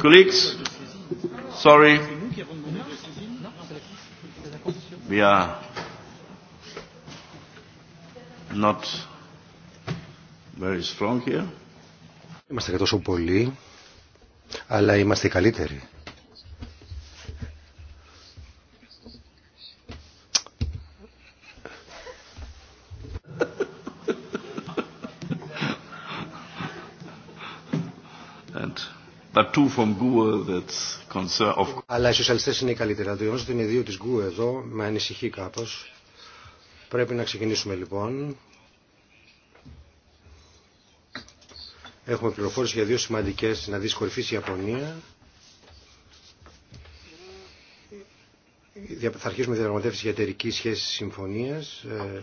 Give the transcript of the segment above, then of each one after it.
Colleagues, sorry. We are not very strong here. Είμαστε και τόσο πολλοί, αλλά είμαστε οι καλύτεροι. two from concern of... Αλλά οι σοσιαλιστές είναι οι καλύτεροι. Να το γεγονός ότι είναι δύο της GUE εδώ με ανησυχεί κάπως. Πρέπει να ξεκινήσουμε λοιπόν. Έχουμε πληροφόρηση για δύο σημαντικές συναντήσεις κορυφής Ιαπωνία. Θα αρχίσουμε διαπραγματεύσει για εταιρική σχέση συμφωνίας ε,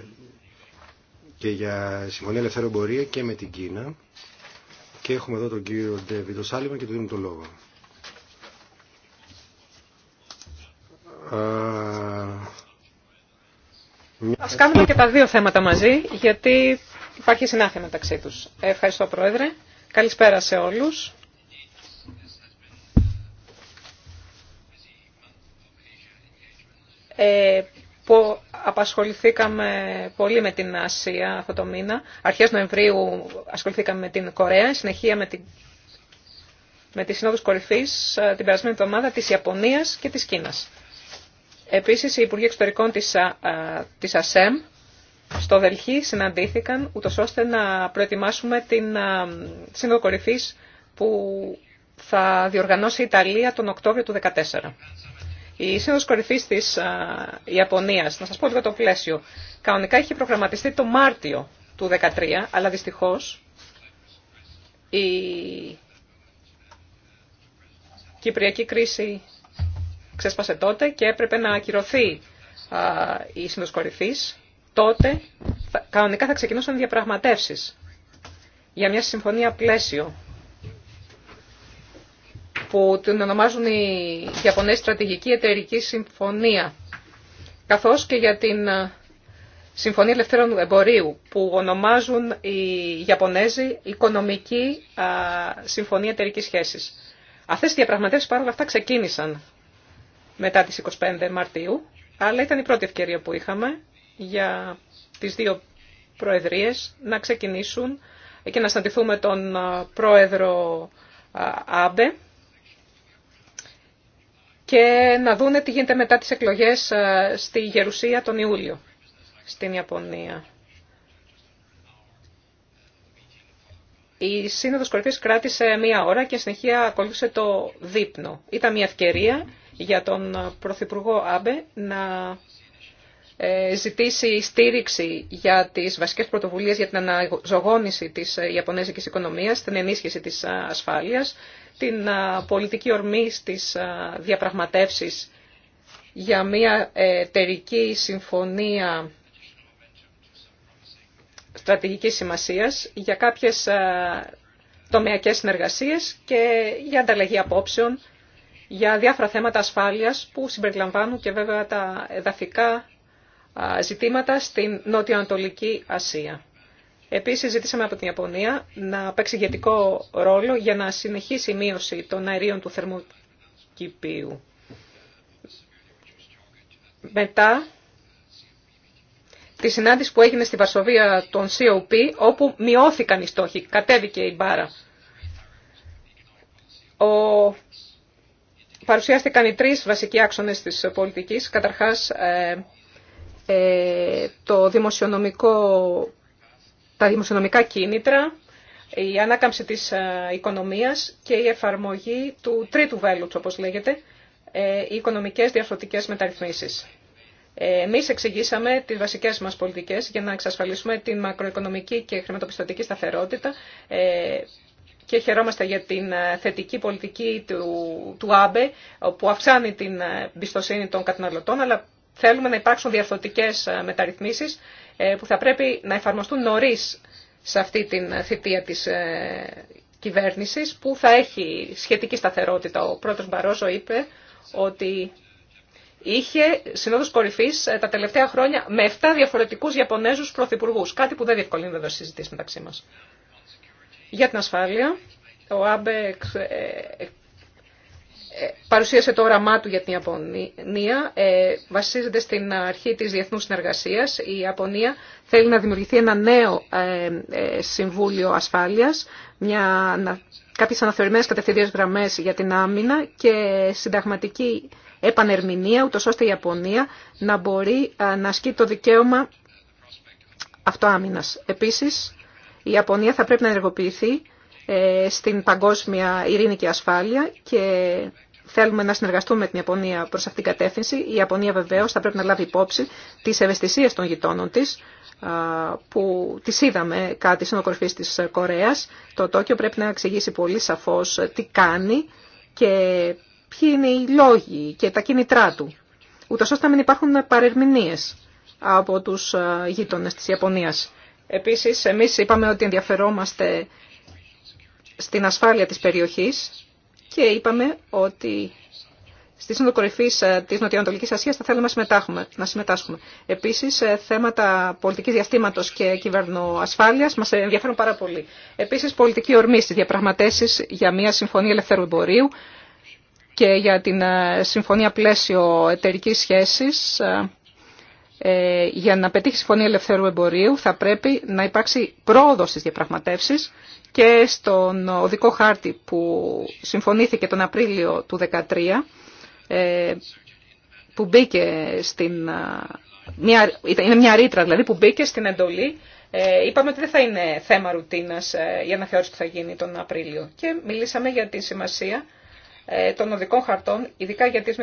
και για συμφωνία ελεύθερο και με την Κίνα. Και έχουμε εδώ τον κύριο Ντέβιντο Σάλιμα και του δίνουμε το λόγο. Α κάνουμε και τα δύο θέματα μαζί, γιατί υπάρχει συνάθεια μεταξύ τους. Ευχαριστώ, Πρόεδρε. Καλησπέρα σε όλους. Ε, που απασχοληθήκαμε πολύ με την Ασία αυτό το μήνα. Αρχές Νοεμβρίου ασχοληθήκαμε με την Κορέα, συνεχεία με, την... με τις συνόδους κορυφής ε, την περασμένη εβδομάδα της Ιαπωνίας και της Κίνας. Επίσης, οι Υπουργοί Εξωτερικών της, ε, της ΑΣΕΜ στο Δελχή συναντήθηκαν, ούτω ώστε να προετοιμάσουμε την ε, Σύνοδο Κορυφής που θα διοργανώσει η Ιταλία τον Οκτώβριο του 2014. Η σύνοδο κορυφή της Ιαπωνία. να σα πω λίγο το πλαίσιο, κανονικά είχε προγραμματιστεί το Μάρτιο του 2013, αλλά δυστυχώ η κυπριακή κρίση ξέσπασε τότε και έπρεπε να ακυρωθεί η σύνοδο κορυφή. Τότε κανονικά θα ξεκινούσαν διαπραγματεύσει για μια συμφωνία πλαίσιο που την ονομάζουν η Ιαπωνέζη Στρατηγική Εταιρική Συμφωνία, καθώς και για την ε, Συμφωνία Ελευθέρων Εμπορίου, που ονομάζουν οι Ιαπωνέζοι Οικονομική ε, Συμφωνία Εταιρική σχέση. Αυτές οι διαπραγματεύσεις παρόλα αυτά ξεκίνησαν μετά τις 25 Μαρτίου, αλλά ήταν η πρώτη ευκαιρία που είχαμε για τις δύο προεδρίες να ξεκινήσουν και να συναντηθούμε τον ε, πρόεδρο Άμπε και να δούνε τι γίνεται μετά τις εκλογές ε, στη Γερουσία τον Ιούλιο, στην Ιαπωνία. Η Σύνοδος Κορυφής κράτησε μία ώρα και συνεχεία ακολούθησε το δείπνο. Ήταν μία ευκαιρία για τον Πρωθυπουργό Άμπε να ε, ζητήσει στήριξη για τις βασικές πρωτοβουλίες για την αναζωγόνηση της ε, Ιαπωνέζικης οικονομίας, την ενίσχυση της ε, ασφάλειας, την πολιτική ορμή στις διαπραγματεύσεις για μια εταιρική συμφωνία στρατηγικής σημασίας, για κάποιες τομεακές συνεργασίες και για ανταλλαγή απόψεων για διάφορα θέματα ασφάλειας που συμπεριλαμβάνουν και βέβαια τα εδαφικά ζητήματα στην νοτιοανατολική Ασία. Επίσης ζήτησαμε από την Ιαπωνία να παίξει ηγετικό ρόλο για να συνεχίσει η μείωση των αερίων του θερμοκηπίου. Μετά τη συνάντηση που έγινε στη Βαρσοβία των COP, όπου μειώθηκαν οι στόχοι, κατέβηκε η μπάρα. Ο... Παρουσιάστηκαν οι τρεις βασικοί άξονες της πολιτικής. Καταρχάς, ε, ε, το δημοσιονομικό, τα δημοσιονομικά κίνητρα, η ανάκαμψη της ε, οικονομίας και η εφαρμογή του τρίτου βέλουτς, όπως λέγεται, ε, οι οικονομικές διαφορετικές μεταρρυθμίσεις. Εμείς εξηγήσαμε τις βασικέ μας πολιτικές για να εξασφαλίσουμε την μακροοικονομική και χρηματοπιστωτική σταθερότητα και χαιρόμαστε για την θετική πολιτική του, του ΆΜΠΕ που αυξάνει την πιστοσύνη των καταναλωτών αλλά Θέλουμε να υπάρξουν διαρθωτικές ε, μεταρρυθμίσεις ε, που θα πρέπει να εφαρμοστούν νωρί σε αυτή την θητεία της ε, κυβέρνησης που θα έχει σχετική σταθερότητα. Ο πρώτος Μπαρόζο είπε ότι είχε συνόδους κορυφής τα τελευταία χρόνια με 7 διαφορετικούς ιαπωνέζου πρωθυπουργού. κάτι που δεν διευκολύνει βέβαια συζήτηση μεταξύ μα. Για την ασφάλεια, ο Άμπε ε, παρουσίασε το όραμά του για την Ιαπωνία. Ε, βασίζεται στην αρχή της διεθνούς συνεργασίας. Η Ιαπωνία θέλει να δημιουργηθεί ένα νέο ε, ε, Συμβούλιο Ασφάλειας, μια, να, κάποιες αναθεωρημένες γραμμές για την άμυνα και συνταγματική επανερμηνία, ούτως ώστε η Ιαπωνία να μπορεί να ασκεί το δικαίωμα αυτοάμυνας. Επίσης, η Ιαπωνία θα πρέπει να ενεργοποιηθεί ε, στην παγκόσμια ειρήνη και ασφάλεια και θέλουμε να συνεργαστούμε με την Ιαπωνία προ αυτήν την κατεύθυνση. Η Ιαπωνία βεβαίω θα πρέπει να λάβει υπόψη τι ευαισθησίε των γειτόνων τη που τις είδαμε κάτι στην τη της Κορέας. Το Τόκιο πρέπει να εξηγήσει πολύ σαφώς τι κάνει και ποιοι είναι οι λόγοι και τα κίνητρά του, ούτως ώστε να μην υπάρχουν παρερμηνίες από τους γείτονες της Ιαπωνίας. Επίσης, εμεί είπαμε ότι ενδιαφερόμαστε στην ασφάλεια της περιοχής και είπαμε ότι στη Σύνοδο ε, της Νοτιοανατολικής Ασίας θα θέλουμε να συμμετάσχουμε. Επίσης, ε, θέματα πολιτικής διαστήματος και κυβερνοασφάλειας μας ενδιαφέρουν πάρα πολύ. Επίσης, πολιτική ορμή στις διαπραγματεύσεις για μια συμφωνία ελευθερού εμπορίου και για την ε, συμφωνία πλαίσιο εταιρική σχέσης ε, για να πετύχει συμφωνία ελευθερού εμπορίου θα πρέπει να υπάρξει πρόοδος στις διαπραγματεύσεις και στον οδικό χάρτη που συμφωνήθηκε τον Απρίλιο του 2013 ε, που μπήκε στην... Μια, είναι μια ρήτρα δηλαδή που μπήκε στην εντολή ε, είπαμε ότι δεν θα είναι θέμα ρουτίνας να αναθεώρηση ότι θα γίνει τον Απρίλιο και μιλήσαμε για τη σημασία ε, των οδικών χαρτών, ειδικά για τις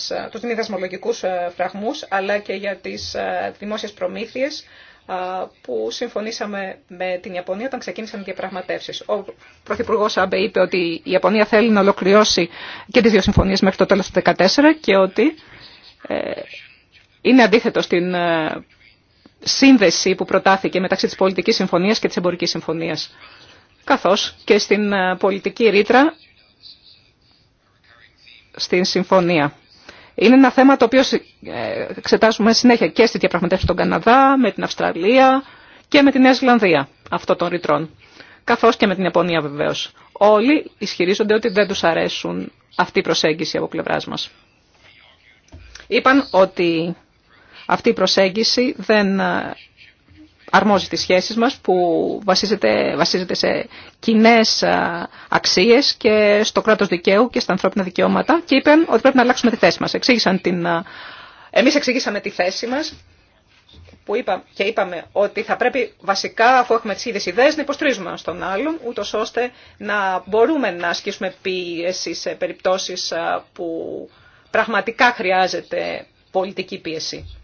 ε, τους μη δασμολογικούς ε, φραγμούς, αλλά και για τις δημόσιες προμήθειες που συμφωνήσαμε με την Ιαπωνία όταν ξεκίνησαν οι διαπραγματεύσεις. Ο Πρωθυπουργό Άμπε είπε ότι η Ιαπωνία θέλει να ολοκληρώσει και τις δύο συμφωνίες μέχρι το τέλος του 2014 και ότι είναι αντίθετο στην σύνδεση που προτάθηκε μεταξύ της πολιτικής συμφωνίας και της εμπορικής συμφωνίας καθώς και στην πολιτική ρήτρα στην συμφωνία. Είναι ένα θέμα το οποίο ε, εξετάζουμε συνέχεια και στη διαπραγματεύση στον Καναδά, με την Αυστραλία και με την Νέα Ζηλανδία αυτό των ρητρών. Καθώ και με την Ιαπωνία βεβαίω. Όλοι ισχυρίζονται ότι δεν του αρέσουν αυτή η προσέγγιση από πλευρά μα. Είπαν ότι αυτή η προσέγγιση δεν ε, αρμόζει τις σχέσεις μας που βασίζεται, βασίζεται σε κοινέ αξίες και στο κράτος δικαίου και στα ανθρώπινα δικαιώματα και είπαν ότι πρέπει να αλλάξουμε τη θέση μας. Εξήγησαν την... Εμείς εξηγήσαμε τη θέση μας που είπα, και είπαμε ότι θα πρέπει βασικά, αφού έχουμε τις ίδιες ιδέες, να υποστρίζουμε στον άλλον, ούτω ώστε να μπορούμε να ασκήσουμε πίεση σε περιπτώσεις που πραγματικά χρειάζεται πολιτική πίεση.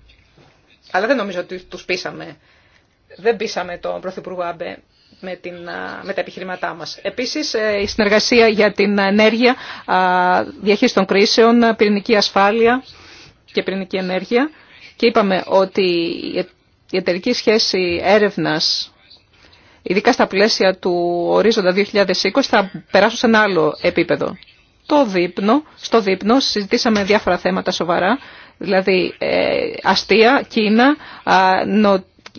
Αλλά δεν νομίζω ότι τους πείσαμε δεν πείσαμε τον Πρωθυπουργό Άμπε με, την, τα επιχειρηματά μας. Επίσης, ε, η συνεργασία για την ενέργεια, διαχείριση των κρίσεων, πυρηνική ασφάλεια και πυρηνική ενέργεια. Και είπαμε ότι η εταιρική σχέση έρευνας, ειδικά στα πλαίσια του ορίζοντα 2020, θα περάσουν σε ένα άλλο επίπεδο. Το δείπνο, στο δείπνο συζητήσαμε διάφορα θέματα σοβαρά, δηλαδή ε, αστεία, Κίνα,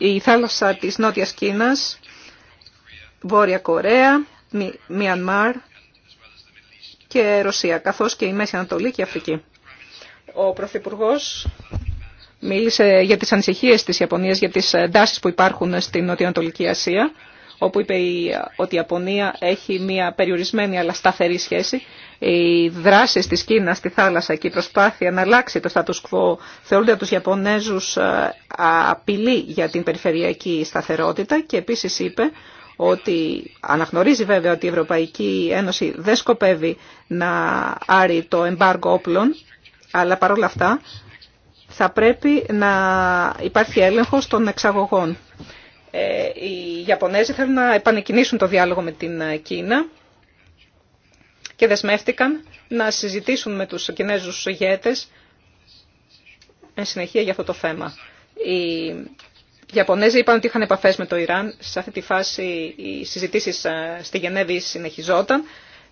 η θάλασσα της Νότιας Κίνας, Βόρεια Κορέα, Μιανμάρ και Ρωσία, καθώς και η Μέση Ανατολή και η Αφρική. Ο Πρωθυπουργό μίλησε για τις ανησυχίες της Ιαπωνίας, για τις εντάσεις που υπάρχουν στην Νοτιοανατολική Ασία, όπου είπε ότι η Ιαπωνία έχει μια περιορισμένη αλλά σταθερή σχέση οι δράσεις της Κίνας στη θάλασσα και η προσπάθεια να αλλάξει το status quo θεωρούνται από τους Ιαπωνέζους ε, απειλή για την περιφερειακή σταθερότητα και επίσης είπε ότι αναγνωρίζει βέβαια ότι η Ευρωπαϊκή Ένωση δεν σκοπεύει να άρει το εμπάργκο όπλων, αλλά παρόλα αυτά θα πρέπει να υπάρχει έλεγχος των εξαγωγών. Ε, οι Ιαπωνέζοι θέλουν να επανεκκινήσουν το διάλογο με την Κίνα και δεσμεύτηκαν να συζητήσουν με τους Κινέζους ηγέτες εν συνεχεία για αυτό το θέμα. Οι Ιαπωνέζοι είπαν ότι είχαν επαφές με το Ιράν. Σε αυτή τη φάση οι συζητήσεις ε, στη Γενέβη συνεχιζόταν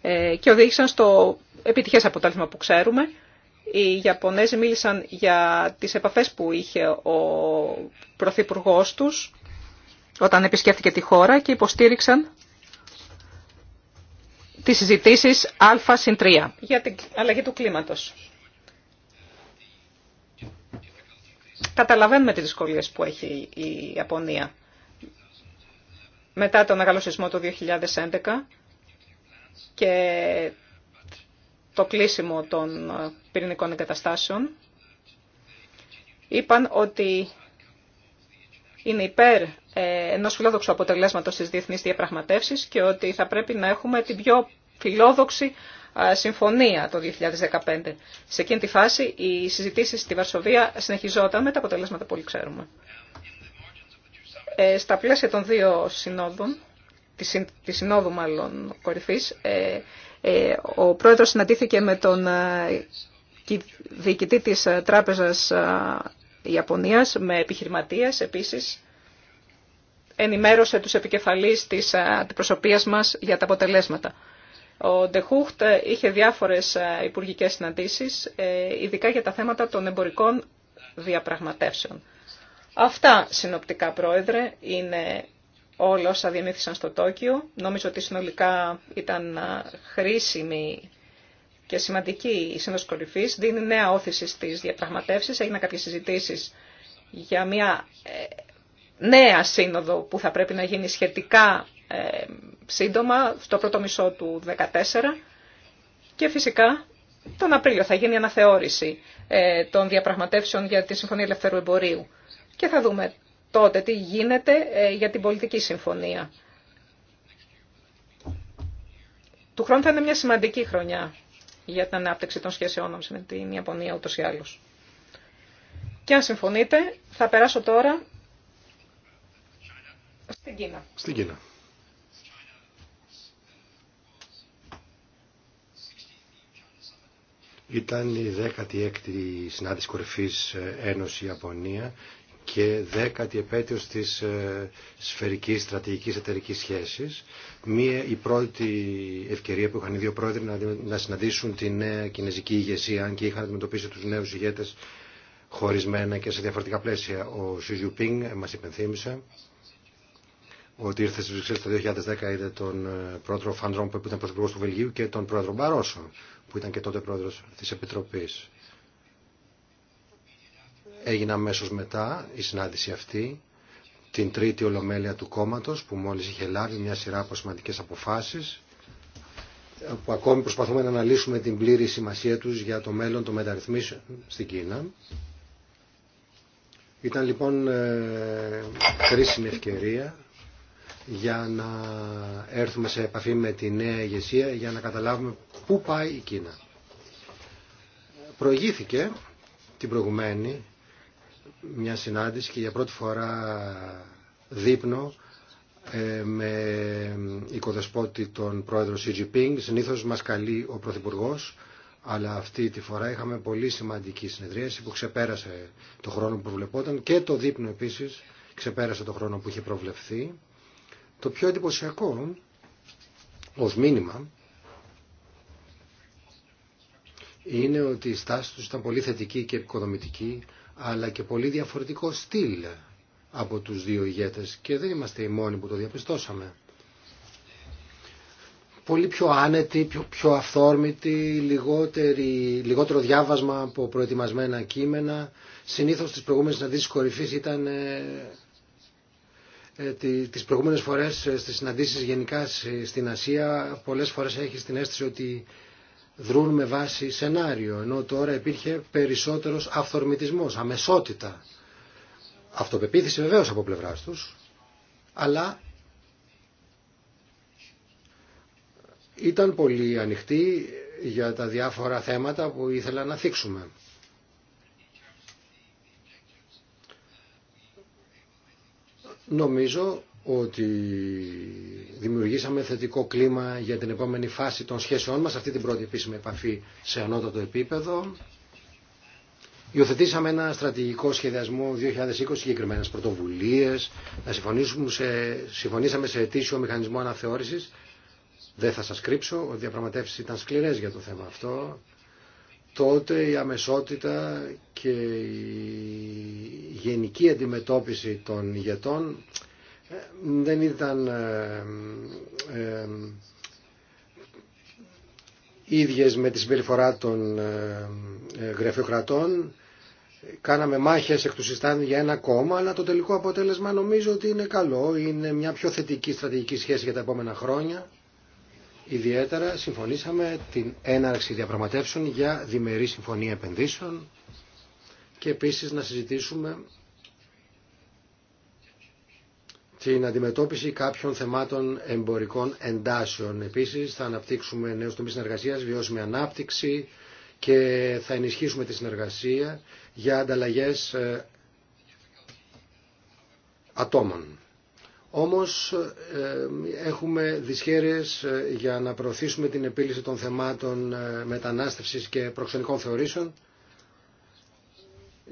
ε, και οδήγησαν στο επιτυχές αποτέλεσμα που ξέρουμε. Οι Ιαπωνέζοι μίλησαν για τις επαφές που είχε ο Πρωθυπουργό τους όταν επισκέφθηκε τη χώρα και υποστήριξαν τις συζητήσεις α συν 3 για την αλλαγή του κλίματος. Καταλαβαίνουμε τις δυσκολίες που έχει η Ιαπωνία. Μετά τον μεγάλο σεισμό το 2011 και το κλείσιμο των πυρηνικών εγκαταστάσεων, είπαν ότι είναι υπέρ ε, ενός φιλόδοξου αποτελέσματος της διεθνής διαπραγματεύσεις και ότι θα πρέπει να έχουμε την πιο φιλόδοξη συμφωνία το 2015. Σε εκείνη τη φάση οι συζητήσεις στη Βαρσοβία συνεχιζόταν με τα αποτελέσματα που όλοι ξέρουμε. Ε, στα πλαίσια των δύο συνόδων, της, συνόδου μάλλον κορυφής, ε, ε, ο πρόεδρος συναντήθηκε με τον ε, διοικητή της ε, Τράπεζας η Ιαπωνίας με επιχειρηματίες επίσης. Ενημέρωσε τους επικεφαλείς της ε, αντιπροσωπείας μας για τα αποτελέσματα. Ο Ντεχούχτ είχε διάφορες ε, υπουργικές συναντήσεις, ε, ειδικά για τα θέματα των εμπορικών διαπραγματεύσεων. Αυτά συνοπτικά, Πρόεδρε, είναι όλα όσα διαμήθησαν στο Τόκιο. Νομίζω ότι συνολικά ήταν χρήσιμη και σημαντική η Σύνοδος Κορυφής, δίνει νέα όθηση στις διαπραγματεύσεις, έγιναν κάποιες συζητήσει για μια ε, νέα σύνοδο που θα πρέπει να γίνει σχετικά ε, σύντομα, στο πρώτο μισό του 2014 και φυσικά τον Απρίλιο θα γίνει η αναθεώρηση ε, των διαπραγματεύσεων για τη Συμφωνία Ελευθερού Εμπορίου και θα δούμε τότε τι γίνεται για την πολιτική συμφωνία. Του χρόνου θα είναι μια σημαντική χρονιά για την ανάπτυξη των σχέσεών μας με την Ιαπωνία ούτως ή άλλως. Και αν συμφωνείτε, θα περάσω τώρα στην Κίνα. Στην Κίνα. Ήταν η 16η συνάντηση κορυφής ε, Ένωση Ιαπωνία και δέκατη επέτειος της ε, σφαιρικής στρατηγικής εταιρικής σχέσης. Μία, η πρώτη ευκαιρία που είχαν οι δύο πρόεδροι να, συναντήσουν τη νέα κινέζικη ηγεσία, αν και είχαν αντιμετωπίσει τους νέους ηγέτες χωρισμένα και σε διαφορετικά πλαίσια. Ο Πινγκ μας υπενθύμησε ότι ήρθε στις Βρυξέλλες το 2010 είδε τον ε, πρόεδρο Φαντρόμπ που ήταν πρωθυπουργός του Βελγίου και τον πρόεδρο Μπαρόσο που ήταν και τότε πρόεδρος της Επιτροπής. Έγινε αμέσω μετά η συνάντηση αυτή, την τρίτη ολομέλεια του κόμματο που μόλις είχε λάβει μια σειρά από σημαντικέ αποφάσεις που ακόμη προσπαθούμε να αναλύσουμε την πλήρη σημασία τους για το μέλλον των μεταρρυθμίσεων στην Κίνα. Ήταν λοιπόν κρίσιμη ε, ευκαιρία για να έρθουμε σε επαφή με τη νέα ηγεσία για να καταλάβουμε πού πάει η Κίνα. Προηγήθηκε την προηγουμένη μια συνάντηση και για πρώτη φορά δείπνο ε, με οικοδεσπότη τον πρόεδρο Xi Jinping. Συνήθως μας καλεί ο Πρωθυπουργό, αλλά αυτή τη φορά είχαμε πολύ σημαντική συνεδρίαση που ξεπέρασε το χρόνο που προβλεπόταν και το δείπνο επίσης ξεπέρασε το χρόνο που είχε προβλεφθεί. Το πιο εντυπωσιακό ως μήνυμα είναι ότι η στάση τους ήταν πολύ θετική και επικοδομητική αλλά και πολύ διαφορετικό στυλ από τους δύο ηγέτες και δεν είμαστε οι μόνοι που το διαπιστώσαμε. Πολύ πιο άνετοι, πιο, πιο αυθόρμητοι, λιγότερη, λιγότερο διάβασμα από προετοιμασμένα κείμενα. Συνήθως τις προηγούμενες συναντήσεις κορυφής ήταν ε, ε, τις προηγούμενες φορές ε, στις συναντήσεις γενικά στην Ασία πολλές φορές έχεις την αίσθηση ότι δρούν με βάση σενάριο, ενώ τώρα υπήρχε περισσότερος αυθορμητισμός, αμεσότητα. Αυτοπεποίθηση βεβαίως από πλευράς τους, αλλά ήταν πολύ ανοιχτή για τα διάφορα θέματα που ήθελα να θίξουμε. Νομίζω ότι δημιουργήσαμε θετικό κλίμα για την επόμενη φάση των σχέσεών μας, αυτή την πρώτη επίσημη επαφή σε ανώτατο επίπεδο. Υιοθετήσαμε ένα στρατηγικό σχεδιασμό 2020 συγκεκριμένε πρωτοβουλίε. συμφωνήσαμε σε αιτήσιο μηχανισμό αναθεώρηση. Δεν θα σα κρύψω οι διαπραγματεύσει ήταν σκληρέ για το θέμα αυτό. Τότε η αμεσότητα και η γενική αντιμετώπιση των ηγετών ε, δεν ήταν ε, ε, ίδιες με τη συμπεριφορά των ε, γραφειοκρατών. Κάναμε μάχες εκ του συστάνου για ένα κόμμα, αλλά το τελικό αποτέλεσμα νομίζω ότι είναι καλό. Είναι μια πιο θετική στρατηγική σχέση για τα επόμενα χρόνια. Ιδιαίτερα συμφωνήσαμε την έναρξη διαπραγματεύσεων για διμερή συμφωνία επενδύσεων και επίσης να συζητήσουμε την αντιμετώπιση κάποιων θεμάτων εμπορικών εντάσεων. Επίσης θα αναπτύξουμε νέους τομείς συνεργασίας, βιώσιμη ανάπτυξη και θα ενισχύσουμε τη συνεργασία για ανταλλαγές ε, ατόμων. Όμως ε, έχουμε δυσχέρειες ε, για να προωθήσουμε την επίλυση των θεμάτων μετανάστευσης και προξενικών θεωρήσεων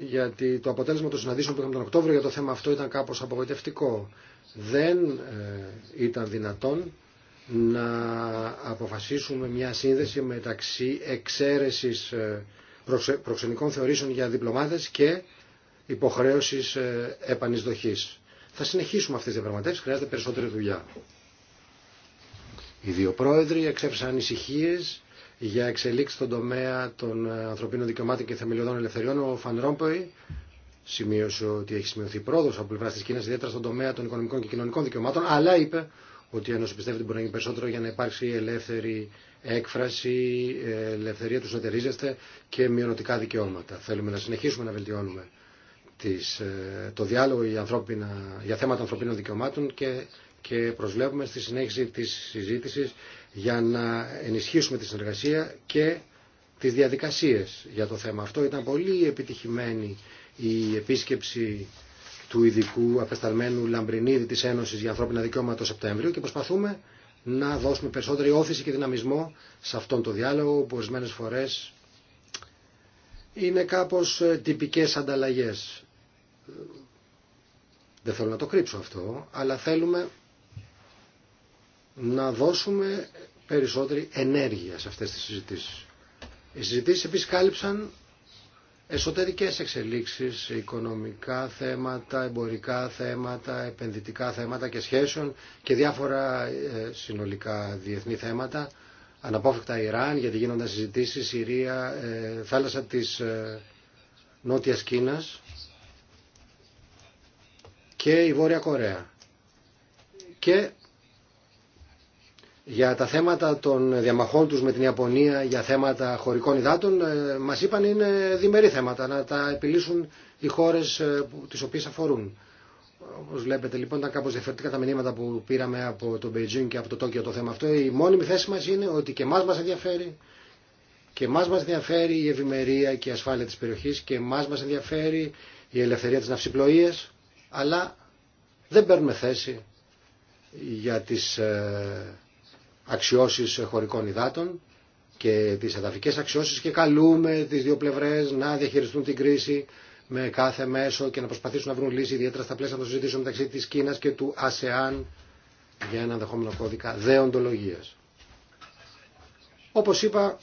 γιατί το αποτέλεσμα των συναντήσεων που είχαμε τον Οκτώβριο για το θέμα αυτό ήταν κάπως απογοητευτικό δεν ε, ήταν δυνατόν να αποφασίσουμε μια σύνδεση μεταξύ εξαίρεσης ε, προξενικών θεωρήσεων για διπλωμάτες και υποχρέωσης ε, επανεισδοχής. Θα συνεχίσουμε αυτές τις διαπραγματεύσεις, χρειάζεται περισσότερη δουλειά. Οι δύο πρόεδροι εξέφρασαν ανησυχίε για εξελίξει στον τομέα των ανθρωπίνων δικαιωμάτων και θεμελιωδών ελευθεριών. Ο Φαν Σημείωσε ότι έχει σημειωθεί πρόοδο από πλευρά τη Κίνα, ιδιαίτερα στον τομέα των οικονομικών και κοινωνικών δικαιωμάτων, αλλά είπε ότι η πιστεύει ότι μπορεί να γίνει περισσότερο για να υπάρξει ελεύθερη έκφραση, ελευθερία του συνεταιρίζεστε και μειωνοτικά δικαιώματα. Θέλουμε να συνεχίσουμε να βελτιώνουμε τις, ε, το διάλογο για, για θέματα ανθρωπίνων δικαιωμάτων και, και προσβλέπουμε στη συνέχιση της συζήτησης για να ενισχύσουμε τη συνεργασία και τις διαδικασίες για το θέμα αυτό. Ήταν πολύ επιτυχημένη η επίσκεψη του ειδικού απεσταλμένου Λαμπρινίδη της Ένωσης για Ανθρώπινα Δικαιώματα το Σεπτέμβριο και προσπαθούμε να δώσουμε περισσότερη όθηση και δυναμισμό σε αυτόν τον διάλογο που ορισμένε φορές είναι κάπως ε, τυπικές ανταλλαγές. Δεν θέλω να το κρύψω αυτό, αλλά θέλουμε να δώσουμε περισσότερη ενέργεια σε αυτές τις συζητήσεις. Οι συζητήσεις επίσης κάλυψαν εσωτερικές εξελίξεις, οικονομικά θέματα, εμπορικά θέματα, επενδυτικά θέματα και σχέσεων και διάφορα ε, συνολικά διεθνή θέματα. Αναπόφευκτα Ιράν, γιατί γίνονται συζητήσεις, Συρία, ε, θάλασσα της ε, Νότιας Κίνας και η Βόρεια Κορέα. Και για τα θέματα των διαμαχών τους με την Ιαπωνία για θέματα χωρικών υδάτων ε, μας είπαν είναι διμερεί θέματα να τα επιλύσουν οι χώρες ε, τις οποίες αφορούν. Όπως βλέπετε λοιπόν ήταν κάπως διαφορετικά τα μηνύματα που πήραμε από το Μπεϊτζίν και από το Τόκιο το θέμα αυτό. Η μόνιμη θέση μας είναι ότι και εμάς μας ενδιαφέρει και εμάς μας ενδιαφέρει η ευημερία και η ασφάλεια της περιοχής και εμάς μας ενδιαφέρει η ελευθερία της ναυσιπλοείας αλλά δεν παίρνουμε θέση για τις ε, αξιώσεις χωρικών υδάτων και τις εδαφικές αξιώσεις και καλούμε τις δύο πλευρές να διαχειριστούν την κρίση με κάθε μέσο και να προσπαθήσουν να βρουν λύση ιδιαίτερα στα πλαίσια των συζητήσεων μεταξύ της Κίνας και του ΑΣΕΑΝ για ένα δεχόμενο κώδικα δεοντολογίας. Όπως είπα,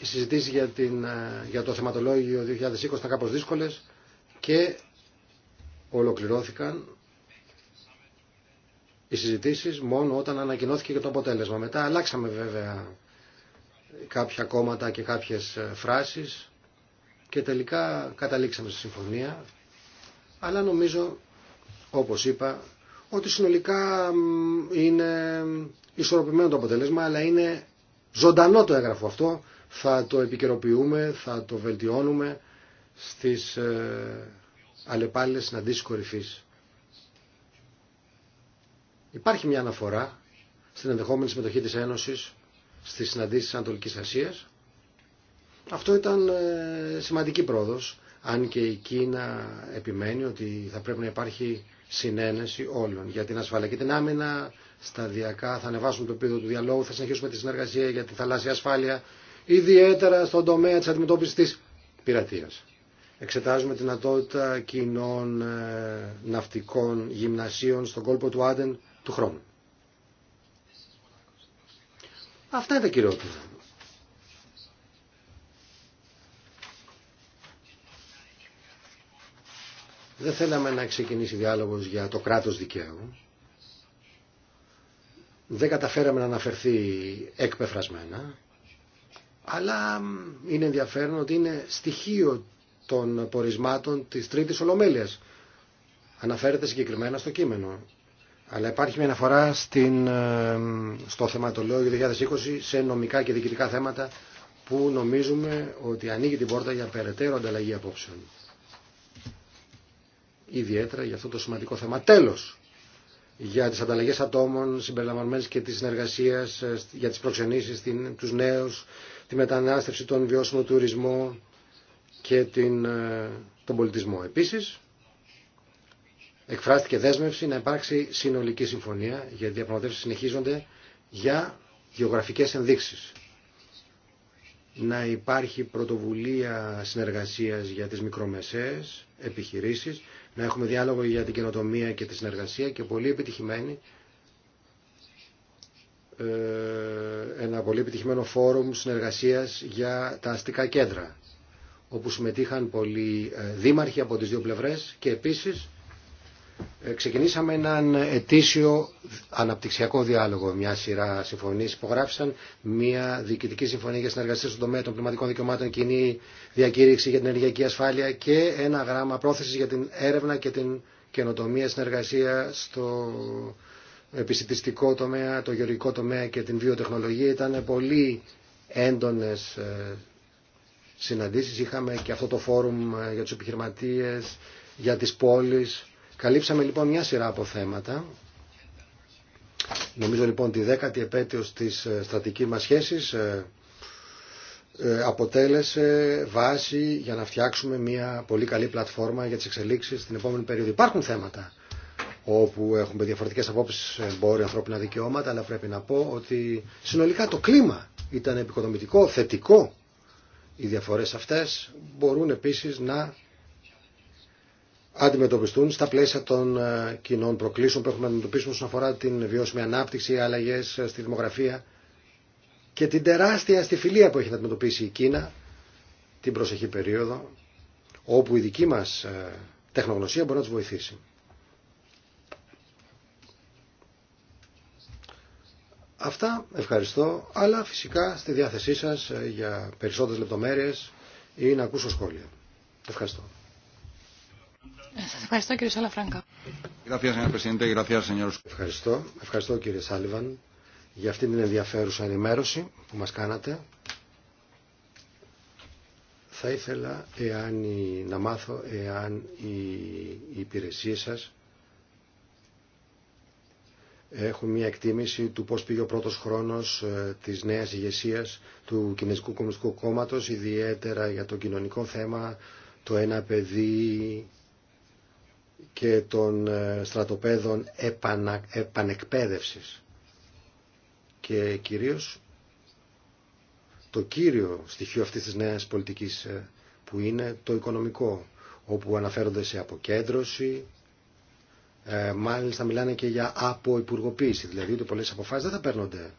οι συζητήσεις για, την, για το θεματολόγιο 2020 ήταν κάπως δύσκολες και ολοκληρώθηκαν οι συζητήσει μόνο όταν ανακοινώθηκε και το αποτέλεσμα. Μετά αλλάξαμε βέβαια κάποια κόμματα και κάποιες ε, φράσεις και τελικά καταλήξαμε στη συμφωνία. Αλλά νομίζω, όπως είπα, ότι συνολικά είναι ισορροπημένο το αποτέλεσμα, αλλά είναι ζωντανό το έγγραφο αυτό. Θα το επικαιροποιούμε, θα το βελτιώνουμε στις ε, αλλεπάλληλες συναντήσεις κορυφής. Υπάρχει μια αναφορά στην ενδεχόμενη συμμετοχή της Ένωσης στις συναντήσεις Ανατολικής Ασίας. Αυτό ήταν ε, σημαντική πρόοδος, αν και η Κίνα επιμένει ότι θα πρέπει να υπάρχει συνένεση όλων για την ασφάλεια και την άμυνα. Σταδιακά θα ανεβάσουμε το επίπεδο του διαλόγου, θα συνεχίσουμε τη συνεργασία για τη θαλάσσια ασφάλεια, ιδιαίτερα στον τομέα της αντιμετώπισης της πειρατείας. Εξετάζουμε τη δυνατότητα κοινών ε, ναυτικών γυμνασίων στον κόλπο του Άντεν του χρόνου. Αυτά είναι τα κυριότητα. Δεν θέλαμε να ξεκινήσει διάλογος για το κράτος δικαίου. Δεν καταφέραμε να αναφερθεί εκπεφρασμένα, αλλά είναι ενδιαφέρον ότι είναι στοιχείο των πορισμάτων της Τρίτης Ολομέλειας. Αναφέρεται συγκεκριμένα στο κείμενο. Αλλά υπάρχει μια αναφορά στην, στο θεματολόγιο 2020 σε νομικά και διοικητικά θέματα που νομίζουμε ότι ανοίγει την πόρτα για περαιτέρω ανταλλαγή απόψεων. Ιδιαίτερα για αυτό το σημαντικό θέμα. Τέλος, για τις ανταλλαγές ατόμων συμπεριλαμβανομένες και της συνεργασίας, ε, για τις προξενήσεις, τους νέους, τη μετανάστευση, τον βιώσιμο τουρισμό και την, ε, τον πολιτισμό. Επίσης, εκφράστηκε δέσμευση να υπάρξει συνολική συμφωνία, γιατί οι διαπραγματεύσει συνεχίζονται για γεωγραφικές ενδείξει. Να υπάρχει πρωτοβουλία συνεργασίας για τις μικρομεσαίες επιχειρήσεις, να έχουμε διάλογο για την καινοτομία και τη συνεργασία και πολύ επιτυχημένη ε, ένα πολύ επιτυχημένο φόρουμ συνεργασίας για τα αστικά κέντρα όπου συμμετείχαν πολλοί ε, δήμαρχοι από τις δύο πλευρές και επίσης ε, ξεκινήσαμε έναν ετήσιο αναπτυξιακό διάλογο. Μια σειρά συμφωνίε υπογράφησαν. Μια διοικητική συμφωνία για συνεργασία στον τομέα των πνευματικών δικαιωμάτων, κοινή διακήρυξη για την ενεργειακή ασφάλεια και ένα γράμμα πρόθεση για την έρευνα και την καινοτομία συνεργασία στο επιστημιστικό τομέα, το γεωργικό τομέα και την βιοτεχνολογία. Ήταν πολύ έντονε συναντήσει. Είχαμε και αυτό το φόρουμ ε, για του επιχειρηματίε, για τι πόλει Καλύψαμε λοιπόν μια σειρά από θέματα. Νομίζω λοιπόν τη δέκατη επέτειος της ε, στρατικής μας σχέσης ε, ε, αποτέλεσε βάση για να φτιάξουμε μια πολύ καλή πλατφόρμα για τις εξελίξεις στην επόμενη περίοδο. Υπάρχουν θέματα όπου έχουμε διαφορετικές απόψεις εμπόρια ανθρώπινα δικαιώματα, αλλά πρέπει να πω ότι συνολικά το κλίμα ήταν επικοδομητικό, θετικό. Οι διαφορές αυτές μπορούν επίσης να αντιμετωπιστούν στα πλαίσια των ε, κοινών προκλήσεων που έχουμε να αντιμετωπίσουμε όσον αφορά την βιώσιμη ανάπτυξη, αλλαγέ ε, στη δημογραφία και την τεράστια αστιφιλία που έχει να αντιμετωπίσει η Κίνα την προσεχή περίοδο, όπου η δική μας ε, τεχνογνωσία μπορεί να τους βοηθήσει. Αυτά, ευχαριστώ, αλλά φυσικά στη διάθεσή σας για περισσότερες λεπτομέρειες ή να ακούσω σχόλια. Ευχαριστώ. Ε, ευχαριστώ κύριε Σαλαφράγκα. Ευχαριστώ, ευχαριστώ κύριε Σάλιβαν για αυτή την ενδιαφέρουσα ενημέρωση που μας κάνατε. Θα ήθελα εάν να μάθω εάν οι, οι υπηρεσίες σας έχουν μια εκτίμηση του πώς πήγε ο πρώτος χρόνος ε, της νέας ηγεσία του Κινέζικου Κομμουνιστικού Κόμματος, ιδιαίτερα για το κοινωνικό θέμα, το ένα παιδί και των ε, στρατοπέδων επανα, επανεκπαίδευσης. Και κυρίως το κύριο στοιχείο αυτής της νέας πολιτικής ε, που είναι το οικονομικό, όπου αναφέρονται σε αποκέντρωση, ε, μάλιστα μιλάνε και για αποϋπουργοποίηση, δηλαδή ότι πολλές αποφάσεις δεν θα παίρνονται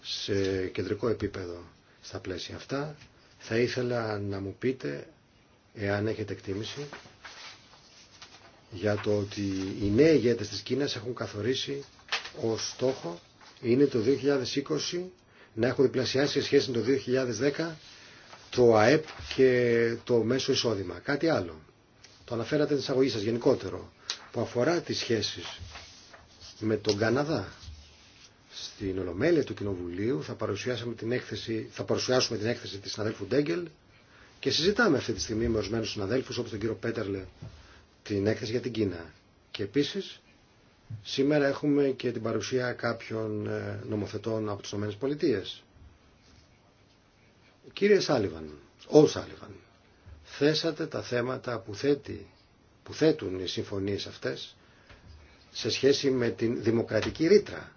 σε κεντρικό επίπεδο στα πλαίσια αυτά. Θα ήθελα να μου πείτε, εάν έχετε εκτίμηση, για το ότι οι νέοι ηγέτες της Κίνας έχουν καθορίσει ως στόχο είναι το 2020 να έχουν διπλασιάσει σε σχέση με το 2010 το ΑΕΠ και το μέσο εισόδημα. Κάτι άλλο. Το αναφέρατε στην εισαγωγή σας γενικότερο που αφορά τις σχέσεις με τον Καναδά. Στην Ολομέλεια του Κοινοβουλίου θα, παρουσιάσουμε την έκθεση, θα παρουσιάσουμε την έκθεση της συναδέλφου Ντέγκελ και συζητάμε αυτή τη στιγμή με ορισμένου συναδέλφου όπω τον κύριο Πέτερλε την έκθεση για την Κίνα. Και επίσης σήμερα έχουμε και την παρουσία κάποιων ε, νομοθετών από τις ΗΠΑ. Κύριε Σάλιβαν, ο Σάλιβαν, θέσατε τα θέματα που, θέτει, που θέτουν οι συμφωνίες αυτές σε σχέση με την δημοκρατική ρήτρα.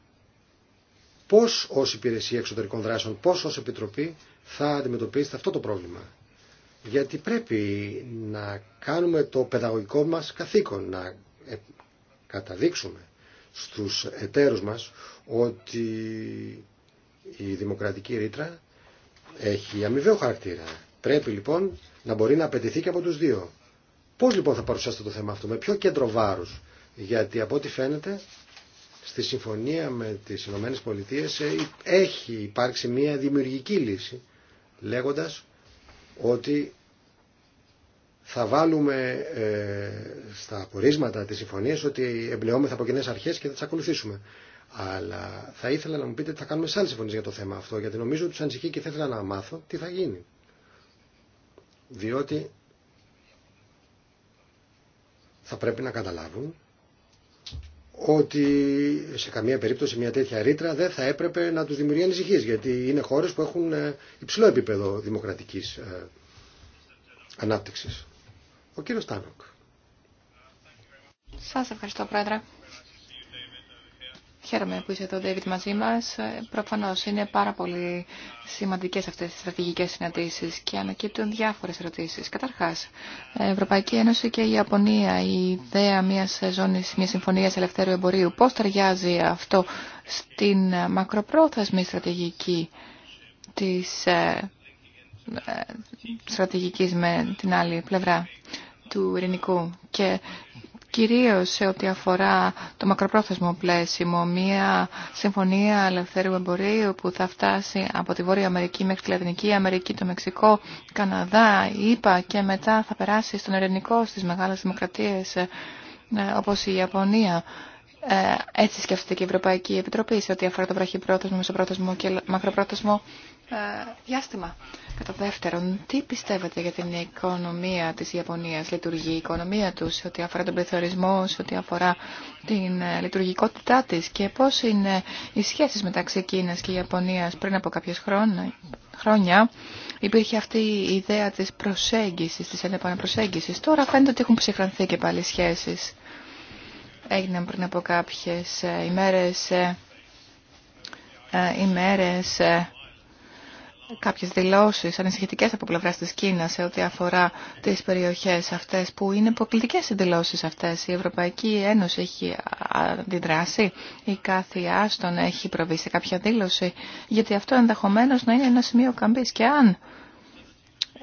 Πώς ως Υπηρεσία Εξωτερικών Δράσεων, πώς ως Επιτροπή θα αντιμετωπίσετε αυτό το πρόβλημα γιατί πρέπει να κάνουμε το παιδαγωγικό μας καθήκον, να ε, καταδείξουμε στους εταίρους μας ότι η δημοκρατική ρήτρα έχει αμοιβαίο χαρακτήρα. Πρέπει λοιπόν να μπορεί να απαιτηθεί και από τους δύο. Πώς λοιπόν θα παρουσιάσετε το θέμα αυτό, με ποιο κέντρο βάρους, γιατί από ό,τι φαίνεται στη συμφωνία με τις ΗΠΑ ε, έχει υπάρξει μια δημιουργική λύση λέγοντας ότι θα βάλουμε ε, στα απορίσματα της συμφωνίας ότι εμπλεόμεθα από κοινέ αρχές και θα τις ακολουθήσουμε. Αλλά θα ήθελα να μου πείτε τι θα κάνουμε σαν συμφωνίες για το θέμα αυτό, γιατί νομίζω ότι του ανησυχεί και θα ήθελα να μάθω τι θα γίνει. Διότι θα πρέπει να καταλάβουν ότι σε καμία περίπτωση μια τέτοια ρήτρα δεν θα έπρεπε να τους δημιουργεί ανησυχίε, γιατί είναι χώρες που έχουν ε, υψηλό επίπεδο δημοκρατικής ε, ανάπτυξης. Ο κύριος Τάνοκ. Σας ευχαριστώ, Πρόεδρε. Χαίρομαι που είσαι εδώ, David, μαζί μα, ε, Προφανώς είναι πάρα πολύ σημαντικές αυτές οι στρατηγικές συναντήσεις και ανακύπτουν διάφορες ερωτήσεις. Καταρχάς, Ευρωπαϊκή Ένωση και η Ιαπωνία, η ιδέα μια ζώνη μιας συμφωνίας ελευθέρου εμπορίου, πώς ταιριάζει αυτό στην μακροπρόθεσμη στρατηγική της ε, ε, στρατηγικής με την άλλη πλευρά του ειρηνικού και κυρίως σε ό,τι αφορά το μακροπρόθεσμο πλαίσιμο, μια συμφωνία ελευθερίου εμπορίου που θα φτάσει από τη Βόρεια Αμερική μέχρι τη Λατινική Αμερική, το Μεξικό, Καναδά, ΗΠΑ και μετά θα περάσει στον ελληνικό στις μεγάλες δημοκρατίες ε, όπως η Ιαπωνία. Ε, έτσι σκέφτεται και η Ευρωπαϊκή Επιτροπή σε ό,τι αφορά το βραχυπρόθεσμο, μεσοπρόθεσμο και μακροπρόθεσμο ε, διάστημα. Κατά δεύτερον, τι πιστεύετε για την οικονομία της Ιαπωνίας, λειτουργεί η οικονομία τους, ό,τι αφορά τον πληθωρισμό, ό,τι αφορά την ε, λειτουργικότητά της και πώς είναι οι σχέσεις μεταξύ Κίνας και Ιαπωνίας πριν από κάποιες χρόνια. Υπήρχε αυτή η ιδέα της προσέγγισης, της προσέγγισης. Τώρα φαίνεται ότι έχουν ψυχρανθεί και πάλι σχέσεις. Έγιναν πριν από κάποιες ε, ημέρες, ημέρες κάποιες δηλώσεις ανησυχητικές από πλευρά της Κίνας σε ό,τι αφορά τις περιοχές αυτές που είναι υποκλητικές οι δηλώσεις αυτές. Η Ευρωπαϊκή Ένωση έχει αντιδράσει ή κάθε άστον έχει προβεί σε κάποια δήλωση γιατί αυτό ενδεχομένως να είναι ένα σημείο καμπής και αν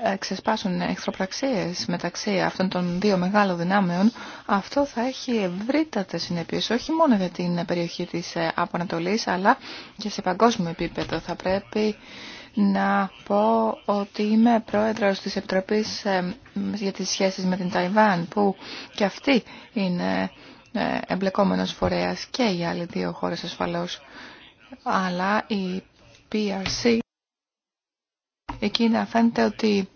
ε, ξεσπάσουν εχθροπραξίες μεταξύ αυτών των δύο μεγάλων δυνάμεων, αυτό θα έχει ευρύτατε συνέπειες όχι μόνο για την περιοχή της ε, Απανατολής, αλλά και σε παγκόσμιο επίπεδο. Θα πρέπει να πω ότι είμαι πρόεδρος της Επιτροπής ε, για τις σχέσεις με την Ταϊβάν που και αυτή είναι ε, εμπλεκόμενος φορέας και οι άλλοι δύο χώρες ασφαλώς. Αλλά η PRC εκεί να φαίνεται ότι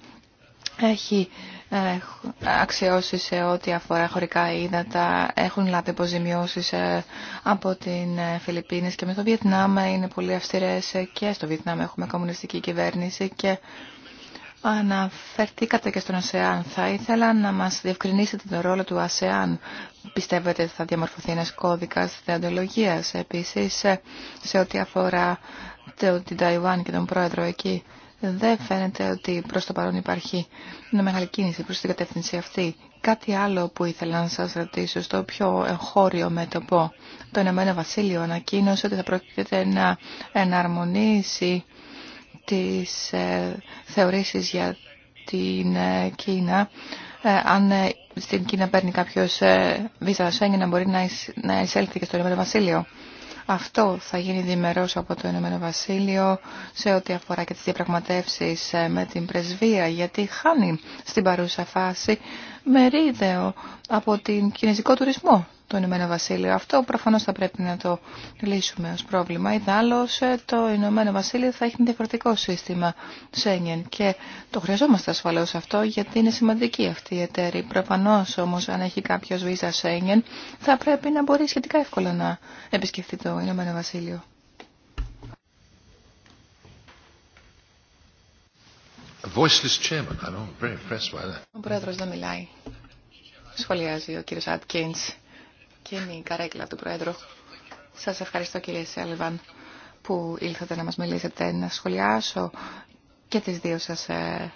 έχει αξιώσει σε ό,τι αφορά χωρικά ύδατα, έχουν λάβει αποζημιώσει ε, από την ε, Φιλιππίνη και με το Βιετνάμ είναι πολύ αυστηρέ ε, και στο Βιετνάμ έχουμε κομμουνιστική κυβέρνηση και αναφερθήκατε και στον ΑΣΕΑΝ. Θα ήθελα να μα διευκρινίσετε τον ρόλο του ΑΣΕΑΝ. Πιστεύετε ότι θα διαμορφωθεί ένα κώδικα θεαντολογία επίση, σε ό,τι αφορά την Ταϊβάν και τον πρόεδρο εκεί δεν φαίνεται ότι προς το παρόν υπάρχει μια μεγάλη κίνηση προ την κατεύθυνση αυτή. Κάτι άλλο που ήθελα να σας ρωτήσω στο πιο εγχώριο μέτωπο. Το Ηνωμένο Βασίλειο ανακοίνωσε ότι θα πρόκειται να εναρμονίσει τις ε, θεωρήσεις για την ε, Κίνα. Ε, αν στην Κίνα παίρνει κάποιος βίζα Σέγγεν να μπορεί να εισέλθει και στο Ηνωμένο Βασίλειο. Αυτό θα γίνει διμερός από το Ηνωμένο Βασίλειο σε ό,τι αφορά και τις διαπραγματεύσεις ε, με την πρεσβεία, γιατί χάνει στην παρούσα φάση μερίδεο από την κινέζικο τουρισμό το Ηνωμένο Βασίλειο. Αυτό προφανώς θα πρέπει να το λύσουμε ως πρόβλημα. Ιδάλλως ε, το Ηνωμένο Βασίλειο θα έχει διαφορετικό σύστημα Σέγγεν και το χρειαζόμαστε ασφαλώς αυτό γιατί είναι σημαντική αυτή η εταίρη. Προφανώς όμως αν έχει κάποιος βίζα Σέγγεν θα πρέπει να μπορεί σχετικά εύκολα να επισκεφτεί το Ηνωμένο Βασίλειο. Ο πρόεδρος δεν μιλάει. Σχολιάζει ο κύριος Άτκινς η καρέκλα του Πρόεδρου. Σας ευχαριστώ κύριε Σέλβαν που ήλθατε να μας μιλήσετε, να σχολιάσω και τις δύο σας ε,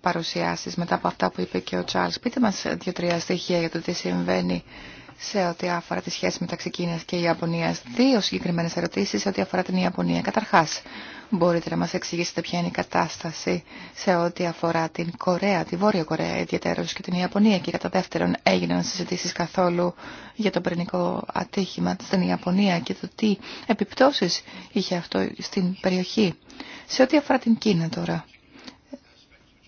παρουσιάσεις μετά από αυτά που είπε και ο Τσάλς. Πείτε μας δύο-τρία στοιχεία για το τι συμβαίνει σε ό,τι αφορά τη σχέση μεταξύ Κίνας και Ιαπωνίας. Δύο συγκεκριμένες ερωτήσεις σε ό,τι αφορά την Ιαπωνία. Καταρχάς, Μπορείτε να μας εξηγήσετε ποια είναι η κατάσταση σε ό,τι αφορά την Κορέα, τη Βόρεια Κορέα ιδιαίτερως και την Ιαπωνία και κατά δεύτερον έγιναν συζητήσεις καθόλου για το πρινικό ατύχημα στην Ιαπωνία και το τι επιπτώσεις είχε αυτό στην περιοχή. Σε ό,τι αφορά την Κίνα τώρα.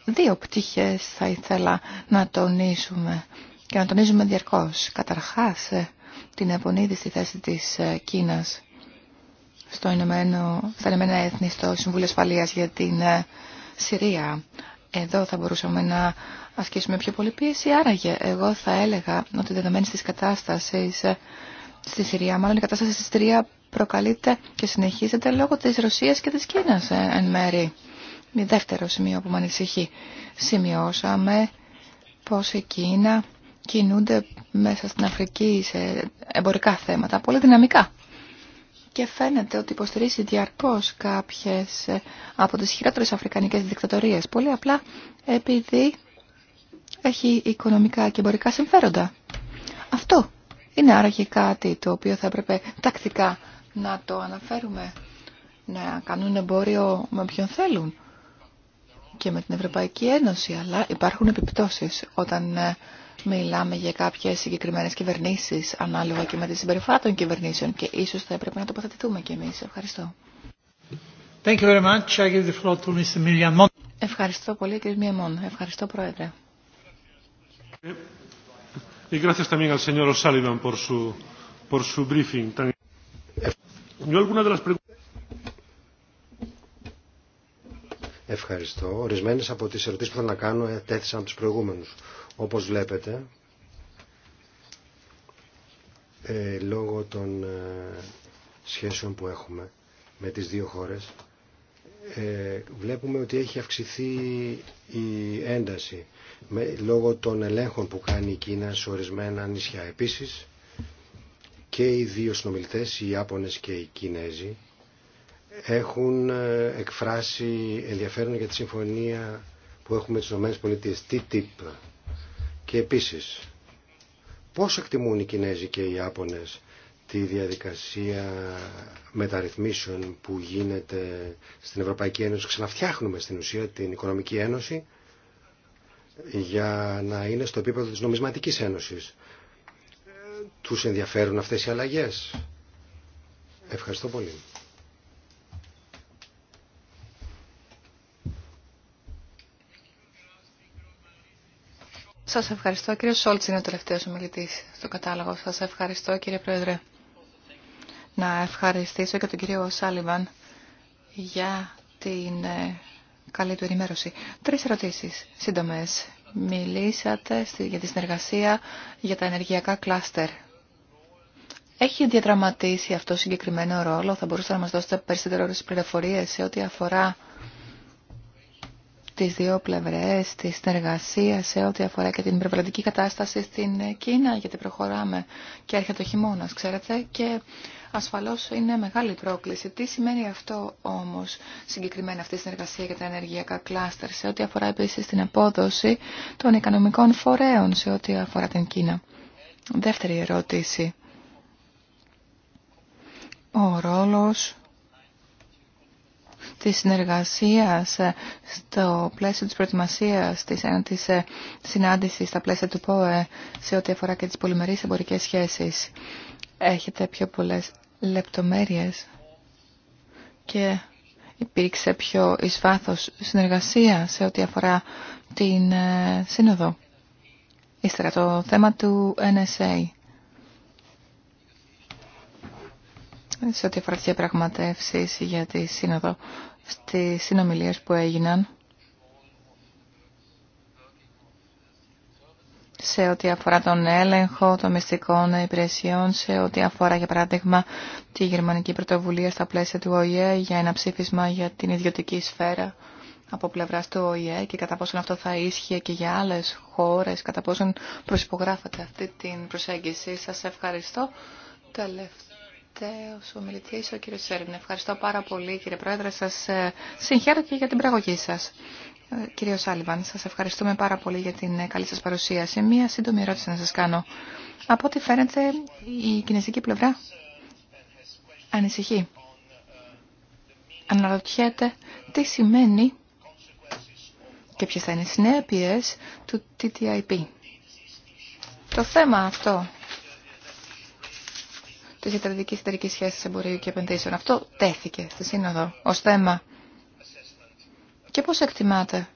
Δύο πτυχές θα ήθελα να τονίσουμε και να τονίζουμε διαρκώς. Καταρχάς, την Ιαπωνίδη στη θέση της ε, Κίνας στο Ηνωμένο, στα Ηνωμένα Έθνη, στο Συμβούλιο Ασφαλείας για την ε, Συρία. Εδώ θα μπορούσαμε να ασκήσουμε πιο πολύ πίεση. Άραγε, εγώ θα έλεγα ότι δεδομένη τη κατάσταση ε, στη Συρία, μάλλον η κατάσταση στη Συρία προκαλείται και συνεχίζεται λόγω της Ρωσίας και της Κίνας ε, εν μέρη. Με δεύτερο σημείο που με ανησυχεί. Σημειώσαμε πως η Κίνα κινούνται μέσα στην Αφρική σε εμπορικά θέματα, πολύ δυναμικά και φαίνεται ότι υποστηρίζει διαρκώς κάποιες ε, από τις χειρότερες αφρικανικές δικτατορίες. Πολύ απλά επειδή έχει οικονομικά και εμπορικά συμφέροντα. Αυτό είναι άραγε κάτι το οποίο θα έπρεπε τακτικά να το αναφέρουμε, να κάνουν εμπόριο με ποιον θέλουν και με την Ευρωπαϊκή Ένωση, αλλά υπάρχουν επιπτώσεις όταν ε, Μιλάμε για κάποιε συγκεκριμένε κυβερνήσει ανάλογα και με τη συμπεριφορά των κυβερνήσεων και ίσω θα έπρεπε να τοποθετηθούμε κι εμεί. Ευχαριστώ. Thank you very much. I give the floor to Mr. Ευχαριστώ πολύ κύριε Μιαμόν. Ευχαριστώ Πρόεδρε. Ευχαριστώ. Ορισμένες από τις ερωτήσεις που θα να κάνω ε, τέθησαν από τους προηγούμενους. Όπως βλέπετε, ε, λόγω των ε, σχέσεων που έχουμε με τις δύο χώρες, ε, βλέπουμε ότι έχει αυξηθεί η ένταση με, λόγω των ελέγχων που κάνει η Κίνα σε ορισμένα νησιά. Επίσης και οι δύο συνομιλητές, οι Ιάπωνες και οι Κινέζοι, έχουν εκφράσει ενδιαφέρον για τη συμφωνία που έχουμε με τις ΗΠΑ, TTIP. Και επίσης, πώς εκτιμούν οι Κινέζοι και οι Ιάπωνες τη διαδικασία μεταρρυθμίσεων που γίνεται στην Ευρωπαϊκή Ένωση. Ξαναφτιάχνουμε στην ουσία την Οικονομική Ένωση για να είναι στο επίπεδο της Νομισματικής Ένωσης. Ε, τους ενδιαφέρουν αυτές οι αλλαγές. Ευχαριστώ πολύ. Σας ευχαριστώ. κύριο Σόλτς είναι ο τελευταίος ομιλητής στο κατάλογο. Σας ευχαριστώ κύριε Πρόεδρε. Να ευχαριστήσω και τον κύριο Σάλιβαν για την ε, καλή του ενημέρωση. Τρεις ερωτήσεις σύντομες. Μιλήσατε για τη συνεργασία για τα ενεργειακά κλάστερ. Έχει διαδραματίσει αυτό συγκεκριμένο ρόλο. Θα μπορούσατε να μας δώσετε περισσότερες πληροφορίες σε ό,τι αφορά τις δύο πλευρές, τη συνεργασία σε ό,τι αφορά και την περιβαλλοντική κατάσταση στην Κίνα, γιατί προχωράμε και έρχεται ο χειμώνα, ξέρετε, και ασφαλώς είναι μεγάλη πρόκληση. Τι σημαίνει αυτό όμως συγκεκριμένα αυτή η συνεργασία για τα ενεργειακά κλάστερ, σε ό,τι αφορά επίσης την απόδοση των οικονομικών φορέων, σε ό,τι αφορά την Κίνα. Δεύτερη ερώτηση. Ο ρόλος της συνεργασία ε, στο πλαίσιο της προετοιμασίας της, ε, της ε, συνάντησης στα πλαίσια του ΠΟΕ σε ό,τι αφορά και τις πολυμερείς εμπορικές σχέσεις. Έχετε πιο πολλές λεπτομέρειες και υπήρξε πιο εις βάθος συνεργασία σε ό,τι αφορά την σύνοδο. Ύστερα το θέμα του NSA. σε ό,τι αφορά τις διαπραγματεύσεις για τη Σύνοδο στις συνομιλίες που έγιναν σε ό,τι αφορά τον έλεγχο των μυστικών υπηρεσιών, σε ό,τι αφορά για παράδειγμα τη γερμανική πρωτοβουλία στα πλαίσια του ΟΗΕ για ένα ψήφισμα για την ιδιωτική σφαίρα από πλευρά του ΟΗΕ και κατά πόσον αυτό θα ίσχυε και για άλλες χώρες, κατά πόσον προσυπογράφεται αυτή την προσέγγιση. σα ευχαριστώ. Τελευταία ο Ευχαριστώ πάρα πολύ κύριε Πρόεδρε, σας ε, συγχαίρω και για την πραγωγή σας. Ε, κύριο Σάλιβαν, σας ευχαριστούμε πάρα πολύ για την ε, καλή σας παρουσίαση. Μία σύντομη ερώτηση να σας κάνω. Από ό,τι φαίνεται η κινέζικη πλευρά ανησυχεί. Αναρωτιέται τι σημαίνει και ποιε θα είναι οι συνέπειε του TTIP. Το θέμα αυτό τη Ιταλική Εταιρική Σχέση Εμπορίου και Επενδύσεων. Αυτό τέθηκε στη Σύνοδο ω θέμα. Και πώ εκτιμάτε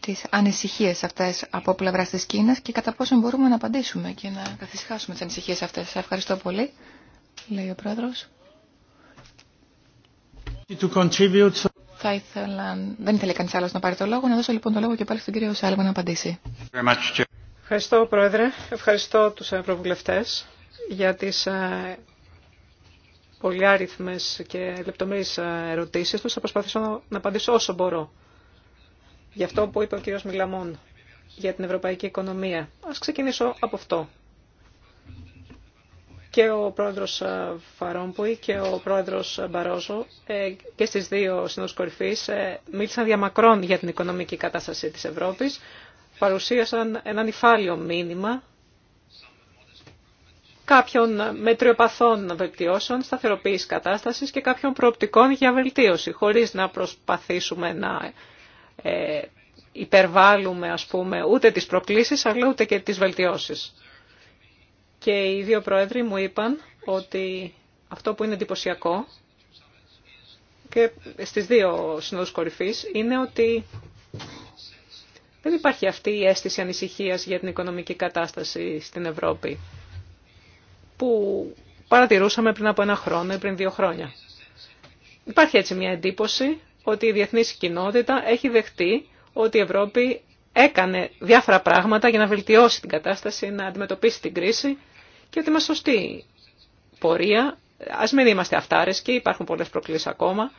τι ανησυχίε αυτέ από πλευρά τη Κίνα και κατά πόσο μπορούμε να απαντήσουμε και να καθισχάσουμε τι ανησυχίε αυτέ. Ευχαριστώ πολύ, λέει ο Πρόεδρο. δεν ήθελε κανεί άλλο να πάρει το λόγο. Να δώσω λοιπόν το λόγο και πάλι στον κύριο Σάλμα να απαντήσει. Ευχαριστώ, Πρόεδρε. Ευχαριστώ τους ευρωβουλευτές για τις αριθμές ε, και λεπτομέρειες ε, ερωτήσεις τους. Θα προσπαθήσω να απαντήσω όσο μπορώ. Γι' αυτό που είπε ο κύριος Μιλαμόν για την ευρωπαϊκή οικονομία. Ας ξεκινήσω από αυτό. Και ο πρόεδρος ε, Φαρόμπουη και ο πρόεδρος Μπαρόζο και στις δύο συνόδους κορυφής μίλησαν διαμακρών για την οικονομική κατάσταση της Ευρώπης. Παρουσίασαν έναν υφάλιο μήνυμα κάποιων μετριοπαθών βελτιώσεων, σταθεροποίηση κατάστασης και κάποιων προοπτικών για βελτίωση, χωρίς να προσπαθήσουμε να ε, υπερβάλλουμε, ας πούμε, ούτε τις προκλήσεις, αλλά ούτε και τις βελτιώσεις. Και οι δύο πρόεδροι μου είπαν ότι αυτό που είναι εντυπωσιακό και στις δύο συνόδους κορυφής είναι ότι δεν υπάρχει αυτή η αίσθηση ανησυχίας για την οικονομική κατάσταση στην Ευρώπη που παρατηρούσαμε πριν από ένα χρόνο ή πριν δύο χρόνια. Υπάρχει έτσι μια εντύπωση ότι η διεθνής κοινότητα έχει δεχτεί ότι η Ευρώπη έκανε διάφορα πράγματα για να βελτιώσει την κατάσταση, να αντιμετωπίσει την κρίση και ότι είμαστε σωστή πορεία. Ας μην είμαστε αυτάρες και υπάρχουν πολλές προκλήσεις ακόμα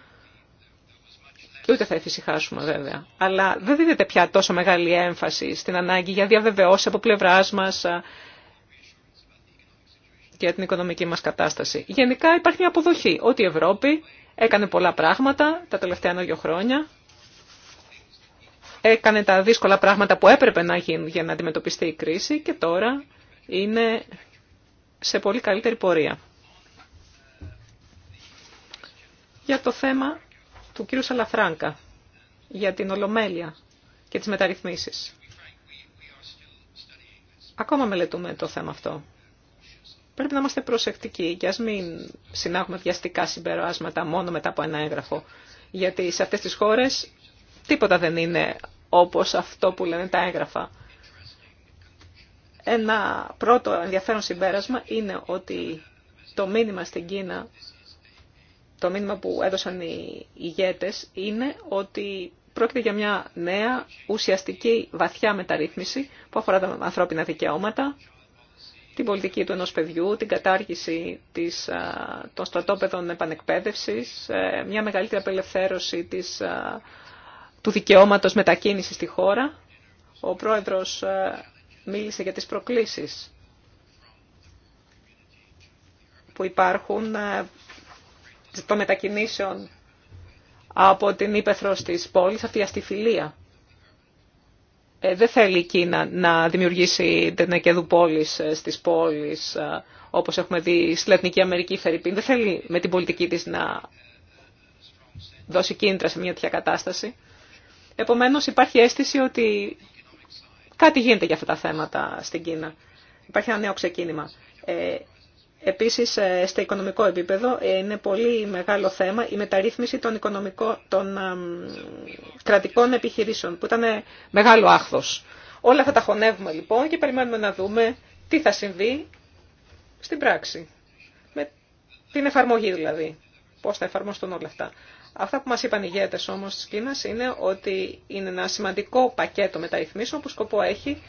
και ούτε θα εφησυχάσουμε βέβαια. Αλλά δεν δίνεται πια τόσο μεγάλη έμφαση στην ανάγκη για διαβεβαιώσει από πλευρά μα, για την οικονομική μας κατάσταση. Γενικά υπάρχει μια αποδοχή ότι η Ευρώπη έκανε πολλά πράγματα τα τελευταία δύο χρόνια, έκανε τα δύσκολα πράγματα που έπρεπε να γίνουν για να αντιμετωπιστεί η κρίση και τώρα είναι σε πολύ καλύτερη πορεία. Για το θέμα του κύριου Σαλαφράγκα, για την Ολομέλεια και τις μεταρρυθμίσεις. Ακόμα μελετούμε το θέμα αυτό. Πρέπει να είμαστε προσεκτικοί και ας μην συνάγουμε βιαστικά συμπεράσματα μόνο μετά από ένα έγγραφο. Γιατί σε αυτές τις χώρες τίποτα δεν είναι όπως αυτό που λένε τα έγγραφα. Ένα πρώτο ενδιαφέρον συμπέρασμα είναι ότι το μήνυμα στην Κίνα, το μήνυμα που έδωσαν οι ηγέτες, είναι ότι πρόκειται για μια νέα ουσιαστική βαθιά μεταρρύθμιση που αφορά τα ανθρώπινα δικαιώματα, την πολιτική του ενός παιδιού, την κατάργηση της, των στρατόπεδων επανεκπαίδευσης, ε, μια μεγαλύτερη απελευθέρωση της, του δικαιώματος μετακίνησης στη χώρα. Ο πρόεδρος ε, μίλησε για τις προκλήσεις που υπάρχουν ε, των μετακινήσεων από την ύπεθρο της πόλης, αυτή η αστιφιλία ε, δεν θέλει η Κίνα να δημιουργήσει τεχνικέδου πόλεις ε, στις πόλεις, ε, όπως έχουμε δει στη Λατινική Αμερική Φερρυπίν. Δεν θέλει με την πολιτική της να δώσει κίνητρα σε μια τέτοια κατάσταση. Επομένως υπάρχει αίσθηση ότι κάτι γίνεται για αυτά τα θέματα στην Κίνα. Υπάρχει ένα νέο ξεκίνημα. Επίσης, ε, στο οικονομικό επίπεδο ε, είναι πολύ μεγάλο θέμα η μεταρρύθμιση των, οικονομικών, των ε, κρατικών επιχειρήσεων, που ήταν μεγάλο άχθος. Όλα αυτά τα χωνεύουμε λοιπόν και περιμένουμε να δούμε τι θα συμβεί στην πράξη. Με την εφαρμογή δηλαδή. Πώς θα εφαρμοστούν όλα αυτά. Αυτά που μας είπαν οι ηγέτες όμως της Κίνας είναι ότι είναι ένα σημαντικό πακέτο μεταρρυθμίσεων που σκοπό έχει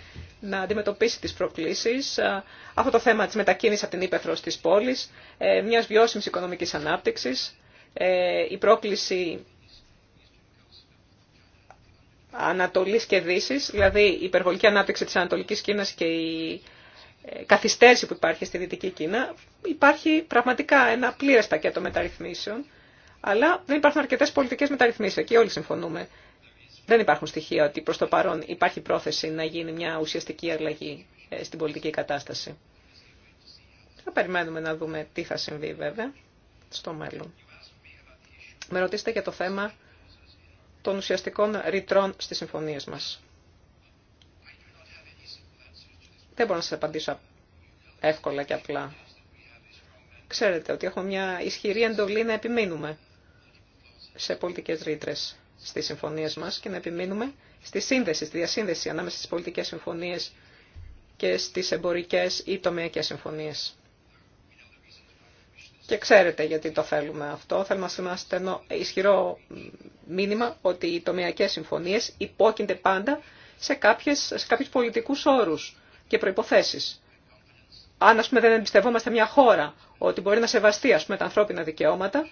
να αντιμετωπίσει τις προκλήσεις, αυτό το θέμα της μετακίνησης από την ύπεθρο της πόλης, ε, μιας βιώσιμης οικονομικής ανάπτυξης, ε, η πρόκληση Ανατολής και Δύσης, δηλαδή η υπερβολική ανάπτυξη της Ανατολικής Κίνας και η ε, καθυστέρηση που υπάρχει στη Δυτική Κίνα, υπάρχει πραγματικά ένα πλήρες πακέτο μεταρρυθμίσεων, αλλά δεν υπάρχουν αρκετές πολιτικές μεταρρυθμίσεις, εκεί όλοι συμφωνούμε. Δεν υπάρχουν στοιχεία ότι προς το παρόν υπάρχει πρόθεση να γίνει μια ουσιαστική αλλαγή ε, στην πολιτική κατάσταση. Θα περιμένουμε να δούμε τι θα συμβεί βέβαια στο μέλλον. Με ρωτήσετε για το θέμα των ουσιαστικών ρητρών στις συμφωνίες μας. Δεν μπορώ να σας απαντήσω εύκολα και απλά. Ξέρετε ότι έχω μια ισχυρή εντολή να επιμείνουμε σε πολιτικές ρήτρες. Στι συμφωνίες μας και να επιμείνουμε στη σύνδεση, στη διασύνδεση ανάμεσα στι πολιτικές συμφωνίες και στις εμπορικές ή τομεακέ συμφωνίες. Και ξέρετε γιατί το θέλουμε αυτό. Θέλουμε να είμαστε ένα ισχυρό μήνυμα ότι οι τομεακέ συμφωνίες υπόκεινται πάντα σε, κάποιες, σε κάποιους πολιτικούς όρους και προποθέσει. Αν α πούμε, δεν εμπιστευόμαστε μια χώρα ότι μπορεί να σεβαστεί ας πούμε, τα ανθρώπινα δικαιώματα,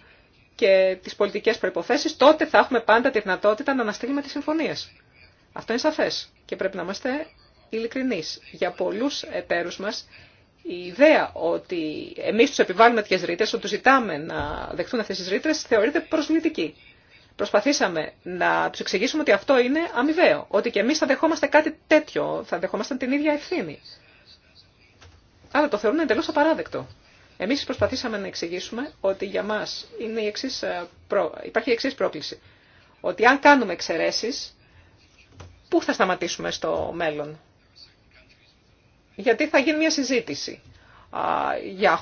και τι πολιτικέ προποθέσει τότε θα έχουμε πάντα τη δυνατότητα να αναστείλουμε τι συμφωνίε. Αυτό είναι σαφέ. και πρέπει να είμαστε ειλικρινεί. Για πολλού εταίρου μα, η ιδέα ότι εμεί του επιβάλλουμε τέτοιε ρήτρες, ότι του ζητάμε να δεχτούν αυτέ τι ρήτρες, θεωρείται προσβλητική. Προσπαθήσαμε να του εξηγήσουμε ότι αυτό είναι αμοιβαίο, ότι και εμεί θα δεχόμαστε κάτι τέτοιο, θα δεχόμαστε την ίδια ευθύνη. Αλλά το θεωρούν εντελώ απαράδεκτο. Εμείς προσπαθήσαμε να εξηγήσουμε ότι για μας είναι ε, υπάρχει η εξής πρόκληση. Ότι αν κάνουμε εξαιρέσει, πού θα σταματήσουμε στο μέλλον. Γιατί θα γίνει μια συζήτηση για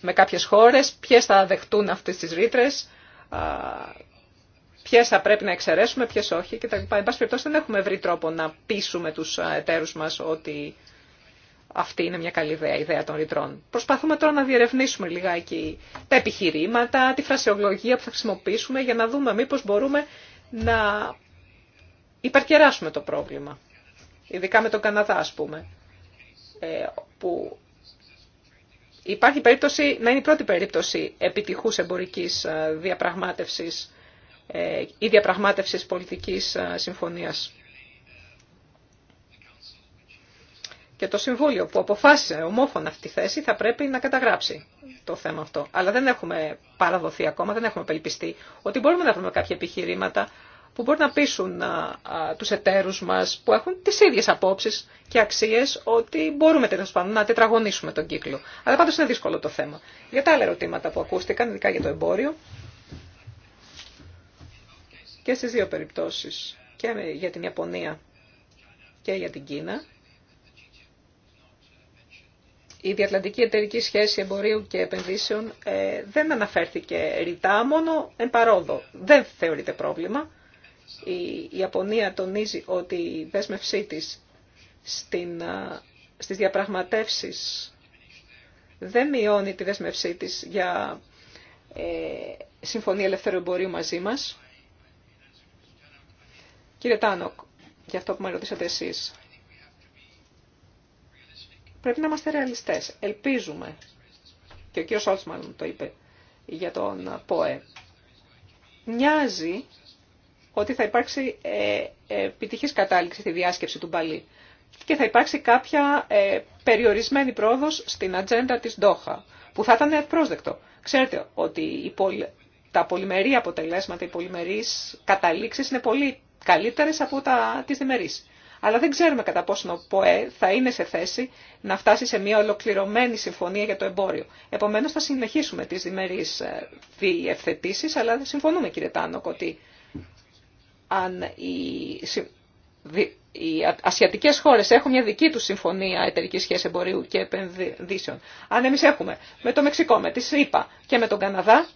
με κάποιες χώρες, ποιες θα δεχτούν αυτές τις ρήτρε, ποιες θα πρέπει να εξαιρέσουμε, ποιες όχι κτλ. Εν πάση περιπτώσει δεν έχουμε βρει τρόπο να πείσουμε τους εταίρους μας ότι αυτή είναι μια καλή ιδέα, ιδέα των ρητρών. Προσπαθούμε τώρα να διερευνήσουμε λιγάκι τα επιχειρήματα, τη φρασιολογία που θα χρησιμοποιήσουμε για να δούμε μήπως μπορούμε να υπερκεράσουμε το πρόβλημα. Ειδικά με τον Καναδά, ας πούμε, ε, που υπάρχει περίπτωση, να είναι η πρώτη περίπτωση επιτυχούς εμπορικής ε, διαπραγμάτευσης ε, ή διαπραγμάτευσης πολιτικής συμφωνίας. και το Συμβούλιο που αποφάσισε ομόφωνα αυτή τη θέση θα πρέπει να καταγράψει το θέμα αυτό. Αλλά δεν έχουμε παραδοθεί ακόμα, δεν έχουμε πελπιστεί ότι μπορούμε να βρούμε κάποια επιχειρήματα που μπορεί να πείσουν α, τους εταίρους μας που έχουν τις ίδιες απόψεις και αξίες ότι μπορούμε τέλος πάντων να τετραγωνίσουμε τον κύκλο. Αλλά πάντως είναι δύσκολο το θέμα. Για τα άλλα ερωτήματα που ακούστηκαν, ειδικά για το εμπόριο και στις δύο περιπτώσεις και για την Ιαπωνία και για την Κίνα η διατλαντική εταιρική σχέση εμπορίου και επενδύσεων ε, δεν αναφέρθηκε ρητά, μόνο εν παρόδο. Δεν θεωρείται πρόβλημα. Η Ιαπωνία τονίζει ότι η δέσμευσή της στην, ε, στις διαπραγματεύσεις δεν μειώνει τη δέσμευσή της για ε, συμφωνία ελευθερου εμπορίου μαζί μας. Κύριε Τάνοκ, για αυτό που με ρωτήσατε εσείς, Πρέπει να είμαστε ρεαλιστές. Ελπίζουμε, και ο κ. Σόλτσμαν το είπε για τον ΠΟΕ, μοιάζει ότι θα υπάρξει ε, ε, επιτυχής κατάληξη στη διάσκεψη του Μπαλί και θα υπάρξει κάποια ε, περιορισμένη πρόοδος στην ατζέντα της Ντόχα, που θα ήταν ευπρόσδεκτο. Ξέρετε ότι τα πολυμερή αποτελέσματα, οι πολυμερείς καταλήξεις είναι πολύ καλύτερες από τα, τις αλλά δεν ξέρουμε κατά πόσο ο ΠΟΕ θα είναι σε θέση να φτάσει σε μια ολοκληρωμένη συμφωνία για το εμπόριο. Επομένως θα συνεχίσουμε τις διμερείς ε, διευθετήσεις, αλλά συμφωνούμε κύριε Τάνοκ ότι αν οι, οι ασιατικές χώρες έχουν μια δική τους συμφωνία εταιρική σχέση εμπορίου και επενδύσεων, αν εμείς έχουμε με το Μεξικό, με τη ΣΥΠΑ και με τον Καναδά,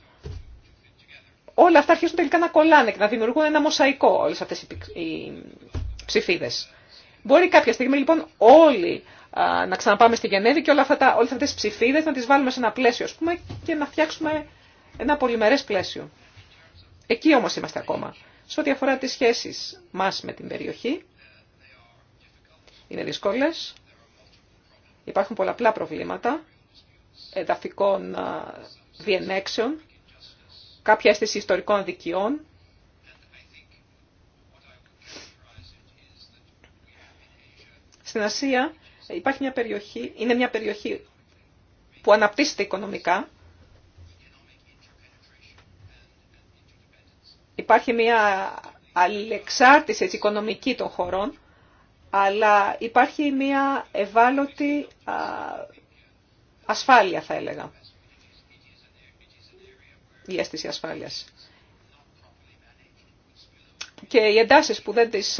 όλα αυτά αρχίζουν τελικά να κολλάνε και να δημιουργούν ένα μοσαϊκό όλες αυτές οι ψηφίδες. Μπορεί κάποια στιγμή λοιπόν όλοι να ξαναπάμε στη Γενέβη και όλα αυτά όλες αυτές τις ψηφίδες να τις βάλουμε σε ένα πλαίσιο πούμε και να φτιάξουμε ένα πολυμερές πλαίσιο. Εκεί όμως είμαστε ακόμα. Σε ό,τι αφορά τις σχέσεις μας με την περιοχή, είναι δύσκολες. Υπάρχουν πολλαπλά προβλήματα εδαφικών διενέξεων, κάποια αίσθηση ιστορικών δικαιών Στην Ασία υπάρχει μια περιοχή, είναι μια περιοχή που αναπτύσσεται οικονομικά. Υπάρχει μια αλληλεξάρτηση οικονομική των χωρών, αλλά υπάρχει μια ευάλωτη ασφάλεια, θα έλεγα. Η αίσθηση ασφάλειας. Και οι εντάσεις που δεν τις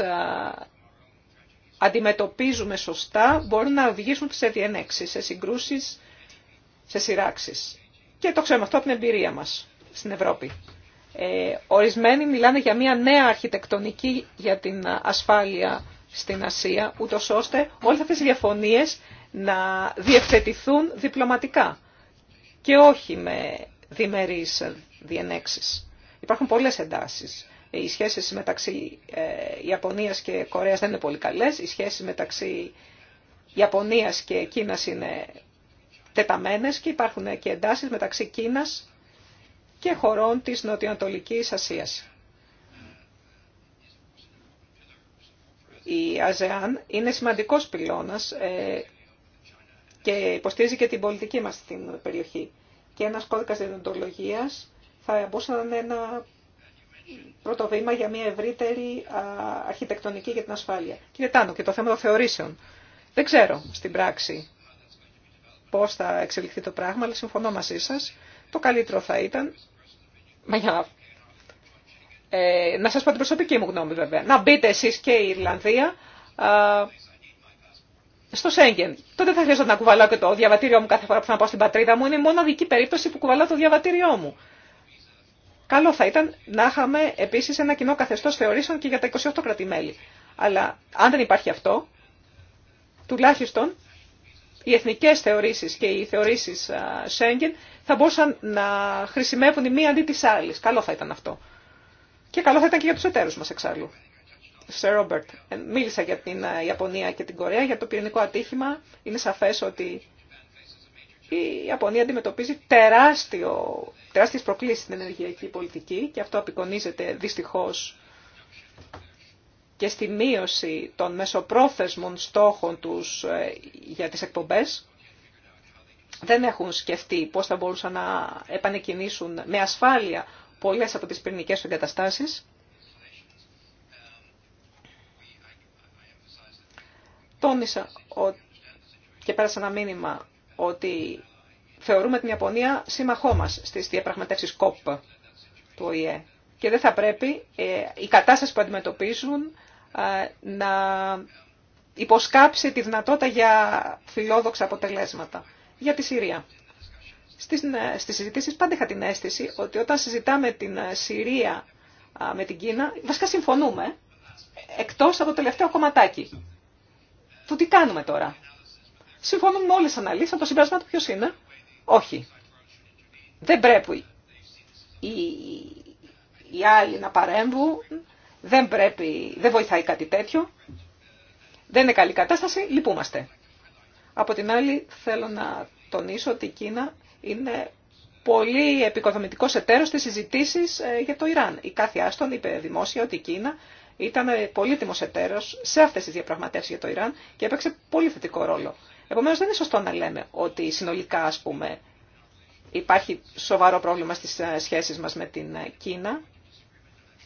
αντιμετωπίζουμε σωστά μπορούν να οδηγήσουν σε διενέξεις, σε συγκρούσεις, σε σειράξεις. Και το ξέρουμε αυτό από την εμπειρία μας στην Ευρώπη. Ε, ορισμένοι μιλάνε για μια νέα αρχιτεκτονική για την ασφάλεια στην Ασία, ούτω ώστε όλες αυτές οι διαφωνίες να διευθετηθούν διπλωματικά και όχι με διμερείς διενέξεις. Υπάρχουν πολλές εντάσεις. Οι σχέσεις μεταξύ ε, Ιαπωνίας και Κορέας δεν είναι πολύ καλές. Οι σχέσεις μεταξύ Ιαπωνίας και Κίνας είναι τεταμένες και υπάρχουν και εντάσεις μεταξύ Κίνας και χωρών της Νοτιοανατολικής Ασίας. Η ΑΖΕΑΝ είναι σημαντικός πυλώνας ε, και υποστηρίζει και την πολιτική μας στην περιοχή. Και ένας κώδικας διοντολογίας θα μπορούσε να είναι ένα πρώτο βήμα για μια ευρύτερη αρχιτεκτονική για την ασφάλεια. Κύριε Τάνο, και το θέμα των θεωρήσεων. Δεν ξέρω στην πράξη πώς θα εξελιχθεί το πράγμα, αλλά συμφωνώ μαζί σας. Το καλύτερο θα ήταν, μα ε, να σας πω την προσωπική μου γνώμη βέβαια, να μπείτε εσείς και η Ιρλανδία α, στο Σέγγεν. Τότε θα χρειάζεται να κουβαλάω και το διαβατήριό μου κάθε φορά που θα πάω στην πατρίδα μου. Είναι η μοναδική περίπτωση που κουβαλάω το διαβατήριό μου. Καλό θα ήταν να είχαμε επίσης ένα κοινό καθεστώς θεωρήσεων και για τα 28 κρατημέλη. Αλλά αν δεν υπάρχει αυτό, τουλάχιστον οι εθνικές θεωρήσεις και οι θεωρήσεις Schengen θα μπορούσαν να χρησιμεύουν η μία αντί της άλλης. Καλό θα ήταν αυτό. Και καλό θα ήταν και για τους εταίρους μας εξάλλου. Σε Ρόμπερτ, μίλησα για την Ιαπωνία και την Κορέα, για το πυρηνικό ατύχημα. Είναι σαφές ότι η Ιαπωνία αντιμετωπίζει τεράστιο, τεράστιες προκλήσεις στην ενεργειακή πολιτική και αυτό απεικονίζεται δυστυχώς και στη μείωση των μεσοπρόθεσμων στόχων τους ε, για τις εκπομπές. Δεν έχουν σκεφτεί πώς θα μπορούσαν να επανεκκινήσουν με ασφάλεια πολλές από τις πυρηνικές εγκαταστάσεις. Τόνισα ότι και πέρασα ένα μήνυμα ότι θεωρούμε την Ιαπωνία σύμμαχό μας στις διαπραγματεύσεις ΚΟΠ του ΟΗΕ και δεν θα πρέπει η ε, κατάσταση που αντιμετωπίζουν ε, να υποσκάψει τη δυνατότητα για φιλόδοξα αποτελέσματα. Για τη Συρία. Στις, ε, στις συζητήσεις πάντα είχα την αίσθηση ότι όταν συζητάμε την Συρία με την Κίνα, βασικά συμφωνούμε, εκτός από το τελευταίο κομματάκι. Του τι κάνουμε τώρα. Συμφωνούν με όλε τι αναλύσει. Από το συμπέρασμα του ποιο είναι. Όχι. Δεν πρέπει οι, οι άλλοι να παρέμβουν. Δεν, πρέπει, δεν βοηθάει κάτι τέτοιο. Δεν είναι καλή κατάσταση. Λυπούμαστε. Από την άλλη θέλω να τονίσω ότι η Κίνα είναι πολύ επικοδομητικό εταίρος στις συζητήσεις ε, για το Ιράν. Η κάθε Άστον είπε δημόσια ότι η Κίνα ήταν πολύτιμος εταίρος σε αυτές τις διαπραγματεύσεις για το Ιράν και έπαιξε πολύ θετικό ρόλο. Επομένως δεν είναι σωστό να λέμε ότι συνολικά ας πούμε υπάρχει σοβαρό πρόβλημα στις ε, σχέσεις μας με την ε, Κίνα,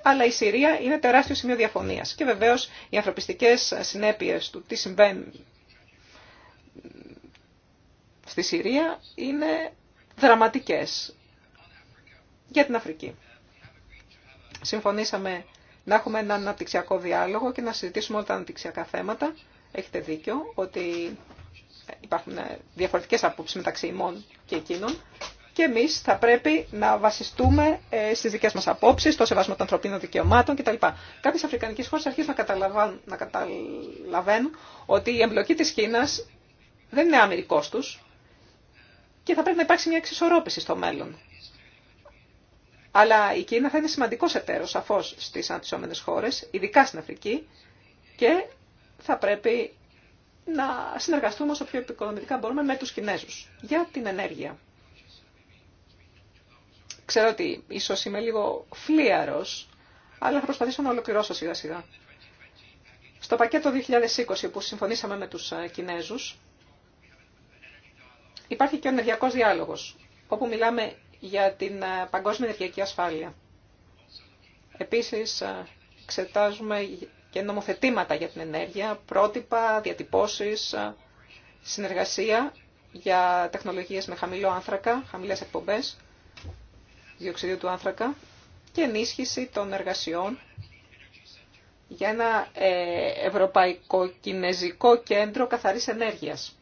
αλλά η Συρία είναι τεράστιο σημείο διαφωνίας. Και βεβαίως οι ανθρωπιστικές συνέπειες του τι συμβαίνει στη Συρία είναι δραματικές για την Αφρική. Συμφωνήσαμε να έχουμε έναν αναπτυξιακό διάλογο και να συζητήσουμε όλα τα αναπτυξιακά θέματα. Έχετε δίκιο ότι υπάρχουν ε, διαφορετικές απόψεις μεταξύ ημών και εκείνων και εμείς θα πρέπει να βασιστούμε ε, στις δικές μας απόψεις, στο σεβασμό των ανθρωπίνων δικαιωμάτων κτλ. Κάποιες αφρικανικές χώρες αρχίζουν να καταλαβαίνουν, να καταλαβαίνουν ότι η εμπλοκή της Κίνας δεν είναι αμερικός τους και θα πρέπει να υπάρξει μια εξισορρόπηση στο μέλλον. Αλλά η Κίνα θα είναι σημαντικός εταίρος, σαφώς, στις αναπτυσσόμενες χώρες, ειδικά στην Αφρική, και θα πρέπει να συνεργαστούμε όσο πιο επικοδομητικά μπορούμε με τους Κινέζους για την ενέργεια. Ξέρω ότι ίσως είμαι λίγο φλίαρος, αλλά θα προσπαθήσω να ολοκληρώσω σιγά σιγά. Στο πακέτο 2020 που συμφωνήσαμε με τους ε, Κινέζους, υπάρχει και ο ενεργειακός διάλογος, όπου μιλάμε για την ε, παγκόσμια ενεργειακή ασφάλεια. Επίσης, ε, εξετάζουμε και νομοθετήματα για την ενέργεια, πρότυπα, διατυπώσεις, συνεργασία για τεχνολογίες με χαμηλό άνθρακα, χαμηλές εκπομπές, διοξιδίου του άνθρακα και ενίσχυση των εργασιών για ένα ε, ευρωπαϊκό-κινέζικο κέντρο καθαρής ενέργειας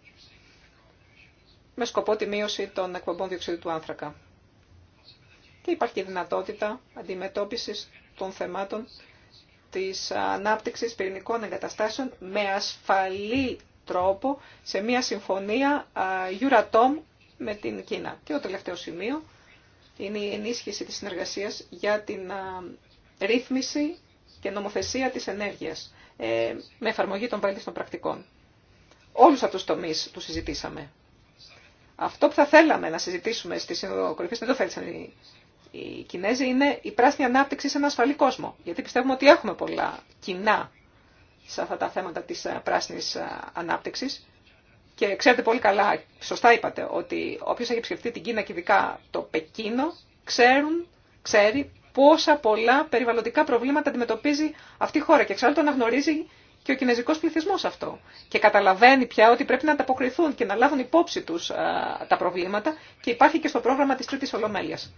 με σκοπό τη μείωση των εκπομπών διοξιδίου του άνθρακα. Και υπάρχει δυνατότητα αντιμετώπισης των θεμάτων της ανάπτυξης πυρηνικών εγκαταστάσεων με ασφαλή τρόπο σε μια συμφωνία Euratom με την Κίνα. Και το τελευταίο σημείο είναι η ενίσχυση της συνεργασίας για την ρύθμιση και νομοθεσία της ενέργειας ε, με εφαρμογή των των πρακτικών. Όλους αυτούς τους τομείς του συζητήσαμε. Αυτό που θα θέλαμε να συζητήσουμε στη Σύνοδο δεν το θέλησαν οι οι Κινέζοι είναι η πράσινη ανάπτυξη σε ένα ασφαλή κόσμο. Γιατί πιστεύουμε ότι έχουμε πολλά κοινά σε αυτά τα θέματα τη ε, πράσινη ε, ανάπτυξη. Και ξέρετε πολύ καλά, σωστά είπατε, ότι όποιο έχει επισκεφτεί την Κίνα και ειδικά το Πεκίνο, ξέρουν, ξέρει πόσα πολλά περιβαλλοντικά προβλήματα αντιμετωπίζει αυτή η χώρα. Και εξάλλου το αναγνωρίζει και ο κινέζικος πληθυσμός αυτό. Και καταλαβαίνει πια ότι πρέπει να ανταποκριθούν και να λάβουν υπόψη τους ε, τα προβλήματα και υπάρχει και στο πρόγραμμα της Τρίτης Ολομέλειας.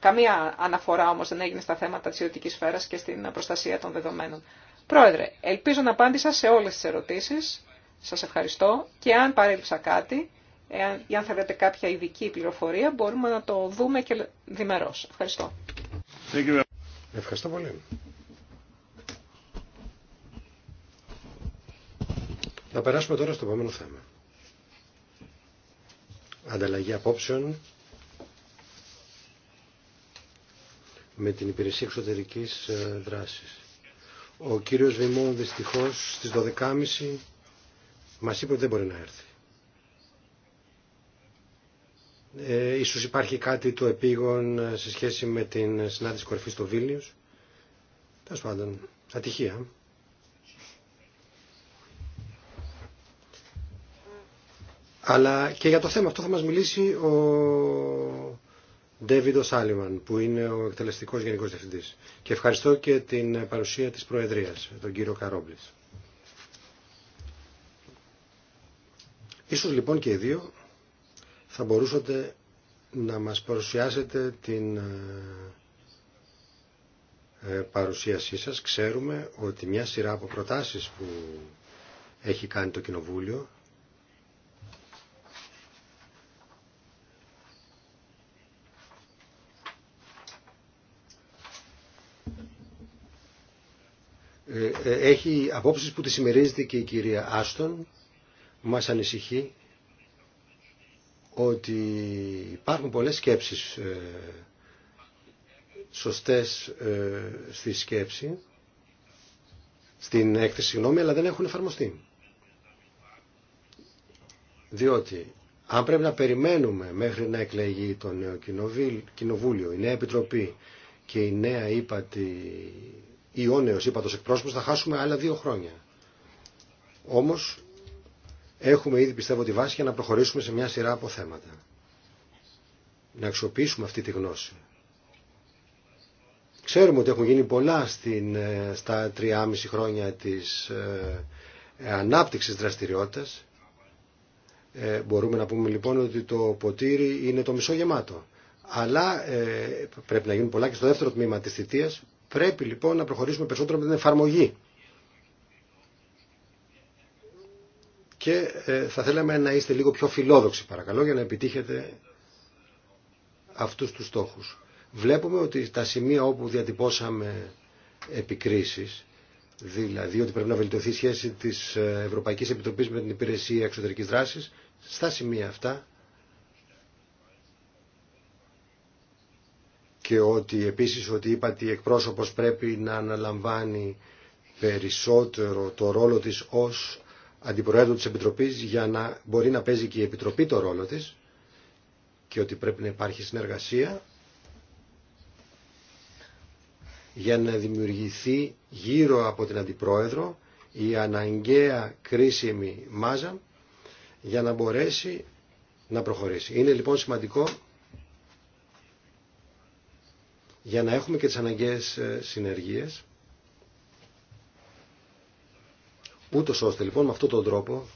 Καμία αναφορά όμως δεν έγινε στα θέματα της ιδιωτικής σφαίρας και στην προστασία των δεδομένων. Πρόεδρε, ελπίζω να απάντησα σε όλες τις ερωτήσεις. Σας ευχαριστώ και αν παρέλειψα κάτι, εάν, ή αν θέλετε κάποια ειδική πληροφορία, μπορούμε να το δούμε και διμερώς. Ευχαριστώ. Ευχαριστώ πολύ. Να περάσουμε τώρα στο επόμενο θέμα. Ανταλλαγή απόψεων με την υπηρεσία εξωτερικής ε, δράσης. Ο κύριος Βημόν δυστυχώς στις 12.30 μας είπε ότι δεν μπορεί να έρθει. Ε, ίσως υπάρχει κάτι το επίγον ε, σε σχέση με την συνάντηση κορυφής στο Βίλνιους. Τα πάντων, ατυχία. Αλλά και για το θέμα αυτό θα μας μιλήσει ο Ντέβιντο Σάλιμαν, που είναι ο εκτελεστικό γενικό διευθυντή. Και ευχαριστώ και την παρουσία τη Προεδρία, τον κύριο Καρόμπλη. Ίσως λοιπόν και οι δύο θα μπορούσατε να μας παρουσιάσετε την ε, παρουσίασή σας. Ξέρουμε ότι μια σειρά από προτάσεις που έχει κάνει το Κοινοβούλιο Ε, ε, έχει απόψεις που τη σημερίζεται και η κυρία Άστον. Μας ανησυχεί ότι υπάρχουν πολλές σκέψεις ε, σωστές στη σκέψη, στην έκθεση συγγνώμη, αλλά δεν έχουν εφαρμοστεί. Διότι αν πρέπει να περιμένουμε μέχρι να εκλεγεί το νέο κοινοβούλιο, η νέα επιτροπή και η νέα ύπατη ή ο νέος ύπατος εκπρόσωπος θα χάσουμε άλλα δύο χρόνια. Όμως έχουμε ήδη πιστεύω τη βάση για να προχωρήσουμε σε μια σειρά από θέματα. Να αξιοποιήσουμε αυτή τη γνώση. Ξέρουμε ότι έχουν γίνει πολλά στην, ε, στα 3,5 χρόνια της ε, ε, ανάπτυξης δραστηριότητας. Ε, μπορούμε να πούμε λοιπόν ότι το ποτήρι είναι το μισό γεμάτο. Αλλά ε, πρέπει να γίνουν πολλά και στο δεύτερο τμήμα της θητείας Πρέπει λοιπόν να προχωρήσουμε περισσότερο με την εφαρμογή. Και ε, θα θέλαμε να είστε λίγο πιο φιλόδοξοι παρακαλώ για να επιτύχετε αυτούς τους στόχους. Βλέπουμε ότι τα σημεία όπου διατυπώσαμε επικρίσεις, δηλαδή ότι πρέπει να βελτιωθεί η σχέση της ε, Ευρωπαϊκής Επιτροπής με την Υπηρεσία Εξωτερικής Δράσης, στα σημεία αυτά και ότι επίσης ότι είπα ότι η εκπρόσωπος πρέπει να αναλαμβάνει περισσότερο το ρόλο της ως αντιπροέδρου της Επιτροπής για να μπορεί να παίζει και η Επιτροπή το ρόλο της και ότι πρέπει να υπάρχει συνεργασία για να δημιουργηθεί γύρω από την Αντιπρόεδρο η αναγκαία κρίσιμη μάζα για να μπορέσει να προχωρήσει. Είναι λοιπόν σημαντικό για να έχουμε και τις αναγκαίες ε, συνεργίες ούτω ώστε λοιπόν με αυτόν τον τρόπο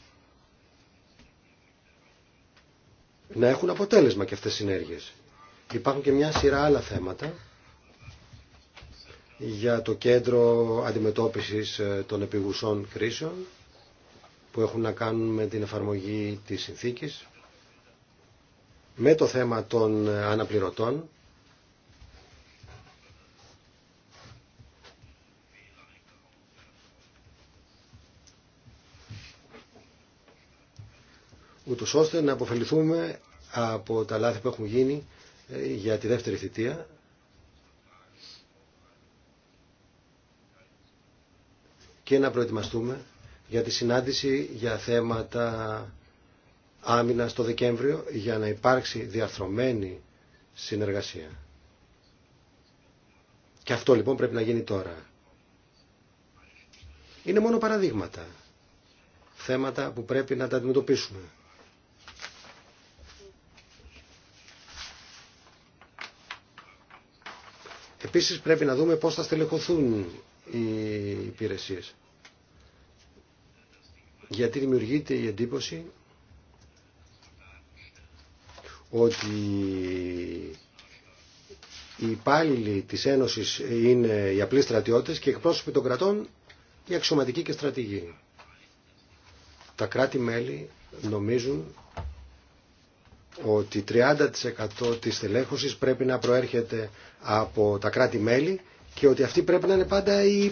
να έχουν αποτέλεσμα και αυτές οι συνέργειες. Υπάρχουν και μια σειρά άλλα θέματα για το κέντρο αντιμετώπισης ε, των επιγουσών κρίσεων που έχουν να κάνουν με την εφαρμογή της συνθήκης, με το θέμα των ε, αναπληρωτών ούτως ώστε να αποφεληθούμε από τα λάθη που έχουν γίνει ε, για τη δεύτερη θητεία. και να προετοιμαστούμε για τη συνάντηση για θέματα άμυνα το Δεκέμβριο για να υπάρξει διαρθρωμένη συνεργασία. Και αυτό λοιπόν πρέπει να γίνει τώρα. Είναι μόνο παραδείγματα. Θέματα που πρέπει να τα αντιμετωπίσουμε. Επίσης πρέπει να δούμε πώς θα στελεχωθούν οι υπηρεσίες. Γιατί δημιουργείται η εντύπωση ότι οι υπάλληλοι της Ένωσης είναι οι απλοί στρατιώτες και εκπρόσωποι των κρατών οι αξιωματικοί και στρατηγοί. Τα κράτη-μέλη νομίζουν ότι 30% της τελέχωσης πρέπει να προέρχεται από τα κράτη-μέλη και ότι αυτοί πρέπει να είναι πάντα οι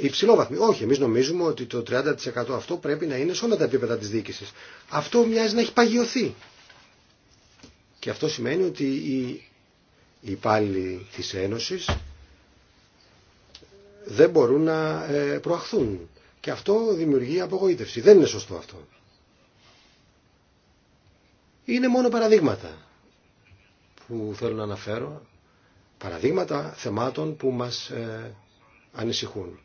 υψηλόβαθμοί. Όχι, εμείς νομίζουμε ότι το 30% αυτό πρέπει να είναι σε όλα τα επίπεδα της διοίκησης. Αυτό μοιάζει να έχει παγιωθεί. Και αυτό σημαίνει ότι οι υπάλληλοι της Ένωσης δεν μπορούν να ε, προαχθούν. Και αυτό δημιουργεί απογοήτευση. Δεν είναι σωστό αυτό. Είναι μόνο παραδείγματα που θέλω να αναφέρω, παραδείγματα θεμάτων που μας ε, ανησυχούν.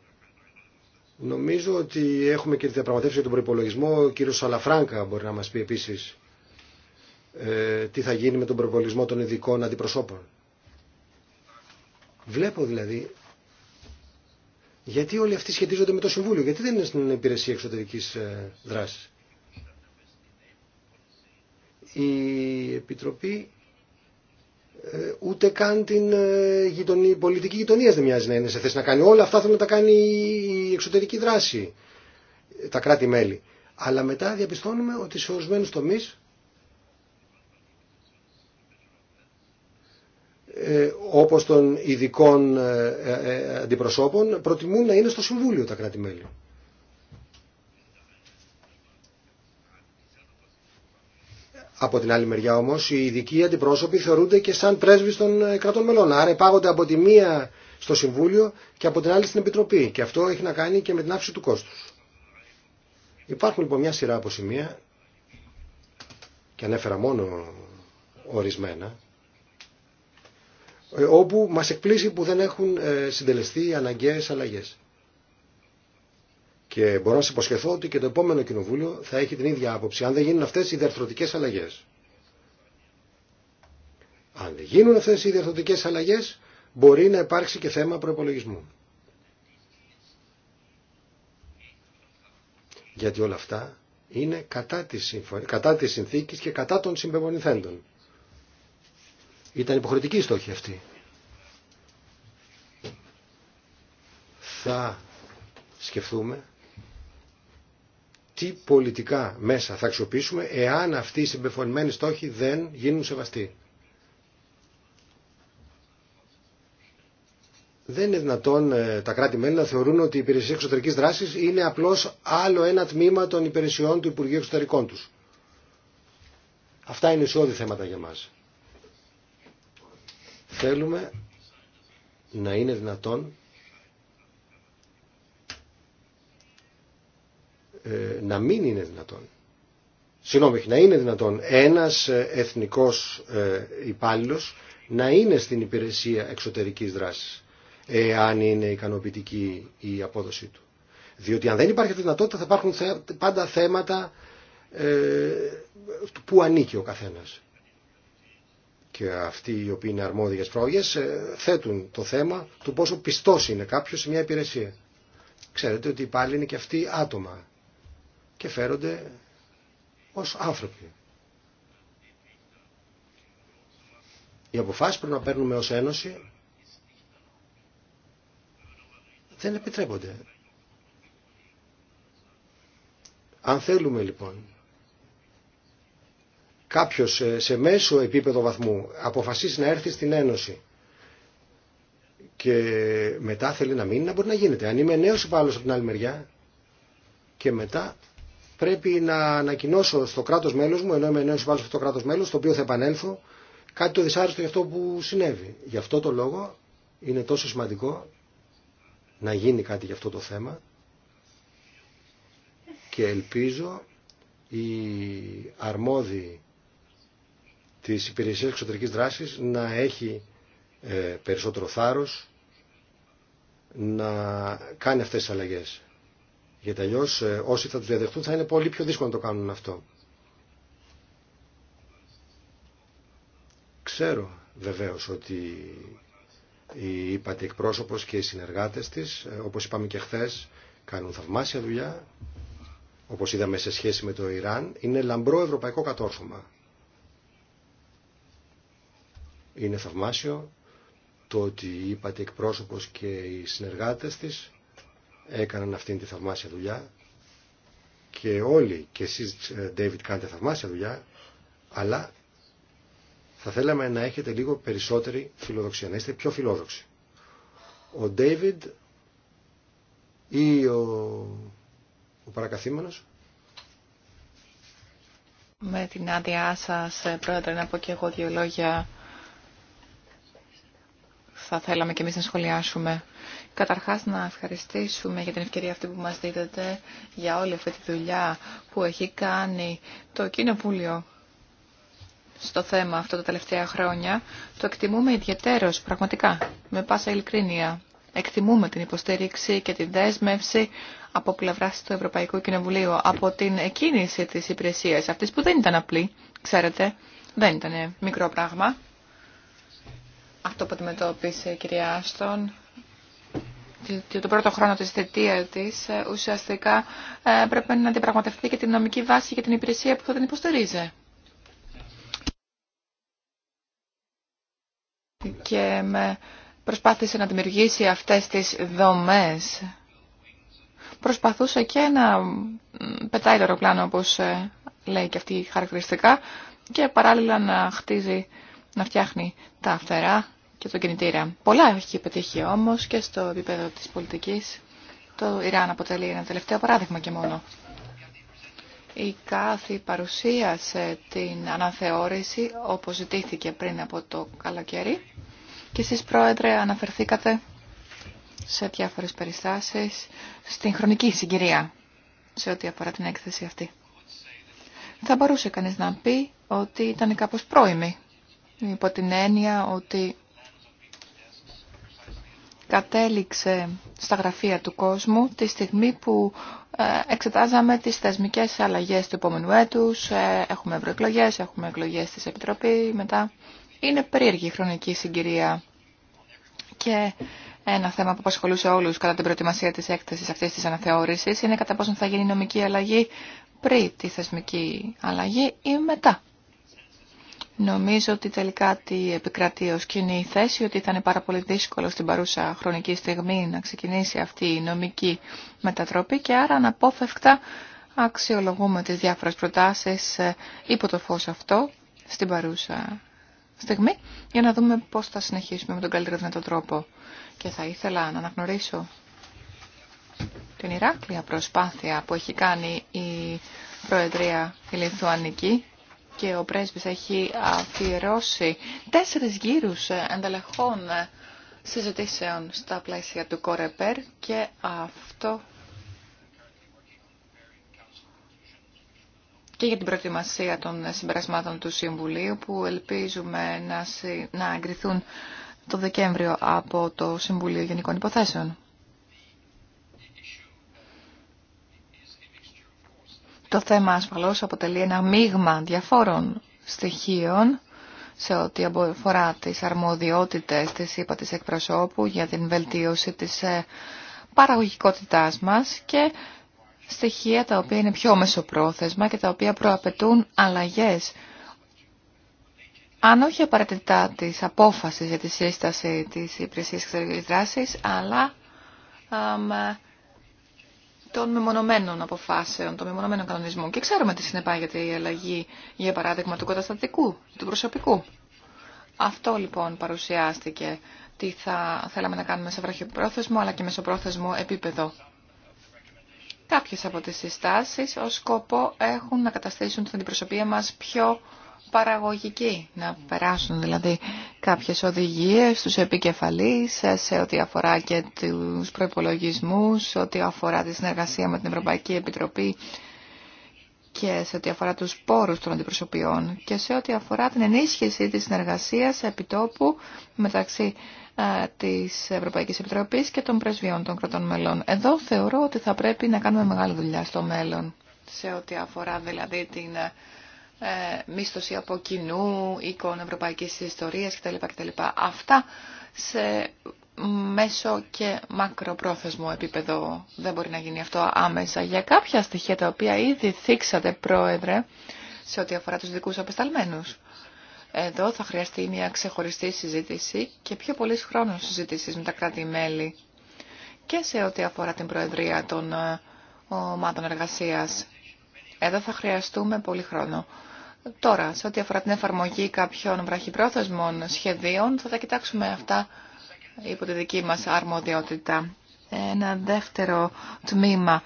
Νομίζω ότι έχουμε και τη διαπραγματεύση για τον προπολογισμό. Ο κύριος Σαλαφράγκα μπορεί να μας πει επίσης ε, τι θα γίνει με τον προπολογισμό των ειδικών αντιπροσώπων. Βλέπω δηλαδή γιατί όλοι αυτοί σχετίζονται με το Συμβούλιο, γιατί δεν είναι στην υπηρεσία εξωτερικής ε, δράσης η Επιτροπή ε, ούτε καν την ε, πολιτική γειτονία δεν μοιάζει να είναι σε θέση να κάνει. Όλα αυτά θέλουν να τα κάνει η εξωτερική δράση, τα κράτη-μέλη. Αλλά μετά διαπιστώνουμε ότι σε ορισμένου τομεί ε, όπως των ειδικών αντιπροσώπων προτιμούν να είναι στο Συμβούλιο τα κράτη-μέλη. Από την άλλη μεριά όμως οι ειδικοί αντιπρόσωποι θεωρούνται και σαν πρέσβει των ε, κρατών μελών. Άρα υπάγονται από τη μία στο Συμβούλιο και από την άλλη στην Επιτροπή. Και αυτό έχει να κάνει και με την αύξηση του κόστους. Υπάρχουν λοιπόν μια σειρά από σημεία και ανέφερα μόνο ορισμένα ε, όπου μας εκπλήσει που δεν έχουν ε, συντελεστεί αναγκαίες αλλαγές. Και μπορώ να σα υποσχεθώ ότι και το επόμενο κοινοβούλιο θα έχει την ίδια άποψη αν δεν γίνουν αυτέ οι διαρθρωτικέ αλλαγέ. Αν δεν γίνουν αυτέ οι διαρθρωτικέ αλλαγέ, μπορεί να υπάρξει και θέμα προπολογισμού. Γιατί όλα αυτά είναι κατά της, συνθήκη συνθήκης και κατά των συμπεμονηθέντων. Ήταν υποχρεωτική η στόχη αυτή. Θα σκεφτούμε τι πολιτικά μέσα θα αξιοποιήσουμε εάν αυτοί οι συμπεφωνημένοι στόχοι δεν γίνουν σεβαστοί. Δεν είναι δυνατόν ε, τα κράτη-μέλη να θεωρούν ότι η υπηρεσία εξωτερική δράση είναι απλώ άλλο ένα τμήμα των υπηρεσιών του Υπουργείου Εξωτερικών του. Αυτά είναι ισόδη θέματα για μας. Θέλουμε να είναι δυνατόν Ε, να μην είναι δυνατόν. Συγγνώμη, να είναι δυνατόν ένας ε, εθνικός ε, υπάλληλος να είναι στην υπηρεσία εξωτερικής δράσης, εάν είναι ικανοποιητική η απόδοσή του. Διότι αν δεν υπάρχει δυνατότητα θα υπάρχουν πάντα θέματα που ανήκει ο καθένας. Και αυτοί οι οποίοι είναι αρμόδιες για θέτουν το θέμα του πόσο πιστός είναι κάποιος σε μια υπηρεσία. Ξέρετε ότι υπάλληλοι είναι και αυτοί άτομα και φέρονται ως άνθρωποι. Οι αποφάσεις που να παίρνουμε ως Ένωση δεν επιτρέπονται. Αν θέλουμε λοιπόν κάποιος σε μέσο επίπεδο βαθμού αποφασίσει να έρθει στην Ένωση και μετά θέλει να μείνει να μπορεί να γίνεται. Αν είμαι νέος υπάλληλος από την άλλη μεριά και μετά πρέπει να ανακοινώσω στο κράτος μέλο μου, ενώ είμαι νέο υπάλληλο αυτό το κράτος μέλος, στο οποίο θα επανέλθω, κάτι το δυσάρεστο για αυτό που συνέβη. Γι' αυτό το λόγο είναι τόσο σημαντικό να γίνει κάτι για αυτό το θέμα και ελπίζω οι αρμόδιοι της υπηρεσίας εξωτερικής δράσης να έχει ε, περισσότερο θάρρος να κάνει αυτές τις αλλαγές. Γιατί αλλιώ ε, όσοι θα του διαδεχτούν θα είναι πολύ πιο δύσκολο να το κάνουν αυτό. Ξέρω βεβαίω ότι η είπατε εκπρόσωπο και οι συνεργάτε τη, ε, όπω είπαμε και χθε, κάνουν θαυμάσια δουλειά. Όπω είδαμε σε σχέση με το Ιράν, είναι λαμπρό ευρωπαϊκό κατόρθωμα. Είναι θαυμάσιο το ότι είπατε εκπρόσωπο και οι συνεργάτε τη έκαναν αυτήν τη θαυμάσια δουλειά και όλοι και εσείς ε, David κάνετε θαυμάσια δουλειά αλλά θα θέλαμε να έχετε λίγο περισσότερη φιλοδοξία, να είστε πιο φιλόδοξοι. Ο David ή ο, ο παρακαθήμενος με την άδειά σας, ε, Πρόεδρε, να πω και εγώ δύο λόγια. Θα θέλαμε και εμείς να σχολιάσουμε. Καταρχάς να ευχαριστήσουμε για την ευκαιρία αυτή που μας δίδεται για όλη αυτή τη δουλειά που έχει κάνει το Κοινοβούλιο στο θέμα αυτό τα τελευταία χρόνια. Το εκτιμούμε ιδιαίτερος πραγματικά, με πάσα ειλικρίνεια. Εκτιμούμε την υποστήριξη και τη δέσμευση από πλευρά του Ευρωπαϊκού Κοινοβουλίου, από την εκκίνηση της υπηρεσίας αυτής που δεν ήταν απλή, ξέρετε, δεν ήταν μικρό πράγμα. Αυτό που αντιμετώπισε η κυρία Άστον τον πρώτο χρόνο της θετία της ε, ουσιαστικά ε, πρέπει να αντιπραγματευτεί και την νομική βάση και την υπηρεσία που θα την υποστηρίζει. Και με προσπάθησε να δημιουργήσει αυτές τις δομές. Προσπαθούσε και να πετάει το αεροπλάνο όπως ε, λέει και αυτή η χαρακτηριστικά και παράλληλα να χτίζει, να φτιάχνει τα φτερά και τον κινητήρα. Πολλά έχει πετύχει όμω και στο επίπεδο της πολιτική. Το Ιράν αποτελεί ένα τελευταίο παράδειγμα και μόνο. Η κάθε παρουσίασε την αναθεώρηση όπως ζητήθηκε πριν από το καλοκαίρι και εσείς πρόεδρε αναφερθήκατε σε διάφορες περιστάσεις στην χρονική συγκυρία σε ό,τι αφορά την έκθεση αυτή. Θα μπορούσε κανείς να πει ότι ήταν κάπως πρόημη υπό την έννοια ότι κατέληξε στα γραφεία του κόσμου τη στιγμή που ε, εξετάζαμε τις θεσμικές αλλαγές του επόμενου έτους. Ε, έχουμε ευρωεκλογέ, έχουμε εκλογές της Επιτροπή, μετά είναι περίεργη η χρονική συγκυρία και ένα θέμα που απασχολούσε όλους κατά την προετοιμασία της έκθεσης αυτής της αναθεώρησης είναι κατά πόσο θα γίνει η νομική αλλαγή πριν τη θεσμική αλλαγή ή μετά. Νομίζω ότι τελικά τι επικρατεί ως κοινή θέση, ότι ήταν πάρα πολύ δύσκολο στην παρούσα χρονική στιγμή να ξεκινήσει αυτή η νομική μετατροπή και άρα αναπόφευκτα αξιολογούμε τις διάφορες προτάσεις ε, υπό το φως αυτό στην παρούσα στιγμή για να δούμε πώς θα συνεχίσουμε με τον καλύτερο δυνατό τρόπο. Και θα ήθελα να αναγνωρίσω την Ηράκλεια προσπάθεια που έχει κάνει η Προεδρία η Λιθουανική και ο πρέσβης έχει αφιερώσει τέσσερις γύρους ανταλλαχών συζητήσεων στα πλαίσια του Κορεπέρ και αυτό και για την προετοιμασία των συμπερασμάτων του Συμβουλίου που ελπίζουμε να, να εγκριθούν το Δεκέμβριο από το Συμβουλίο Γενικών Υποθέσεων. Το θέμα ασφαλώς αποτελεί ένα μείγμα διαφόρων στοιχείων σε ό,τι αφορά τις αρμοδιότητες της ΥΠΑ της εκπροσώπου για την βελτίωση της ε, παραγωγικότητάς μας και στοιχεία τα οποία είναι πιο μεσοπρόθεσμα και τα οποία προαπαιτούν αλλαγές. Αν όχι απαραίτητα της απόφασης για τη σύσταση της υπηρεσίας εξωτερικής δράσης, αλλά των μεμονωμένων αποφάσεων, των μεμονωμένων κανονισμών. Και ξέρουμε τι συνεπάγεται η αλλαγή, για παράδειγμα, του καταστατικού, του προσωπικού. Αυτό λοιπόν παρουσιάστηκε τι θα θέλαμε να κάνουμε σε βραχυπρόθεσμο αλλά και μεσοπρόθεσμο επίπεδο. Κάποιες από τις συστάσεις ως σκοπό έχουν να καταστήσουν την αντιπροσωπεία μας πιο παραγωγική. να περάσουν δηλαδή κάποιες οδηγίες στους επικεφαλείς ε, σε ό,τι αφορά και τους προϋπολογισμούς, σε ό,τι αφορά τη συνεργασία με την Ευρωπαϊκή Επιτροπή και σε ό,τι αφορά τους πόρους των αντιπροσωπιών και σε ό,τι αφορά την ενίσχυση της συνεργασίας επιτόπου μεταξύ ε, της Ευρωπαϊκής Επιτροπής και των πρεσβειών των κρατών μελών. Εδώ θεωρώ ότι θα πρέπει να κάνουμε μεγάλη δουλειά στο μέλλον σε ό,τι αφορά δηλαδή την ε, ε, μίσθωση από κοινού, εικόνα ευρωπαϊκής ιστορίας κτλ. κτλ. Αυτά σε μέσο και μακροπρόθεσμο επίπεδο δεν μπορεί να γίνει αυτό άμεσα. Για κάποια στοιχεία τα οποία ήδη θίξατε, Πρόεδρε, σε ό,τι αφορά τους δικούς απεσταλμένους. Εδώ θα χρειαστεί μια ξεχωριστή συζήτηση και πιο πολλή χρόνο συζήτησης με τα κράτη-μέλη και σε ό,τι αφορά την Προεδρία των ε, Ομάδων Εργασίας. Εδώ θα χρειαστούμε πολύ χρόνο. Τώρα, σε ό,τι αφορά την εφαρμογή κάποιων βραχυπρόθεσμων σχεδίων, θα τα κοιτάξουμε αυτά υπό τη δική μας αρμοδιότητα. Ένα δεύτερο τμήμα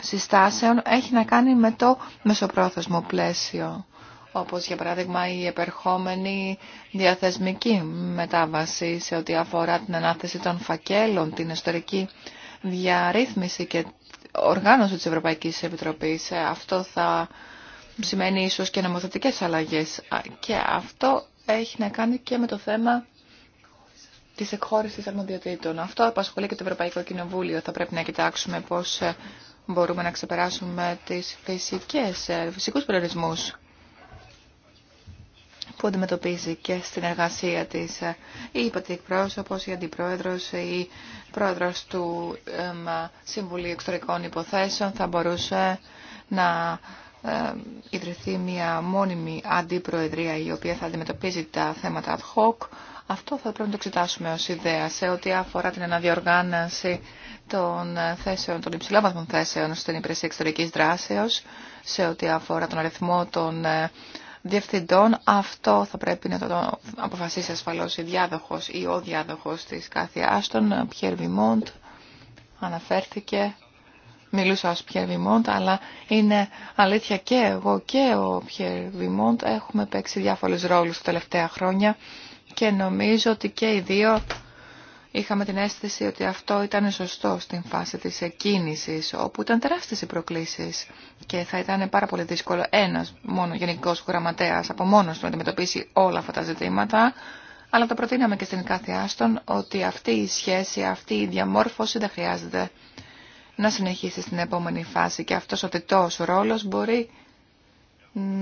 συστάσεων έχει να κάνει με το μεσοπρόθεσμο πλαίσιο, όπως για παράδειγμα η επερχόμενη διαθεσμική μετάβαση σε ό,τι αφορά την ανάθεση των φακέλων, την ιστορική διαρρύθμιση και οργάνωση της Ευρωπαϊκής Επιτροπής. Αυτό θα σημαίνει ίσως και νομοθετικές αλλαγές. Και αυτό έχει να κάνει και με το θέμα της εκχώρησης αρμοδιοτήτων. Αυτό απασχολεί και το Ευρωπαϊκό Κοινοβούλιο. Θα πρέπει να κοιτάξουμε πώς ε, μπορούμε να ξεπεράσουμε τις φυσικές, ε, φυσικούς περιορισμούς που αντιμετωπίζει και στην εργασία της η ε, υπατή η αντιπρόεδρος, η πρόεδρος του Συμβουλίου Εξωτερικών Υποθέσεων θα μπορούσε να ε, ιδρυθεί μια μόνιμη αντιπροεδρία η οποία θα αντιμετωπίζει τα θέματα ad hoc. Αυτό θα πρέπει να το εξετάσουμε ως ιδέα σε ό,τι αφορά την αναδιοργάνωση των θέσεων, των υψηλόβαθμων θέσεων στην υπηρεσία εξωτερικής δράσεως, σε ό,τι αφορά τον αριθμό των ε, διευθυντών. Αυτό θα πρέπει να το αποφασίσει ασφαλώς η διάδοχος ή ο διάδοχος της κάθε Άστον, Πιέρ Βιμόντ, αναφέρθηκε μιλούσα ως Πιέρ Βιμόντ, αλλά είναι αλήθεια και εγώ και ο Πιέρ Βιμόντ έχουμε παίξει διάφορους ρόλους τα τελευταία χρόνια και νομίζω ότι και οι δύο είχαμε την αίσθηση ότι αυτό ήταν σωστό στην φάση της εκκίνησης, όπου ήταν τεράστιες οι προκλήσεις και θα ήταν πάρα πολύ δύσκολο ένας μόνο γενικός γραμματέας από μόνος του να αντιμετωπίσει όλα αυτά τα ζητήματα, αλλά το προτείναμε και στην κάθε άστον ότι αυτή η σχέση, αυτή η διαμόρφωση δεν χρειάζεται να συνεχίσει στην επόμενη φάση και αυτός ο τετός ρόλος μπορεί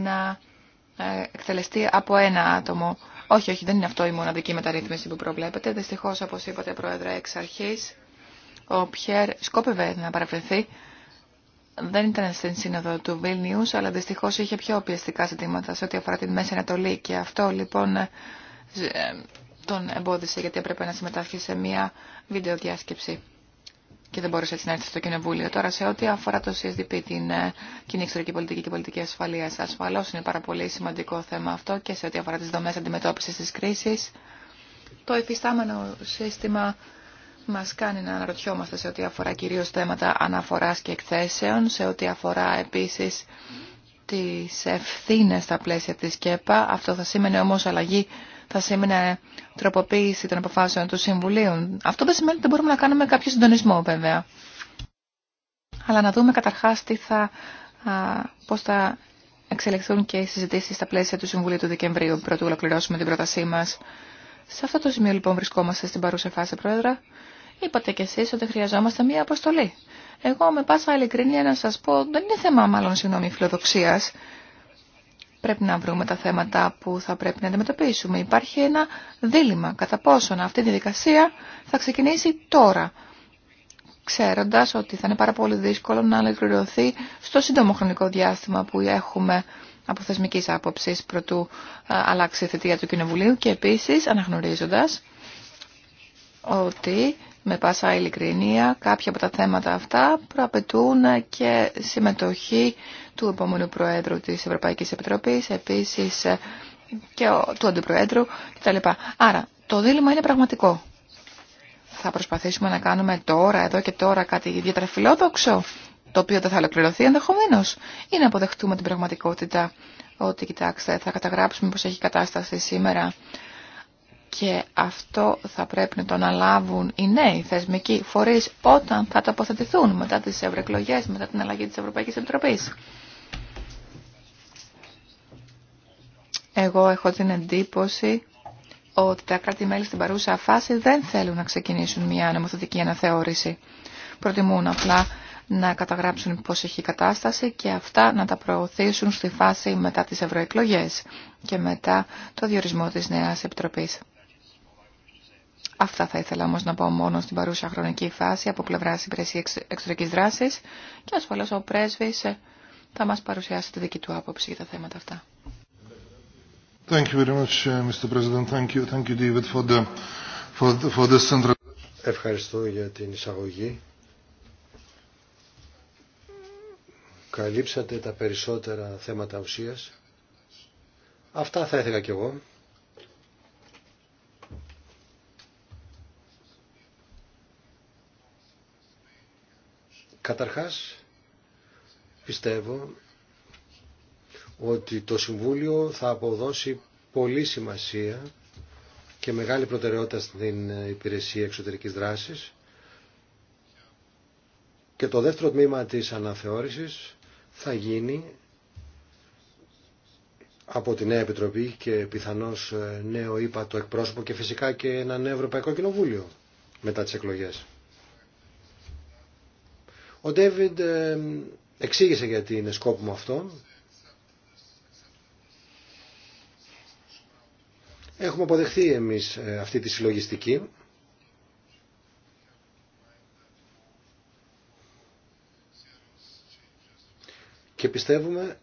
να ε, εκτελεστεί από ένα άτομο. Όχι, όχι, δεν είναι αυτό η μοναδική μεταρρύθμιση που προβλέπετε. Δυστυχώς, όπως είπατε, Πρόεδρε, εξ αρχής, ο Πιέρ σκόπευε να παραβρεθεί. Δεν ήταν στην σύνοδο του Βίλνιου, αλλά δυστυχώς είχε πιο πιεστικά ζητήματα σε ό,τι αφορά την Μέση Ανατολή. Και αυτό, λοιπόν, ε, ε, τον εμπόδισε γιατί έπρεπε να συμμετάσχει σε μια βιντεοδιάσκεψη και δεν μπορούσε έτσι να έρθει στο Κοινοβούλιο. Τώρα, σε ό,τι αφορά το CSDP, την ε, κοινή εξωτερική πολιτική και πολιτική ασφαλεία, ασφαλώ είναι πάρα πολύ σημαντικό θέμα αυτό και σε ό,τι αφορά τι δομέ αντιμετώπιση τη κρίση. Το υφιστάμενο σύστημα μα κάνει να αναρωτιόμαστε σε ό,τι αφορά κυρίω θέματα αναφορά και εκθέσεων, σε ό,τι αφορά επίση τι ευθύνε στα πλαίσια τη ΚΕΠΑ. Αυτό θα σήμαινε όμω αλλαγή θα σήμαινε τροποποίηση των αποφάσεων του Συμβουλίου. Αυτό δεν σημαίνει ότι δεν μπορούμε να κάνουμε κάποιο συντονισμό βέβαια. Αλλά να δούμε καταρχάς τι θα, α, πώς θα εξελιχθούν και οι συζητήσεις στα πλαίσια του Συμβουλίου του Δεκεμβρίου, του ολοκληρώσουμε την πρότασή μας. Σε αυτό το σημείο λοιπόν βρισκόμαστε στην παρούσα φάση, Πρόεδρα. Είπατε κι εσείς ότι χρειαζόμαστε μία αποστολή. Εγώ με πάσα ειλικρίνεια να σας πω, δεν είναι θέμα μάλλον συγγνώμη φιλοδοξίας πρέπει να βρούμε τα θέματα που θα πρέπει να αντιμετωπίσουμε. Υπάρχει ένα δίλημα κατά πόσον αυτή τη δικασία θα ξεκινήσει τώρα, ξέροντας ότι θα είναι πάρα πολύ δύσκολο να ολοκληρωθεί στο σύντομο χρονικό διάστημα που έχουμε από θεσμική άποψη προτού αλλάξει η θετία του Κοινοβουλίου και επίσης αναγνωρίζοντας ότι με πάσα ειλικρινία κάποια από τα θέματα αυτά προαπαιτούν και συμμετοχή του επόμενου Προέδρου της Ευρωπαϊκής Επιτροπής, επίσης ε, και του Αντιπροέδρου κτλ. Άρα, το δίλημα είναι πραγματικό. Θα προσπαθήσουμε να κάνουμε τώρα, εδώ και τώρα, κάτι ιδιαίτερα φιλόδοξο, το οποίο δεν θα ολοκληρωθεί ενδεχομένω, ή να αποδεχτούμε την πραγματικότητα ότι, κοιτάξτε, θα καταγράψουμε πώς έχει κατάσταση σήμερα και αυτό θα πρέπει να το αναλάβουν οι νέοι θεσμικοί φορείς όταν θα τοποθετηθούν μετά τις ευρωεκλογέ, μετά την αλλαγή της Ευρωπαϊκής Επιτροπής. Εγώ έχω την εντύπωση ότι τα κράτη-μέλη στην παρούσα φάση δεν θέλουν να ξεκινήσουν μια νομοθετική αναθεώρηση. Προτιμούν απλά να καταγράψουν πώς έχει η κατάσταση και αυτά να τα προωθήσουν στη φάση μετά τις ευρωεκλογέ και μετά το διορισμό της νέας επιτροπής. Αυτά θα ήθελα όμως να πω μόνο στην παρούσα χρονική φάση από πλευρά υπηρεσία εξωτερικής δράσης και ασφαλώς ο πρέσβης θα μας παρουσιάσει τη δική του άποψη για τα θέματα αυτά. Ευχαριστώ για την εισαγωγή. Καλύψατε τα περισσότερα θέματα ουσίας. Αυτά θα ήθελα κι εγώ. Καταρχάς, πιστεύω ότι το Συμβούλιο θα αποδώσει πολύ σημασία και μεγάλη προτεραιότητα στην υπηρεσία εξωτερικής δράσης. Και το δεύτερο τμήμα της αναθεώρησης θα γίνει από τη Νέα Επιτροπή και πιθανώς νέο είπα το εκπρόσωπο και φυσικά και ένα νέο Ευρωπαϊκό Κοινοβούλιο μετά τις εκλογές. Ο Ντέβιντ ε, εξήγησε γιατί είναι σκόπιμο αυτό Έχουμε αποδεχθεί εμείς ε, αυτή τη συλλογιστική. Και πιστεύουμε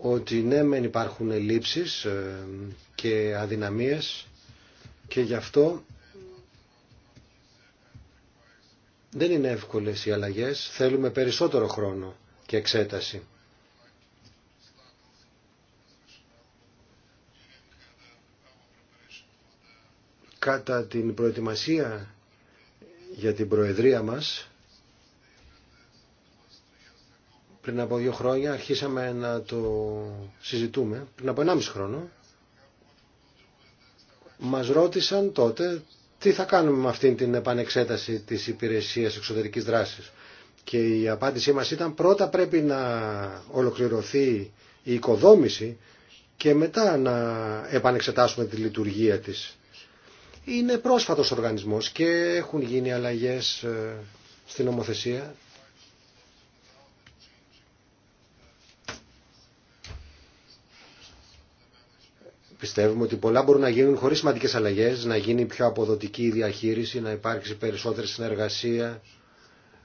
ότι ναι μεν υπάρχουν ελλείψεις ε, και αδυναμίες και γι' αυτό δεν είναι εύκολες οι αλλαγές, θέλουμε περισσότερο χρόνο και εξέταση. κατά την προετοιμασία για την Προεδρία μας πριν από δύο χρόνια αρχίσαμε να το συζητούμε πριν από 1,5 χρόνο μας ρώτησαν τότε τι θα κάνουμε με αυτήν την επανεξέταση της υπηρεσίας εξωτερικής δράσης και η απάντησή μας ήταν πρώτα πρέπει να ολοκληρωθεί η οικοδόμηση και μετά να επανεξετάσουμε τη λειτουργία της είναι πρόσφατος οργανισμός και έχουν γίνει αλλαγές ε, στην νομοθεσία. Πιστεύουμε ότι πολλά μπορούν να γίνουν χωρίς σημαντικές αλλαγές, να γίνει πιο αποδοτική η διαχείριση, να υπάρξει περισσότερη συνεργασία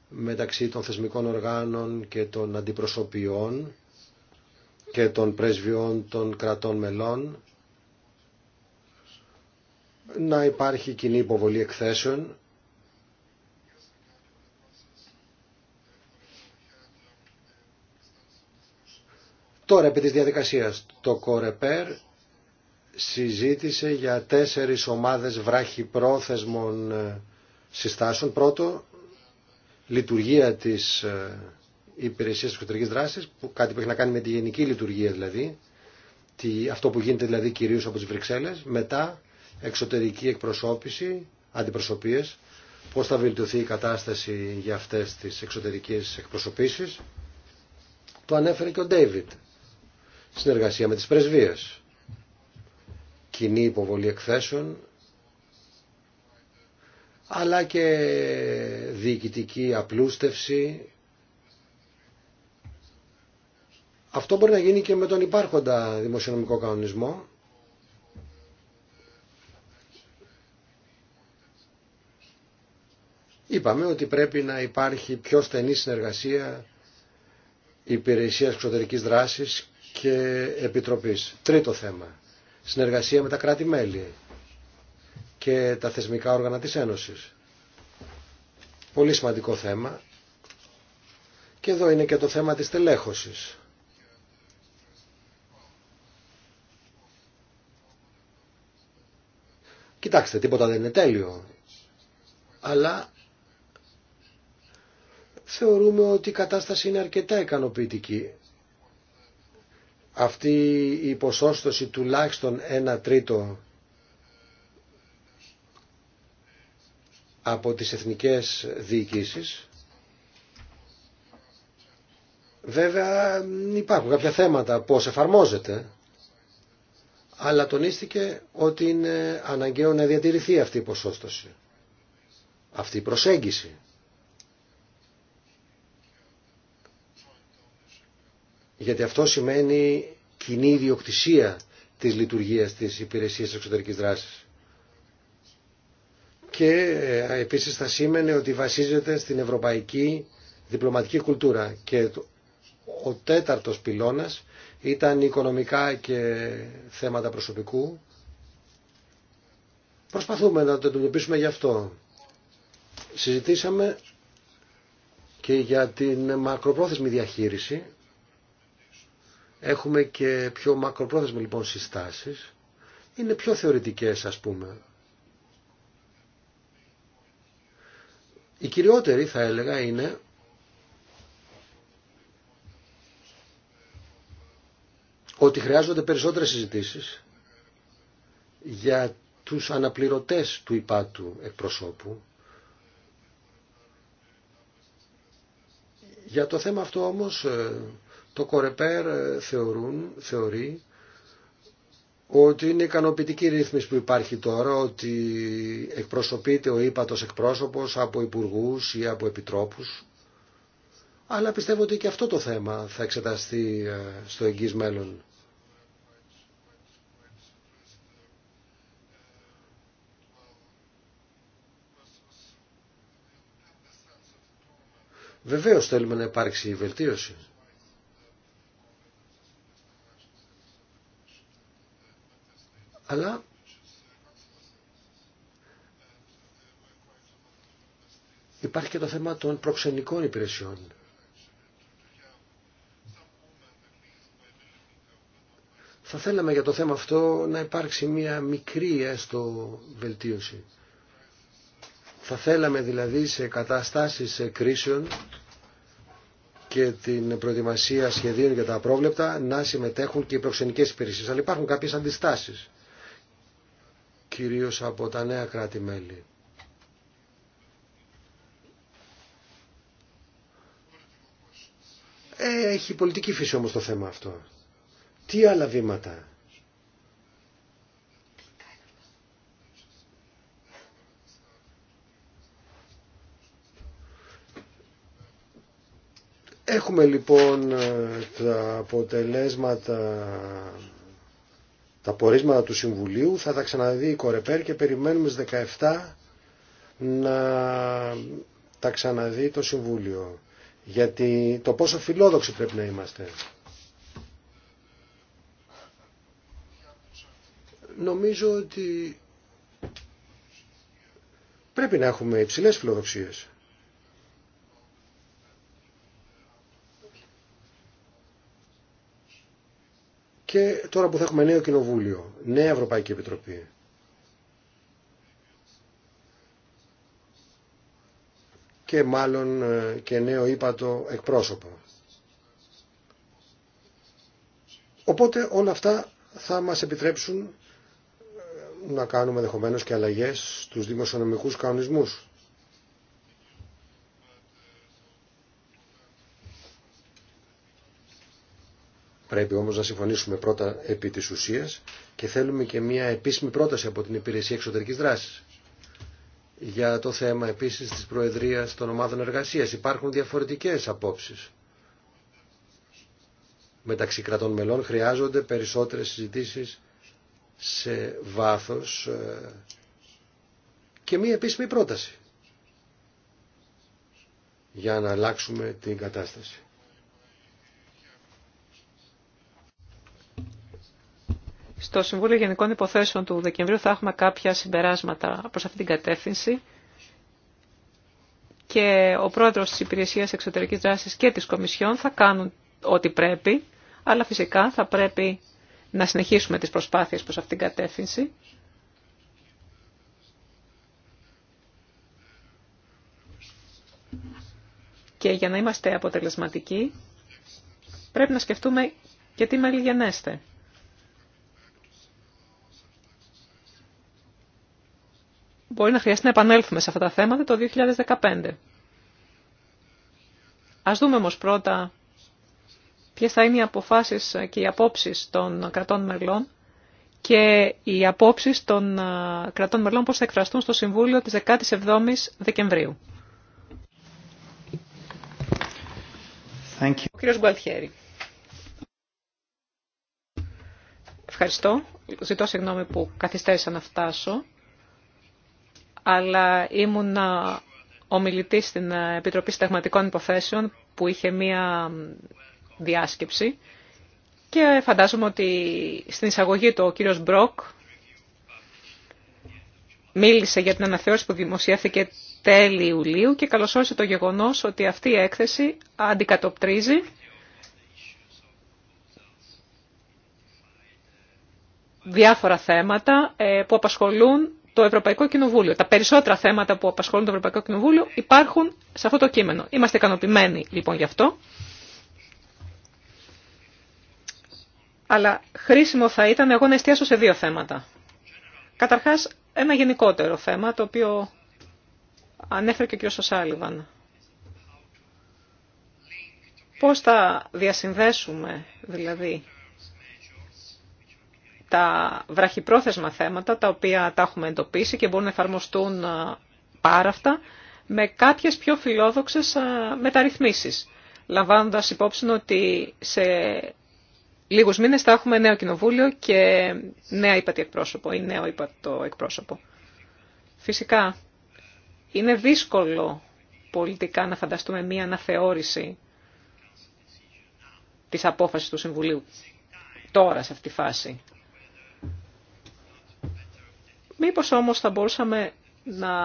μεταξύ των θεσμικών οργάνων και των αντιπροσωπιών και των πρέσβειών των κρατών μελών να υπάρχει κοινή υποβολή εκθέσεων Τώρα, επί της διαδικασίας, το Κορεπέρ συζήτησε για τέσσερις ομάδες βράχυπρόθεσμων ε, συστάσεων. Πρώτο, λειτουργία της ε, υπηρεσίας εξωτερικής δράσης, που κάτι που έχει να κάνει με τη γενική λειτουργία δηλαδή, αυτό που γίνεται δηλαδή κυρίως από τις Βρυξέλλες. Μετά, εξωτερική εκπροσώπηση, αντιπροσωπείες, πώς θα βελτιωθεί η κατάσταση για αυτές τις εξωτερικές εκπροσωπήσεις. Το ανέφερε και ο Ντέιβιτ. Συνεργασία με τις πρεσβείες. Κοινή υποβολή εκθέσεων, αλλά και διοικητική απλούστευση. Αυτό μπορεί να γίνει και με τον υπάρχοντα δημοσιονομικό κανονισμό Είπαμε ότι πρέπει να υπάρχει πιο στενή συνεργασία υπηρεσίας εξωτερικής δράσης και επιτροπής. Τρίτο θέμα. Συνεργασία με τα κράτη-μέλη και τα θεσμικά όργανα της Ένωσης. Πολύ σημαντικό θέμα. Και εδώ είναι και το θέμα της τελέχωσης. Κοιτάξτε, τίποτα δεν είναι τέλειο. Αλλά θεωρούμε ότι η κατάσταση είναι αρκετά ικανοποιητική. Αυτή η ποσόστοση τουλάχιστον ένα τρίτο από τις εθνικές διοικήσεις. Βέβαια υπάρχουν κάποια θέματα πώς εφαρμόζεται, αλλά τονίστηκε ότι είναι αναγκαίο να διατηρηθεί αυτή η ποσόστοση, αυτή η προσέγγιση. γιατί αυτό σημαίνει κοινή ιδιοκτησία της λειτουργίας της υπηρεσίας εξωτερικής δράσης. Και ε, επίσης θα σήμαινε ότι βασίζεται στην ευρωπαϊκή διπλωματική κουλτούρα και ο τέταρτος πυλώνας ήταν οικονομικά και θέματα προσωπικού. Προσπαθούμε να το αντιμετωπίσουμε γι' αυτό. Συζητήσαμε και για την μακροπρόθεσμη διαχείριση Έχουμε και πιο μακροπρόθεσμα λοιπόν συστάσεις. Είναι πιο θεωρητικές ας πούμε. Η κυριότερη θα έλεγα είναι ότι χρειάζονται περισσότερες συζητήσεις για τους αναπληρωτές του υπάτου εκπροσώπου. Για το θέμα αυτό όμως ε, το Κορεπέρ ε, θεωρούν, θεωρεί ότι είναι ικανοποιητική ρύθμιση που υπάρχει τώρα, ότι εκπροσωπείται ο ύπατος εκπρόσωπος από υπουργούς ή από επιτρόπους. Αλλά πιστεύω ότι και αυτό το θέμα θα εξεταστεί ε, στο εγγύς μέλλον. Βεβαίως θέλουμε να υπάρξει βελτίωση αλλά υπάρχει και το θέμα των προξενικών υπηρεσιών. Θα θέλαμε για το θέμα αυτό να υπάρξει μία μικρή έστω βελτίωση. Θα θέλαμε δηλαδή σε καταστάσεις κρίσεων και την προετοιμασία σχεδίων για τα απρόβλεπτα να συμμετέχουν και οι προξενικές υπηρεσίες. Αλλά υπάρχουν κάποιες αντιστάσεις κυρίως από τα νέα κράτη-μέλη. Ε, έχει πολιτική φύση όμως το θέμα αυτό. Τι άλλα βήματα. Έχουμε λοιπόν ε, τα αποτελέσματα τα πορίσματα του Συμβουλίου, θα τα ξαναδεί η Κορεπέρ και περιμένουμε στις 17 να τα ξαναδεί το Συμβούλιο. Γιατί το πόσο φιλόδοξοι πρέπει να είμαστε. Νομίζω ότι πρέπει να έχουμε υψηλές φιλοδοξίες. Και τώρα που θα έχουμε νέο κοινοβούλιο, νέα Ευρωπαϊκή Επιτροπή, και μάλλον ε, και νέο ύπατο εκπρόσωπο. Οπότε όλα αυτά θα μας επιτρέψουν ε, να κάνουμε δεχομένως και αλλαγές στους δημοσιονομικούς κανονισμούς. Πρέπει όμως να συμφωνήσουμε πρώτα επί της ουσίας και θέλουμε και μια επίσημη πρόταση από την Υπηρεσία Εξωτερικής Δράσης. Για το θέμα επίσης της Προεδρίας των Ομάδων Εργασίας υπάρχουν διαφορετικές απόψεις. Μεταξύ κρατών μελών χρειάζονται περισσότερες συζητήσεις σε βάθος ε, και μία επίσημη πρόταση για να αλλάξουμε την κατάσταση. Στο Συμβούλιο Γενικών Υποθέσεων του Δεκεμβρίου θα έχουμε κάποια συμπεράσματα προς αυτή την κατεύθυνση και ο πρόεδρος της Υπηρεσίας Εξωτερικής Δράσης και της Κομισιόν θα κάνουν ό,τι πρέπει, αλλά φυσικά θα πρέπει να συνεχίσουμε τις προσπάθειες προς αυτήν την κατεύθυνση. Και για να είμαστε αποτελεσματικοί, πρέπει να σκεφτούμε και τι μπορεί να χρειαστεί να επανέλθουμε σε αυτά τα θέματα το 2015. Ας δούμε όμως πρώτα ποιες θα είναι οι αποφάσεις και οι απόψεις των κρατών μελών και οι απόψεις των κρατών μελών πώς θα εκφραστούν στο Συμβούλιο της 17ης Δεκεμβρίου. Ευχαριστώ. Ζητώ συγγνώμη που καθυστέρησα να φτάσω αλλά ήμουν ομιλητή στην Επιτροπή Συνταγματικών Υποθέσεων που είχε μία διάσκεψη και φαντάζομαι ότι στην εισαγωγή του ο κύριος Μπροκ μίλησε για την αναθεώρηση που δημοσιεύθηκε τέλη Ιουλίου και καλωσόρισε το γεγονός ότι αυτή η έκθεση αντικατοπτρίζει διάφορα θέματα ε, που απασχολούν το Ευρωπαϊκό Κοινοβούλιο. Τα περισσότερα θέματα που απασχολούν το Ευρωπαϊκό Κοινοβούλιο υπάρχουν σε αυτό το κείμενο. Είμαστε ικανοποιημένοι λοιπόν γι' αυτό. Αλλά χρήσιμο θα ήταν εγώ να εστιάσω σε δύο θέματα. Καταρχάς, ένα γενικότερο θέμα, το οποίο ανέφερε και ο κ. Σάλιβαν. Πώς θα διασυνδέσουμε, δηλαδή, τα βραχυπρόθεσμα θέματα τα οποία τα έχουμε εντοπίσει και μπορούν να εφαρμοστούν πάρα αυτά με κάποιες πιο φιλόδοξες μεταρρυθμίσεις, λαμβάνοντας υπόψη ότι σε λίγους μήνες θα έχουμε νέο κοινοβούλιο και νέα ύπατη εκπρόσωπο ή νέο ύπατο εκπρόσωπο. Φυσικά, είναι δύσκολο πολιτικά να φανταστούμε μία αναθεώρηση της απόφασης του Συμβουλίου τώρα σε αυτή τη φάση. Μήπως όμως θα μπορούσαμε να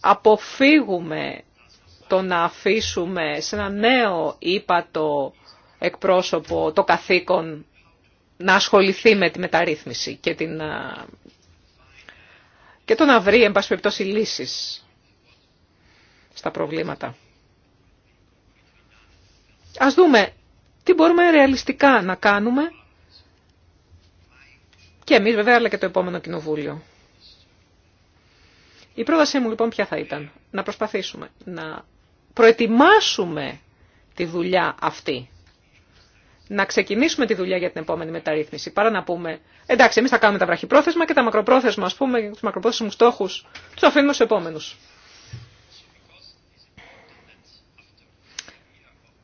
αποφύγουμε το να αφήσουμε σε ένα νέο ύπατο εκπρόσωπο το καθήκον να ασχοληθεί με τη μεταρρύθμιση και, την, και το να βρει, εν πάση λύσεις στα προβλήματα. Ας δούμε τι μπορούμε ρεαλιστικά να κάνουμε και εμείς βέβαια, αλλά και το επόμενο κοινοβούλιο. Η πρότασή μου λοιπόν ποια θα ήταν. Να προσπαθήσουμε να προετοιμάσουμε τη δουλειά αυτή. Να ξεκινήσουμε τη δουλειά για την επόμενη μεταρρύθμιση. Παρά να πούμε, εντάξει, εμεί θα κάνουμε τα βραχυπρόθεσμα και τα μακροπρόθεσμα, α πούμε, του μακροπρόθεσμου στόχου, του αφήνουμε στου επόμενου.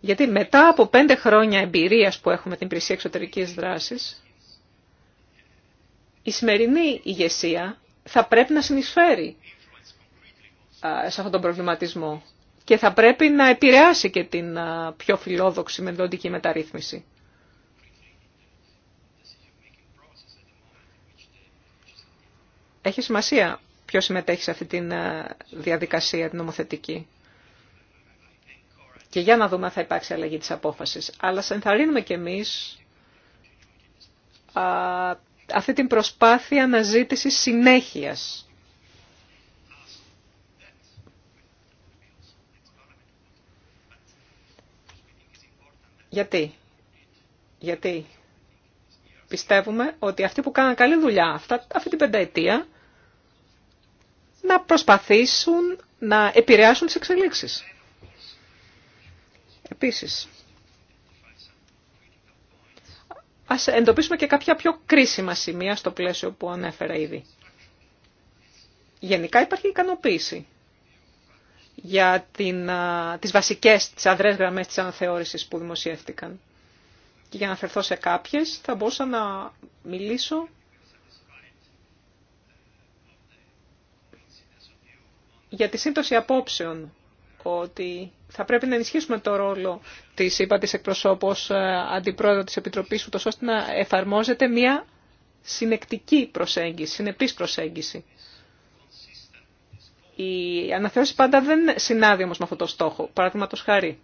Γιατί μετά από πέντε χρόνια εμπειρία που έχουμε την υπηρεσία εξωτερική δράση, η σημερινή ηγεσία θα πρέπει να συνεισφέρει σε αυτόν τον προβληματισμό και θα πρέπει να επηρεάσει και την πιο φιλόδοξη μελλοντική μεταρρύθμιση. Έχει σημασία ποιος συμμετέχει σε αυτή τη διαδικασία την νομοθετική. Και για να δούμε αν θα υπάρξει αλλαγή της απόφασης. Αλλά σε ενθαρρύνουμε κι εμείς αυτή την προσπάθεια αναζήτησης συνέχειας. Γιατί, γιατί πιστεύουμε ότι αυτοί που κάναν καλή δουλειά αυτά, αυτή την πενταετία να προσπαθήσουν να επηρεάσουν τις εξελίξεις. Επίσης, ας εντοπίσουμε και κάποια πιο κρίσιμα σημεία στο πλαίσιο που ανέφερα ήδη. Γενικά υπάρχει ικανοποίηση για την, τις βασικές, τις αδρές γραμμές της αναθεώρησης που δημοσιεύτηκαν. Και για να αναφερθώ σε κάποιες θα μπορούσα να μιλήσω για τη σύμπτωση απόψεων ότι θα πρέπει να ενισχύσουμε το ρόλο της ΥΠΑ της εκπροσώπω ε, αντιπρόεδρο της Επιτροπής, ούτω ώστε να εφαρμόζεται μια συνεκτική προσέγγιση, συνεπής προσέγγιση. Η αναθεώρηση πάντα δεν συνάδει όμω με αυτό το στόχο. Παραδείγματο χάρη.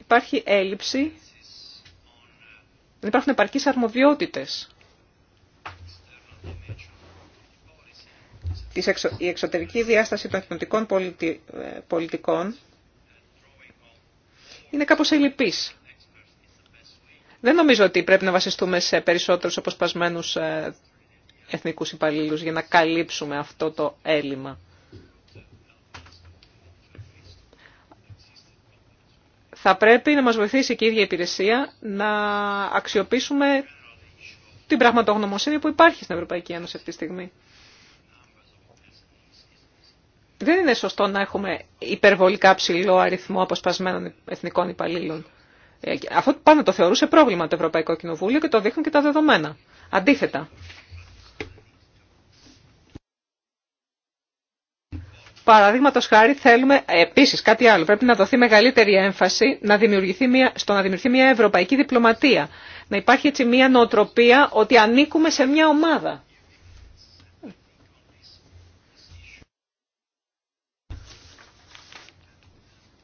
Υπάρχει έλλειψη, δεν υπάρχουν επαρκείς αρμοδιότητες η εξωτερική διάσταση των κοινωτικών πολιτικών είναι κάπως ελλειπής. Δεν νομίζω ότι πρέπει να βασιστούμε σε περισσότερους αποσπασμένους ε, εθνικούς υπαλλήλους για να καλύψουμε αυτό το έλλειμμα. Θα πρέπει να μας βοηθήσει και η ίδια υπηρεσία να αξιοποιήσουμε την πραγματογνωμοσύνη που υπάρχει στην Ευρωπαϊκή Ένωση αυτή τη στιγμή. Δεν είναι σωστό να έχουμε υπερβολικά ψηλό αριθμό αποσπασμένων εθνικών υπαλλήλων. Ε, αυτό πάνω το θεωρούσε πρόβλημα το Ευρωπαϊκό Κοινοβούλιο και το δείχνουν και τα δεδομένα. Αντίθετα. Παραδείγματο χάρη θέλουμε ε, επίση κάτι άλλο. Πρέπει να δοθεί μεγαλύτερη έμφαση να δημιουργηθεί μια, στο να δημιουργηθεί μια ευρωπαϊκή διπλωματία. Να υπάρχει έτσι μια νοοτροπία ότι ανήκουμε σε μια ομάδα.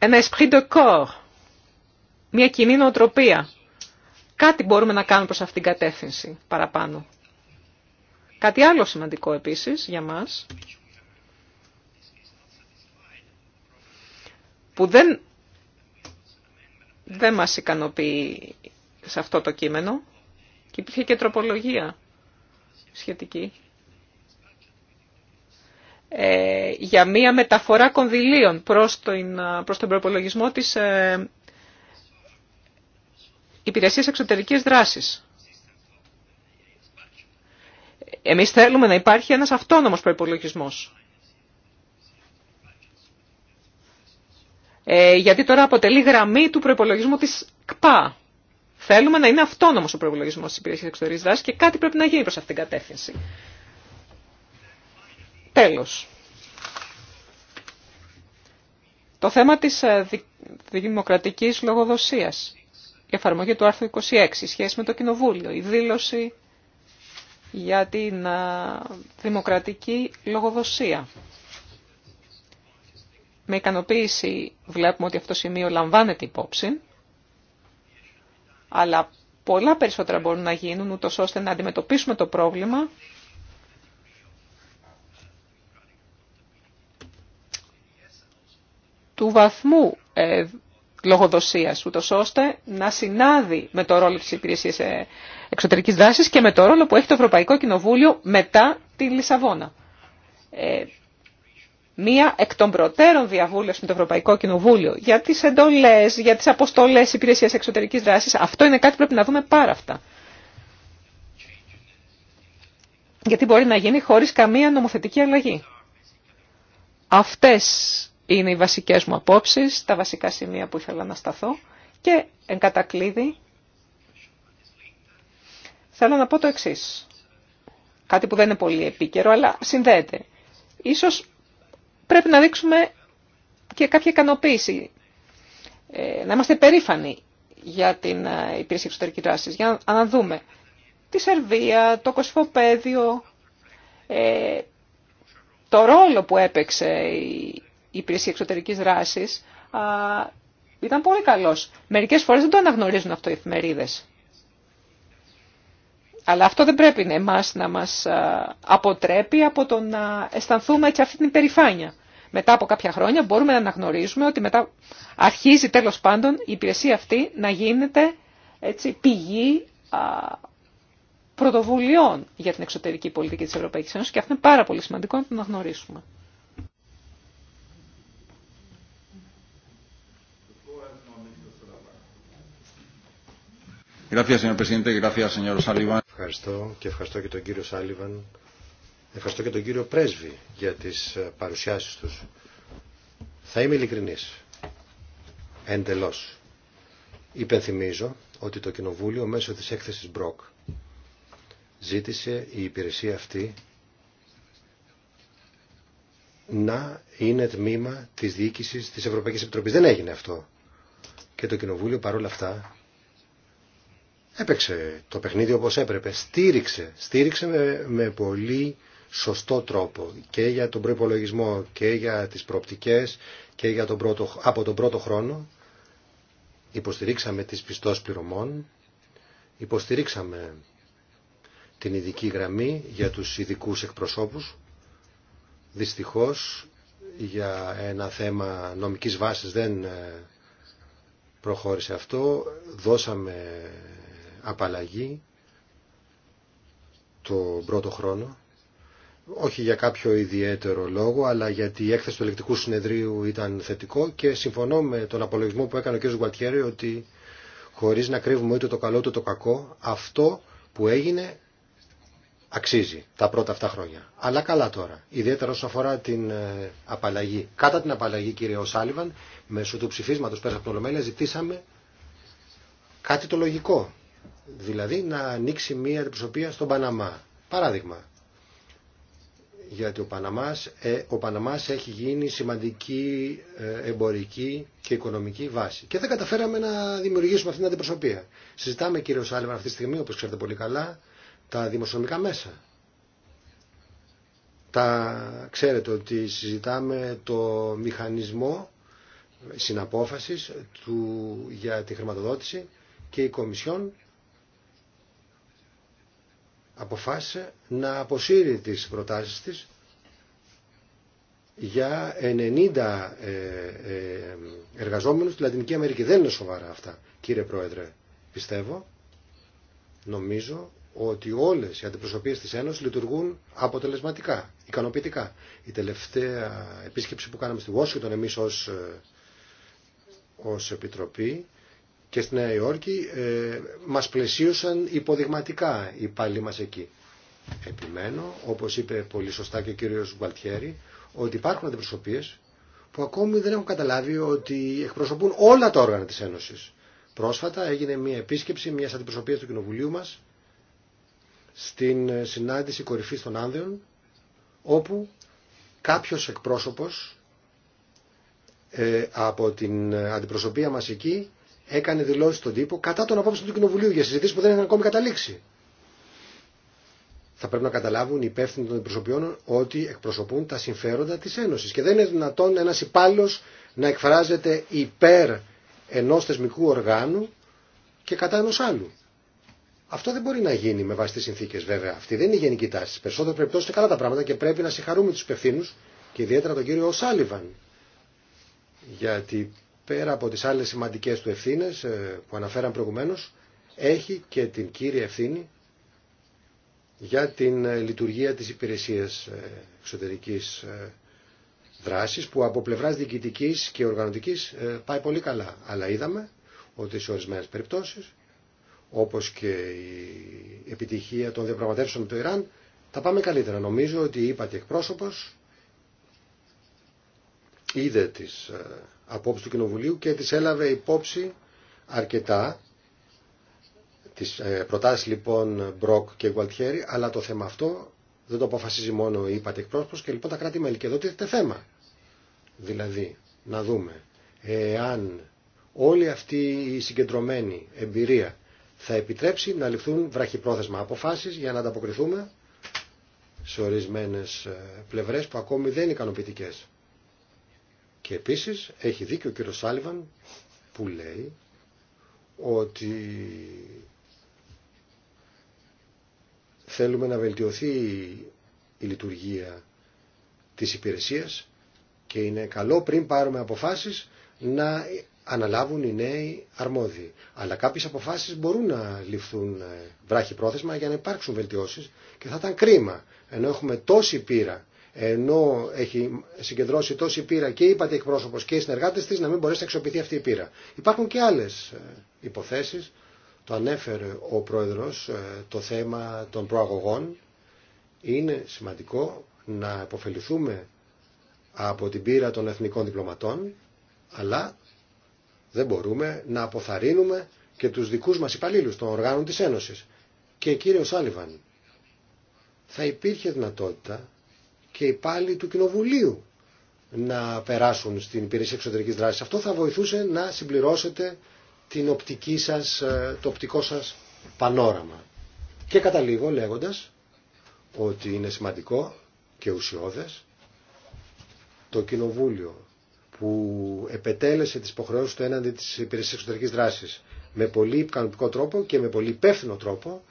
ένα esprit de corps, μια κοινή νοοτροπία. Κάτι μπορούμε να κάνουμε προς αυτήν την κατεύθυνση παραπάνω. Κάτι άλλο σημαντικό επίσης για μας, που δεν, δεν μας ικανοποιεί σε αυτό το κείμενο, και υπήρχε και τροπολογία σχετική. Ε, για μία μεταφορά κονδυλίων προς τον, προς τον προπολογισμό της ε, Υπηρεσίας Εξωτερικής Δράσης. Εμείς θέλουμε να υπάρχει ένας αυτόνομος προϋπολογισμός. Ε, γιατί τώρα αποτελεί γραμμή του προϋπολογισμού της ΚΠΑ. Θέλουμε να είναι αυτόνομος ο προϋπολογισμός της Υπηρεσίας Εξωτερικής Δράσης και κάτι πρέπει να γίνει προς αυτήν την κατεύθυνση. Τέλος. Το θέμα της ε, δημοκρατικής λογοδοσίας, η εφαρμογή του άρθρου 26, σχέση με το Κοινοβούλιο, η δήλωση για την ε, δημοκρατική λογοδοσία. Με ικανοποίηση βλέπουμε ότι αυτό το σημείο λαμβάνεται υπόψη, αλλά πολλά περισσότερα μπορούν να γίνουν, ούτως ώστε να αντιμετωπίσουμε το πρόβλημα του βαθμού ε, λογοδοσίας, ούτως ώστε να συνάδει με το ρόλο της υπηρεσίας ε, εξωτερικής δράσης και με το ρόλο που έχει το Ευρωπαϊκό Κοινοβούλιο μετά τη Λισαβόνα. Ε, μία εκ των προτέρων διαβούλευση με το Ευρωπαϊκό Κοινοβούλιο για τις εντολές, για τις αποστολές υπηρεσίας εξωτερικής δράσης, αυτό είναι κάτι που πρέπει να δούμε πάρα αυτά. Γιατί μπορεί να γίνει χωρίς καμία νομοθετική αλλαγή. Αυτές είναι οι βασικές μου απόψεις, τα βασικά σημεία που ήθελα να σταθώ και εν κατακλείδη θέλω να πω το εξής. Κάτι που δεν είναι πολύ επίκαιρο, αλλά συνδέεται. Ίσως πρέπει να δείξουμε και κάποια ικανοποίηση. Ε, να είμαστε περήφανοι για την ε, υπηρεσία εξωτερική δράση, για να δούμε τη Σερβία, το Κοσφοπέδιο, ε, το ρόλο που έπαιξε η υπηρεσία εξωτερικής δράσης ήταν πολύ καλός. Μερικές φορές δεν το αναγνωρίζουν αυτό οι εφημερίδες. Αλλά αυτό δεν πρέπει να να μας αποτρέπει από το να αισθανθούμε και αυτή την υπερηφάνεια. Μετά από κάποια χρόνια μπορούμε να αναγνωρίζουμε ότι μετά αρχίζει τέλος πάντων η υπηρεσία αυτή να γίνεται έτσι, πηγή α, πρωτοβουλειών για την εξωτερική πολιτική της Ευρωπαϊκής Ένωσης και αυτό είναι πάρα πολύ σημαντικό να το αναγνωρίσουμε. Ευχαριστώ και ευχαριστώ και τον κύριο Σάλιβαν. Ευχαριστώ και τον κύριο Πρέσβη για τις ε, παρουσιάσεις τους. Θα είμαι ειλικρινής. Εντελώς. Υπενθυμίζω ότι το Κοινοβούλιο μέσω της έκθεσης Μπροκ ζήτησε η υπηρεσία αυτή να είναι τμήμα της διοίκησης της Ευρωπαϊκής Επιτροπής. Δεν έγινε αυτό. Και το Κοινοβούλιο παρόλα αυτά έπαιξε το παιχνίδι όπως έπρεπε. Στήριξε, στήριξε με, πολύ σωστό τρόπο και για τον προϋπολογισμό και για τις προοπτικές και για τον πρώτο, από τον πρώτο χρόνο υποστηρίξαμε τις πιστός πληρωμών, υποστηρίξαμε την ειδική γραμμή για τους ειδικού εκπροσώπους. Δυστυχώς για ένα θέμα νομικής βάσης δεν ε, προχώρησε αυτό. Δώσαμε απαλλαγή το πρώτο χρόνο. Όχι για κάποιο ιδιαίτερο λόγο, αλλά γιατί η έκθεση του ελεκτικού συνεδρίου ήταν θετικό και συμφωνώ με τον απολογισμό που έκανε ο κ. Γουατιέρη ότι χωρίς να κρύβουμε ούτε το καλό ούτε το κακό, αυτό που έγινε αξίζει τα πρώτα αυτά χρόνια. Αλλά καλά τώρα, ιδιαίτερα όσον αφορά την ε, απαλλαγή. Κατά την απαλλαγή, κύριε Σάλιβαν, μέσω του ψηφίσματος πέρα από την Ολομέλεια ζητήσαμε κάτι το λογικό. Δηλαδή να ανοίξει μία αντιπροσωπεία στον Παναμά. Παράδειγμα. Γιατί ο Παναμάς, ε, ο Παναμάς έχει γίνει σημαντική ε, εμπορική και οικονομική βάση. Και δεν καταφέραμε να δημιουργήσουμε αυτήν την αντιπροσωπεία. Συζητάμε κύριο Σάλεμα αυτή τη στιγμή, όπως ξέρετε πολύ καλά, τα δημοσιονομικά μέσα. Τα, ξέρετε ότι συζητάμε το μηχανισμό συναπόφασης του, για τη χρηματοδότηση και η Κομισιόν αποφάσισε να αποσύρει τις προτάσεις της για 90 ε, ε, εργαζόμενους στη Λατινική Αμερική. Δεν είναι σοβαρά αυτά, κύριε Πρόεδρε. Πιστεύω, νομίζω ότι όλες οι αντιπροσωπείες της Ένωσης λειτουργούν αποτελεσματικά, ικανοποιητικά. Η τελευταία επίσκεψη που κάναμε στη Washington εμείς ως, ε, ως Επιτροπή και στη Νέα Υόρκη ε, μας πλαισίωσαν υποδειγματικά οι πάλι μας εκεί. Επιμένω, όπως είπε πολύ σωστά και ο κύριος Γκουαλτιέρη, ότι υπάρχουν αντιπροσωπείες που ακόμη δεν έχουν καταλάβει ότι εκπροσωπούν όλα τα όργανα της Ένωσης. Πρόσφατα έγινε μια επίσκεψη μιας αντιπροσωπείας του Κοινοβουλίου μας στην ε, συνάντηση κορυφής των Άνδεων, όπου κάποιος εκπρόσωπος ε, από την ε, αντιπροσωπεία μας εκεί έκανε δηλώσει στον τύπο κατά τον απόψεων του Κοινοβουλίου για συζητήσει που δεν είχαν ακόμη καταλήξει. Θα πρέπει να καταλάβουν οι υπεύθυνοι των αντιπροσωπιών ότι εκπροσωπούν τα συμφέροντα τη Ένωση. Και δεν είναι δυνατόν ένα υπάλληλο να εκφράζεται υπέρ ενό θεσμικού οργάνου και κατά ενό άλλου. Αυτό δεν μπορεί να γίνει με βάση τι συνθήκε βέβαια. Αυτή δεν είναι η γενική τάση. Στι περισσότερε περιπτώσει είναι καλά τα πράγματα και πρέπει να συγχαρούμε του υπευθύνου και ιδιαίτερα τον κύριο Σάλιβαν. Γιατί πέρα από τις άλλες σημαντικές του ευθύνες ε, που αναφέραν προηγουμένως, έχει και την κύρια ευθύνη για την ε, λειτουργία της υπηρεσίας ε, εξωτερικής δράσης που από πλευράς διοικητικής και οργανωτικής πάει πολύ καλά. Αλλά είδαμε ότι σε ορισμένες περιπτώσεις, όπως και η επιτυχία των διαπραγματεύσεων με το Ιράν, θα πάμε καλύτερα. Νομίζω ότι η και εκπρόσωπος είδε τις Απόψη του Κοινοβουλίου και τις έλαβε υπόψη αρκετά τις ε, προτάσεις λοιπόν Μπροκ και Γουαλτιέρη, αλλά το θέμα αυτό δεν το αποφασίζει μόνο η είπατε εκπρόσωπος και λοιπόν τα κράτη-μέλη. Και εδώ τίθεται θέμα. Δηλαδή, να δούμε εάν όλη αυτή η συγκεντρωμένη εμπειρία θα επιτρέψει να ληφθούν βραχυπρόθεσμα αποφάσεις για να ανταποκριθούμε σε ορισμένες ε, πλευρές που ακόμη δεν είναι ικανοποιητικές. Και επίσης έχει δίκιο ο κύριος Σάλιβαν που λέει ότι θέλουμε να βελτιωθεί η λειτουργία της υπηρεσίας και είναι καλό πριν πάρουμε αποφάσεις να αναλάβουν οι νέοι αρμόδιοι. Αλλά κάποιες αποφάσεις μπορούν να ληφθούν ε, βράχη πρόθεσμα για να υπάρξουν βελτιώσεις και θα ήταν κρίμα ενώ έχουμε τόση πείρα ενώ έχει συγκεντρώσει τόση πείρα και είπατε εκπρόσωπο και οι συνεργάτε τη, να μην μπορέσει να αξιοποιηθεί αυτή η πείρα. Υπάρχουν και άλλε υποθέσει. Το ανέφερε ο πρόεδρο ε, το θέμα των προαγωγών. Είναι σημαντικό να υποφεληθούμε από την πείρα των εθνικών διπλωματών, αλλά δεν μπορούμε να αποθαρρύνουμε και τους δικούς μας υπαλλήλους των οργάνων της Ένωσης. Και κύριο Σάλιβαν, θα υπήρχε δυνατότητα και υπάλληλοι του Κοινοβουλίου να περάσουν στην υπηρεσία εξωτερικής δράσης. Αυτό θα βοηθούσε να συμπληρώσετε την οπτική σας, ε, το οπτικό σας πανόραμα. Και καταλήγω λέγοντας ότι είναι σημαντικό και ουσιώδες το Κοινοβούλιο που επετέλεσε τις υποχρεώσεις του έναντι της υπηρεσίας εξωτερικής δράσης με πολύ ικανοποιητικό τρόπο και με πολύ υπεύθυνο τρόπο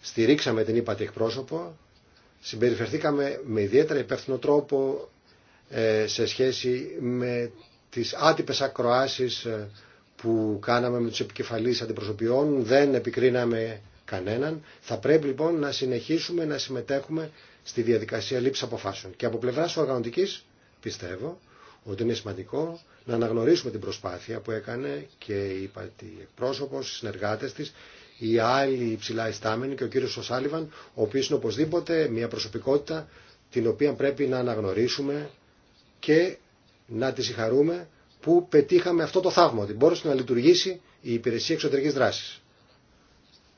στηρίξαμε την ύπατη εκπρόσωπο συμπεριφερθήκαμε με ιδιαίτερα υπεύθυνο τρόπο ε, σε σχέση με τις άτυπες ακροάσεις ε, που κάναμε με τους επικεφαλείς αντιπροσωπιών. Δεν επικρίναμε κανέναν. Θα πρέπει λοιπόν να συνεχίσουμε να συμμετέχουμε στη διαδικασία λήψη αποφάσεων. Και από πλευράς οργανωτικής πιστεύω ότι είναι σημαντικό να αναγνωρίσουμε την προσπάθεια που έκανε και η εκπρόσωπος, οι συνεργάτες της οι άλλοι υψηλά ιστάμενοι και ο κύριος Σάλιβαν, ο οποίος είναι οπωσδήποτε μια προσωπικότητα την οποία πρέπει να αναγνωρίσουμε και να τη συγχαρούμε που πετύχαμε αυτό το θαύμα, ότι μπόρεσε να λειτουργήσει η υπηρεσία εξωτερικής δράσης.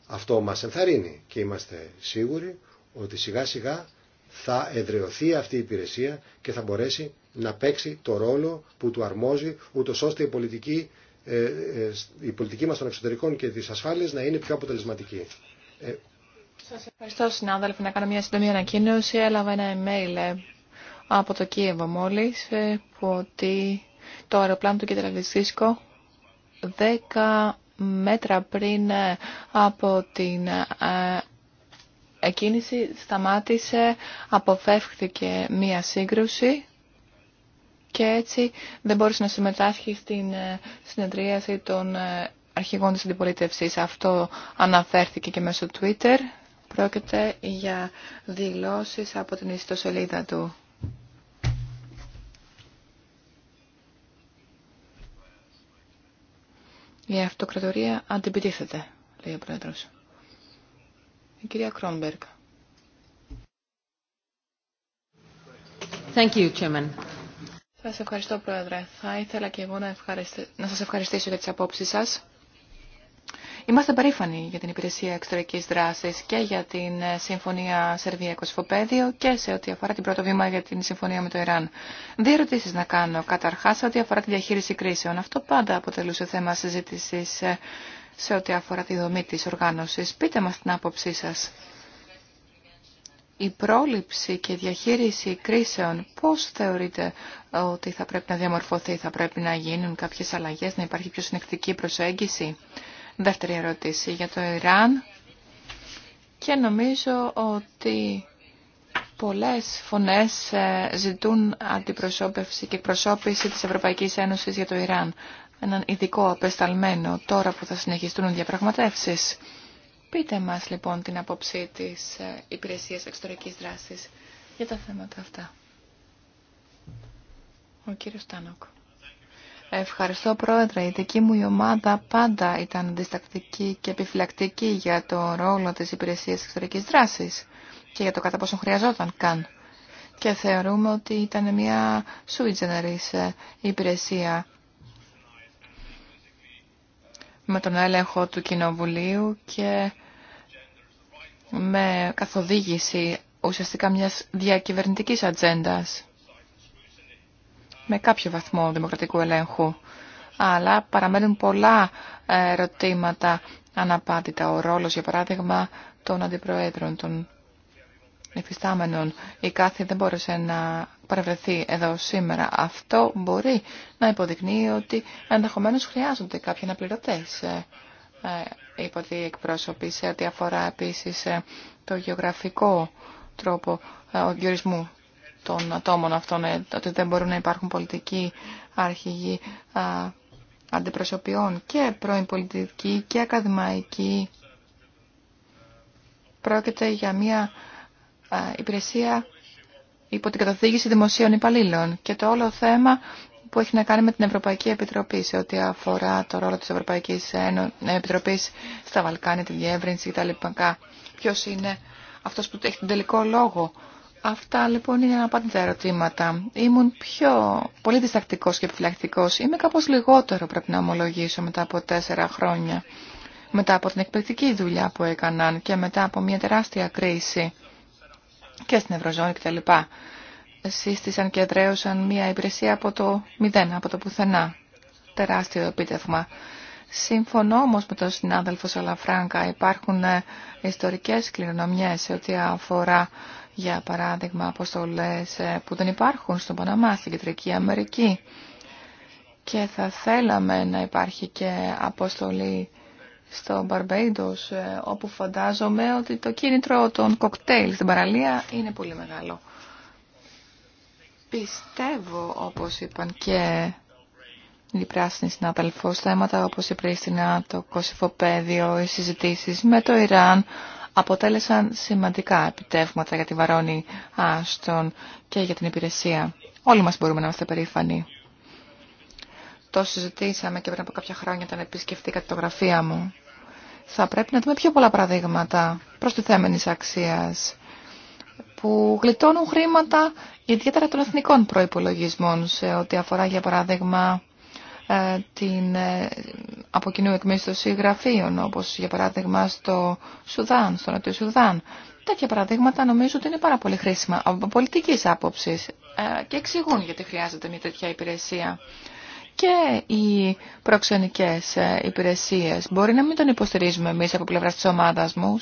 Αυτό μας ενθαρρύνει και είμαστε σίγουροι ότι σιγά σιγά θα εδραιωθεί αυτή η υπηρεσία και θα μπορέσει να παίξει το ρόλο που του αρμόζει, ούτω ώστε η πολιτική ε, ε, η πολιτική μας των εξωτερικών και της ασφάλειας να είναι πιο αποτελεσματική. Ε, Σας ευχαριστώ συνάδελφοι να κάνω μια σύντομη ανακοίνωση. Έλαβα ένα email από το Κίεβο μόλις που ότι το αεροπλάνο του Κεντραβιστίσκο 10 μέτρα πριν από την εκκίνηση σταμάτησε, αποφεύχθηκε μία σύγκρουση και έτσι δεν μπόρεσε να συμμετάσχει στην ε, συνεδρίαση των ε, αρχηγών της αντιπολίτευσης. Αυτό αναφέρθηκε και μέσω Twitter. Πρόκειται για δηλώσεις από την ιστοσελίδα του. Η αυτοκρατορία αντιπιτίθεται, λέει ο Πρόεδρος. Η κυρία Κρόνμπεργκ. Thank you, Chairman. Σας ευχαριστώ, Πρόεδρε. Θα ήθελα και εγώ να, ευχαριστη... να σας ευχαριστήσω για τις απόψεις σας. Είμαστε περήφανοι για την υπηρεσία εξωτερικής δράσης και για την ε, Συμφωνία Σερβία-Κοσφοπέδιο και σε ό,τι αφορά την πρώτο βήμα για την Συμφωνία με το Ιράν. Δύο ερωτήσεις να κάνω. Καταρχάς, σε ό,τι αφορά τη διαχείριση κρίσεων. Αυτό πάντα αποτελούσε θέμα συζήτησης ε, σε ό,τι αφορά τη δομή της οργάνωσης. Πείτε μας την άποψή σας η πρόληψη και διαχείριση κρίσεων πώς θεωρείτε ότι θα πρέπει να διαμορφωθεί, θα πρέπει να γίνουν κάποιες αλλαγές, να υπάρχει πιο συνεκτική προσέγγιση. Δεύτερη ερώτηση για το Ιράν και νομίζω ότι πολλές φωνές ε, ζητούν αντιπροσώπευση και εκπροσώπηση της Ευρωπαϊκής Ένωσης για το Ιράν. Έναν ειδικό απεσταλμένο τώρα που θα συνεχιστούν οι διαπραγματεύσεις. Πείτε μας λοιπόν την απόψη της ε, Υπηρεσίας Εξωτερικής Δράσης για τα θέματα αυτά. Ο κύριος Τάνοκ. Ευχαριστώ πρόεδρε. Η δική μου η ομάδα πάντα ήταν αντιστακτική και επιφυλακτική για το ρόλο της Υπηρεσίας Εξωτερικής Δράσης και για το κατά πόσο χρειαζόταν καν. Και θεωρούμε ότι ήταν μια sui ε, υπηρεσία με τον έλεγχο του Κοινοβουλίου και με καθοδήγηση ουσιαστικά μιας διακυβερνητικής ατζέντα με κάποιο βαθμό δημοκρατικού ελέγχου. Αλλά παραμένουν πολλά ερωτήματα αναπάντητα. Ο ρόλος, για παράδειγμα, των αντιπροέδρων, των υφιστάμενων η κάθε δεν μπόρεσε να παρευρεθεί εδώ σήμερα. Αυτό μπορεί να υποδεικνύει ότι ενδεχομένως χρειάζονται κάποιοι αναπληρωτές υπό ε, ε, τη εκπρόσωπη σε ό,τι αφορά επίσης ε, το γεωγραφικό τρόπο διορισμού των ατόμων αυτών, ότι δεν μπορούν να υπάρχουν πολιτικοί αρχηγοί αντιπροσωπιών και πρώην και ακαδημαϊκοί. Πρόκειται για μια υπηρεσία υπό την καταθήγηση δημοσίων υπαλλήλων και το όλο θέμα που έχει να κάνει με την Ευρωπαϊκή Επιτροπή σε ό,τι αφορά το ρόλο της Ευρωπαϊκής Επιτροπής στα Βαλκάνια, τη διεύρυνση κτλ. Ποιος είναι αυτός που έχει τον τελικό λόγο. Αυτά λοιπόν είναι απάντητα ερωτήματα. Ήμουν πιο πολύ διστακτικός και επιφυλακτικός. Είμαι κάπως λιγότερο πρέπει να ομολογήσω μετά από τέσσερα χρόνια. Μετά από την εκπληκτική δουλειά που έκαναν και μετά από μια τεράστια κρίση και στην Ευρωζώνη κτλ. Σύστησαν και εδραίωσαν μια υπηρεσία από το μηδέν, από το πουθενά. Τεράστιο επίτευγμα. Σύμφωνο όμως με τον συνάδελφο Σαλαφράγκα, υπάρχουν ε, ιστορικές κληρονομιές σε ό,τι αφορά, για παράδειγμα, αποστολές ε, που δεν υπάρχουν στον Παναμά, στην Κεντρική Αμερική. Και θα θέλαμε να υπάρχει και αποστολή στο Μπαρμπέιντος, ε, όπου φαντάζομαι ότι το κίνητρο των κοκτέιλ στην παραλία είναι πολύ μεγάλο. Πιστεύω, όπως είπαν και οι πράσινοι συνάδελφοι, θέματα όπως η Πρίστινα, το Κωσυφοπαίδιο, οι συζητήσεις με το Ιράν, αποτέλεσαν σημαντικά επιτεύγματα για τη Βαρόνη Άστον και για την υπηρεσία. Όλοι μας μπορούμε να είμαστε περήφανοι. Το συζητήσαμε και πριν από κάποια χρόνια όταν επισκεφτήκατε το γραφείο μου. Θα πρέπει να δούμε πιο πολλά παραδείγματα προς τη αξίας που γλιτώνουν χρήματα ιδιαίτερα των εθνικών προϋπολογισμών σε ό,τι αφορά για παράδειγμα ε, την ε, από κοινού εκμίσθωση γραφείων, όπως για παράδειγμα στο Σουδάν, στο Νότιο Σουδάν. Τέτοια παραδείγματα νομίζω ότι είναι πάρα πολύ χρήσιμα από πολιτικής άποψης ε, και εξηγούν γιατί χρειάζεται μια τέτοια υπηρεσία και οι προξενικές ε, υπηρεσίες. Μπορεί να μην τον υποστηρίζουμε εμείς από πλευράς της ομάδας μου,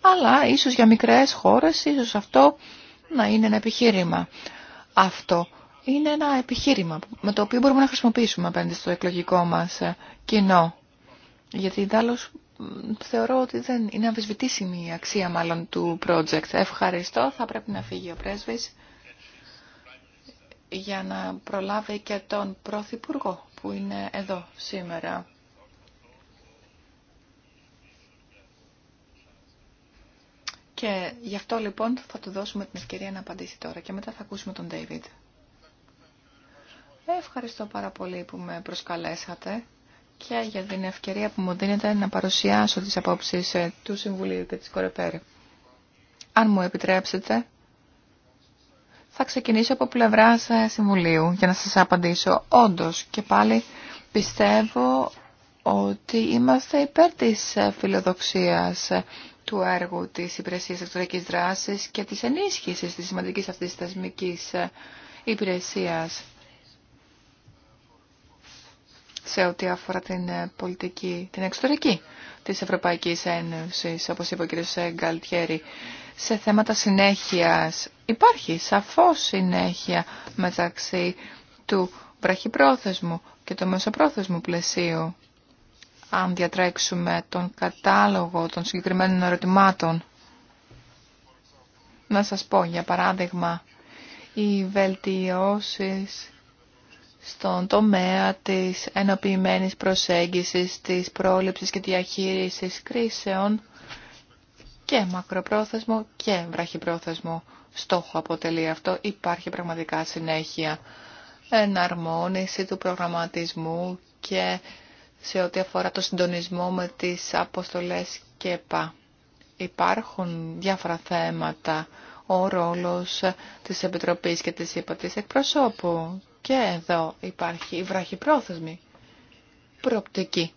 αλλά ίσως για μικρές χώρες, ίσως αυτό να είναι ένα επιχείρημα. Αυτό είναι ένα επιχείρημα με το οποίο μπορούμε να χρησιμοποιήσουμε απέναντι στο εκλογικό μας ε, κοινό. Γιατί δάλλως θεωρώ ότι δεν είναι αμφισβητήσιμη η αξία μάλλον του project. Ευχαριστώ, θα πρέπει να φύγει ο πρέσβης για να προλάβει και τον Πρωθυπουργό που είναι εδώ σήμερα. Και γι' αυτό λοιπόν θα του δώσουμε την ευκαιρία να απαντήσει τώρα και μετά θα ακούσουμε τον Ντέιβιντ. Ευχαριστώ πάρα πολύ που με προσκαλέσατε και για την ευκαιρία που μου δίνετε να παρουσιάσω τις απόψεις ε, του Συμβουλίου και της Κορεπέρη. Αν μου επιτρέψετε, θα ξεκινήσω από πλευρά ε, Συμβουλίου για να σας απαντήσω. Όντως και πάλι πιστεύω ότι είμαστε υπέρ της ε, φιλοδοξίας ε, του έργου της Υπηρεσίας της Δράσης και της ενίσχυσης της σημαντικής αυτής θεσμικής υπηρεσίας σε ό,τι αφορά την πολιτική, την εξωτερική της Ευρωπαϊκής Ένωσης, όπως είπε ο κ. Γκαλτιέρη σε θέματα συνέχειας. Υπάρχει σαφώς συνέχεια μεταξύ του βραχυπρόθεσμου και του μεσοπρόθεσμου πλαισίου. Αν διατρέξουμε τον κατάλογο των συγκεκριμένων ερωτημάτων. Να σας πω για παράδειγμα οι βελτιώσεις στον τομέα της ενοποιημένης προσέγγισης, της πρόληψης και διαχείρισης κρίσεων και μακροπρόθεσμο και βραχυπρόθεσμο στόχο αποτελεί αυτό. Υπάρχει πραγματικά συνέχεια εναρμόνιση του προγραμματισμού και σε ό,τι αφορά το συντονισμό με τις αποστολές και ΕΠΑ. Υπάρχουν διάφορα θέματα, ο ρόλος της Επιτροπής και της υπατής εκπροσώπου. Και εδώ υπάρχει η βραχυπρόθεσμη προοπτική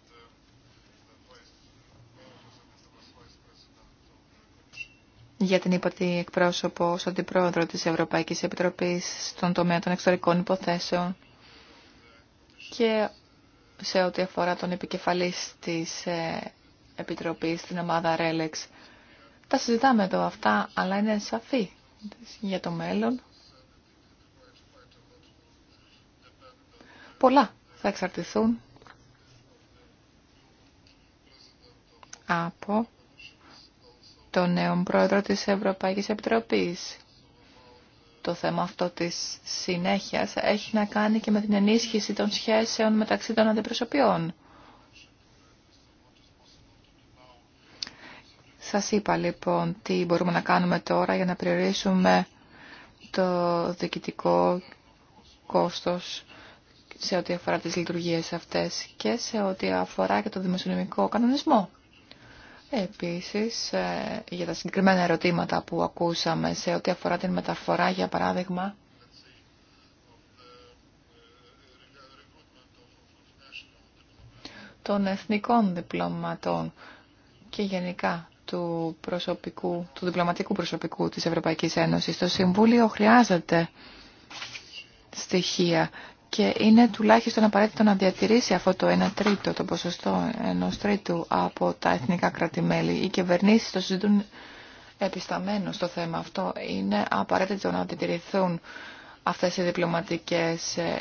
για την είπατη εκπρόσωπο στον αντιπρόεδρο της Ευρωπαϊκής Επιτροπής στον τομέα των εξωτερικών υποθέσεων και σε ό,τι αφορά τον επικεφαλής της ε, Επιτροπής την ομάδα Relex. Τα συζητάμε εδώ αυτά, αλλά είναι σαφή για το μέλλον. Πολλά θα εξαρτηθούν από τον νέο πρόεδρο της Ευρωπαϊκής Επιτροπής. Το θέμα αυτό της συνέχειας έχει να κάνει και με την ενίσχυση των σχέσεων μεταξύ των αντιπροσωπιών. Σας είπα λοιπόν τι μπορούμε να κάνουμε τώρα για να περιορίσουμε το διοικητικό κόστος σε ό,τι αφορά τις λειτουργίες αυτές και σε ό,τι αφορά και το δημοσιονομικό κανονισμό. Επίσης, ε, για τα συγκεκριμένα ερωτήματα που ακούσαμε σε ό,τι αφορά την μεταφορά, για παράδειγμα, των εθνικών διπλωματών και γενικά του, προσωπικού, του διπλωματικού προσωπικού της Ευρωπαϊκής Ένωσης. Το Συμβούλιο χρειάζεται στοιχεία και είναι τουλάχιστον απαραίτητο να διατηρήσει αυτό το 1 τρίτο, το ποσοστό ενό τρίτου από τα εθνικά κρατημέλη. Οι κυβερνήσει το συζητούν επισταμμένο στο θέμα αυτό. Είναι απαραίτητο να διατηρηθούν αυτέ οι διπλωματικέ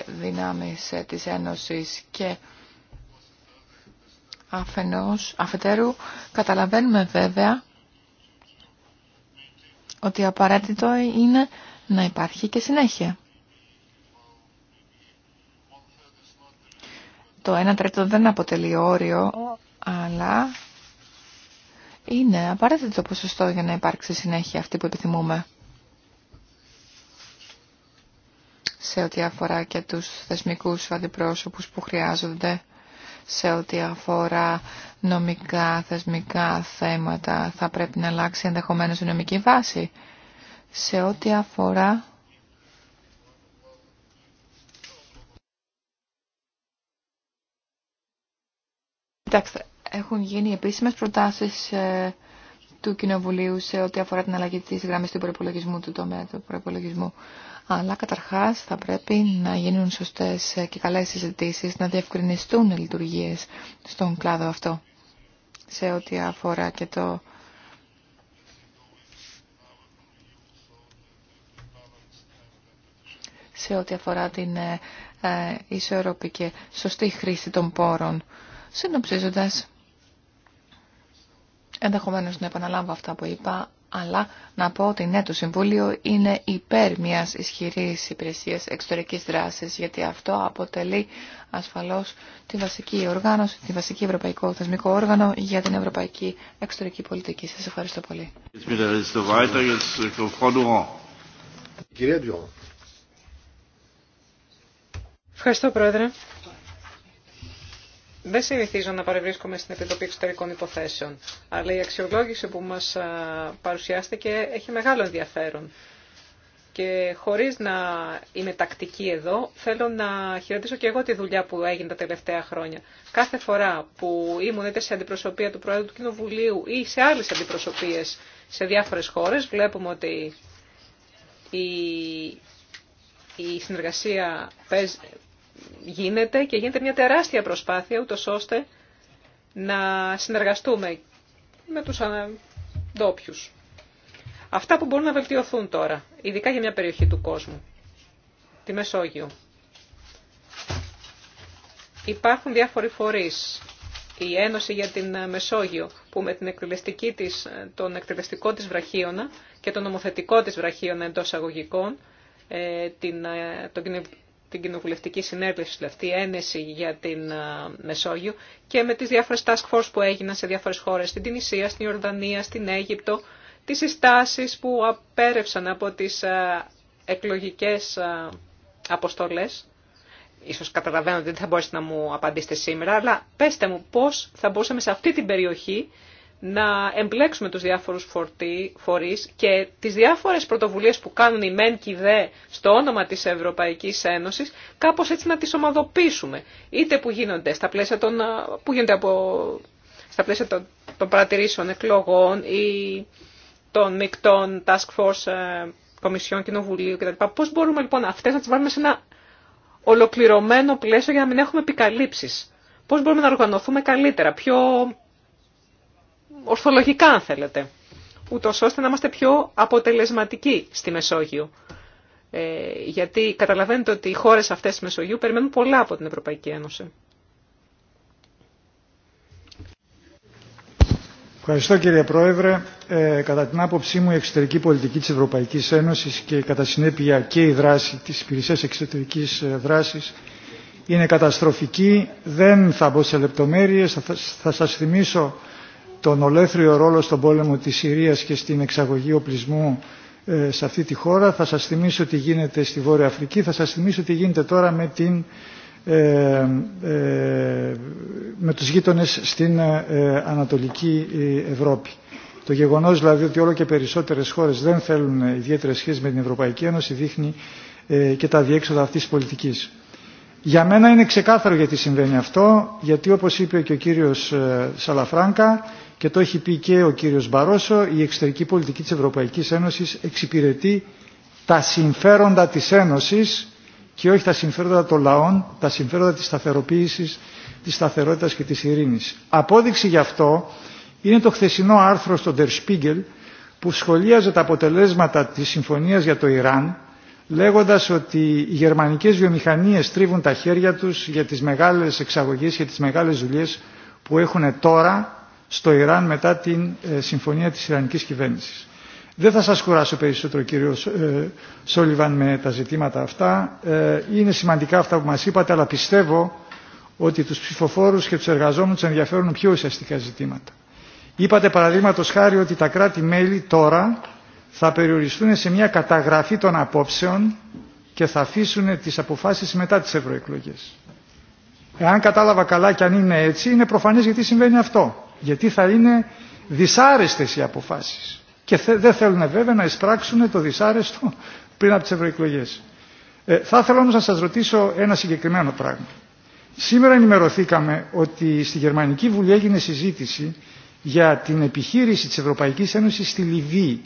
δυνάμει τη Ένωση. και αφενός, αφετέρου καταλαβαίνουμε βέβαια ότι απαραίτητο είναι να υπάρχει και συνέχεια. Το 1 τρίτο δεν αποτελεί όριο, αλλά είναι απαραίτητο ποσοστό για να υπάρξει συνέχεια αυτή που επιθυμούμε. Σε ό,τι αφορά και τους θεσμικούς αντιπρόσωπους που χρειάζονται, σε ό,τι αφορά νομικά, θεσμικά θέματα, θα πρέπει να αλλάξει ενδεχομένως η νομική βάση. Σε ό,τι αφορά Κοιτάξτε, έχουν γίνει επίσημες προτάσεις ε, του Κοινοβουλίου σε ό,τι αφορά την αλλαγή της γραμμή του προπολογισμού του τομέα του προπολογισμού. Αλλά καταρχάς θα πρέπει να γίνουν σωστέ ε, και καλές συζητήσει να διευκρινιστούν οι λειτουργίες στον κλάδο αυτό. Σε ό,τι αφορά και το... σε ό,τι αφορά την ε, ισορροπή και σωστή χρήση των πόρων. Συνοψίζοντας, ενδεχομένω να επαναλάβω αυτά που είπα, αλλά να πω ότι ναι, το Συμβούλιο είναι υπέρ μιας ισχυρή υπηρεσία εξωτερική δράση, γιατί αυτό αποτελεί ασφαλώς τη βασική οργάνωση, τη βασική ευρωπαϊκό θεσμικό όργανο για την ευρωπαϊκή εξωτερική πολιτική. Σα ευχαριστώ πολύ. Ευχαριστώ, Πρόεδρε. Δεν συνηθίζω να παρευρίσκομαι στην Επιτροπή Εξωτερικών Υποθέσεων, αλλά η αξιολόγηση που μας παρουσιάστηκε έχει μεγάλο ενδιαφέρον. Και χωρίς να είμαι τακτική εδώ, θέλω να χαιρετήσω και εγώ τη δουλειά που έγινε τα τελευταία χρόνια. Κάθε φορά που ήμουν είτε σε αντιπροσωπεία του Προέδρου του Κοινοβουλίου ή σε άλλες αντιπροσωπείες σε διάφορες χώρες, βλέπουμε ότι η, η συνεργασία γίνεται και γίνεται μια τεράστια προσπάθεια ούτω ώστε να συνεργαστούμε με τους ντόπιου. Αυτά που μπορούν να βελτιωθούν τώρα, ειδικά για μια περιοχή του κόσμου, τη Μεσόγειο. Υπάρχουν διάφοροι φορείς. Η Ένωση για την Μεσόγειο, που με την εκτελεστική της, τον εκτελεστικό της βραχίωνα και τον νομοθετικό της βραχίωνα εντός αγωγικών, ε, την, ε, τον την κοινοβουλευτική συνέλευση, αυτή δηλαδή η ένεση για την ε, Μεσόγειο και με τις διάφορες task force που έγιναν σε διάφορες χώρες, στην Τινησία, στην Ιορδανία, στην Αίγυπτο, τις συστάσεις που απέρευσαν από τις ε, εκλογικές ε, αποστολές. Ίσως καταλαβαίνω ότι δεν θα μπορέσετε να μου απαντήσετε σήμερα, αλλά πέστε μου πώς θα μπορούσαμε σε αυτή την περιοχή να εμπλέξουμε τους διάφορους φορεί φορείς και τις διάφορες πρωτοβουλίες που κάνουν οι μεν και οι δε στο όνομα της Ευρωπαϊκής Ένωσης, κάπως έτσι να τις ομαδοποιήσουμε. Είτε που γίνονται στα πλαίσια των, που γίνονται από, στα πλαίσια των, των παρατηρήσεων εκλογών ή των μεικτών task force ε, κομισιών κοινοβουλίου κτλ. Πώς μπορούμε λοιπόν αυτές να τις βάλουμε σε ένα ολοκληρωμένο πλαίσιο για να μην έχουμε επικαλύψεις. Πώς μπορούμε να οργανωθούμε καλύτερα, πιο ορθολογικά αν θέλετε, ούτως ώστε να είμαστε πιο αποτελεσματικοί στη Μεσόγειο. Ε, γιατί καταλαβαίνετε ότι οι χώρες αυτές της Μεσογείου περιμένουν πολλά από την Ευρωπαϊκή Ένωση. Ευχαριστώ κύριε Πρόεδρε. Ε, κατά την άποψή μου η εξωτερική πολιτική της Ευρωπαϊκής Ένωσης και κατά συνέπεια και η δράση της Υπηρεσία εξωτερικής ε, δράσης είναι καταστροφική. Δεν θα μπω σε λεπτομέρειες. Θα, θα σας θυμίσω τον ολέθριο ρόλο στον πόλεμο της Συρίας και στην εξαγωγή οπλισμού ε, σε αυτή τη χώρα. Θα σας θυμίσω τι γίνεται στη Βόρεια Αφρική. Θα σας θυμίσω τι γίνεται τώρα με, την, ε, ε με τους γείτονες στην ε, Ανατολική Ευρώπη. Το γεγονός δηλαδή ότι όλο και περισσότερες χώρες δεν θέλουν ιδιαίτερες σχέσεις με την Ευρωπαϊκή Ένωση δείχνει και τα διέξοδα αυτής της πολιτικής. Για μένα είναι ξεκάθαρο γιατί συμβαίνει αυτό, γιατί όπως είπε και ο κύριος Σαλαφράνκα, και το έχει πει και ο κύριος Μπαρόσο, η εξωτερική πολιτική της Ευρωπαϊκής Ένωσης εξυπηρετεί τα συμφέροντα της Ένωσης και όχι τα συμφέροντα των λαών, τα συμφέροντα της σταθεροποίησης, της σταθερότητας και της ειρήνης. Απόδειξη γι' αυτό είναι το χθεσινό άρθρο στο Der Spiegel που σχολίαζε τα αποτελέσματα της συμφωνίας για το Ιράν λέγοντας ότι οι γερμανικές βιομηχανίες τρίβουν τα χέρια τους για τις μεγάλες εξαγωγές και τις μεγάλες δουλειές που έχουν τώρα στο Ιράν μετά την ε, συμφωνία της Ιρανικής κυβέρνησης. Δεν θα σας κουράσω περισσότερο κύριο ε, Σόλιβαν με τα ζητήματα αυτά. Ε, είναι σημαντικά αυτά που μας είπατε, αλλά πιστεύω ότι τους ψηφοφόρους και τους εργαζόμενους ενδιαφέρουν πιο ουσιαστικά ζητήματα. Είπατε παραδείγματος χάρη ότι τα κράτη-μέλη τώρα θα περιοριστούν σε μια καταγραφή των απόψεων και θα αφήσουν τις αποφάσεις μετά τις ευρωεκλογέ. Εάν κατάλαβα καλά και αν είναι έτσι, είναι προφανές γιατί συμβαίνει αυτό γιατί θα είναι δυσάρεστες οι αποφάσεις και δεν θέλουν βέβαια να εισπράξουν το δυσάρεστο πριν από τις ευρωεκλογέ. Ε, θα ήθελα όμως να σας ρωτήσω ένα συγκεκριμένο πράγμα. Σήμερα ενημερωθήκαμε ότι στη Γερμανική Βουλή έγινε συζήτηση για την επιχείρηση της Ευρωπαϊκής Ένωσης στη Λιβύη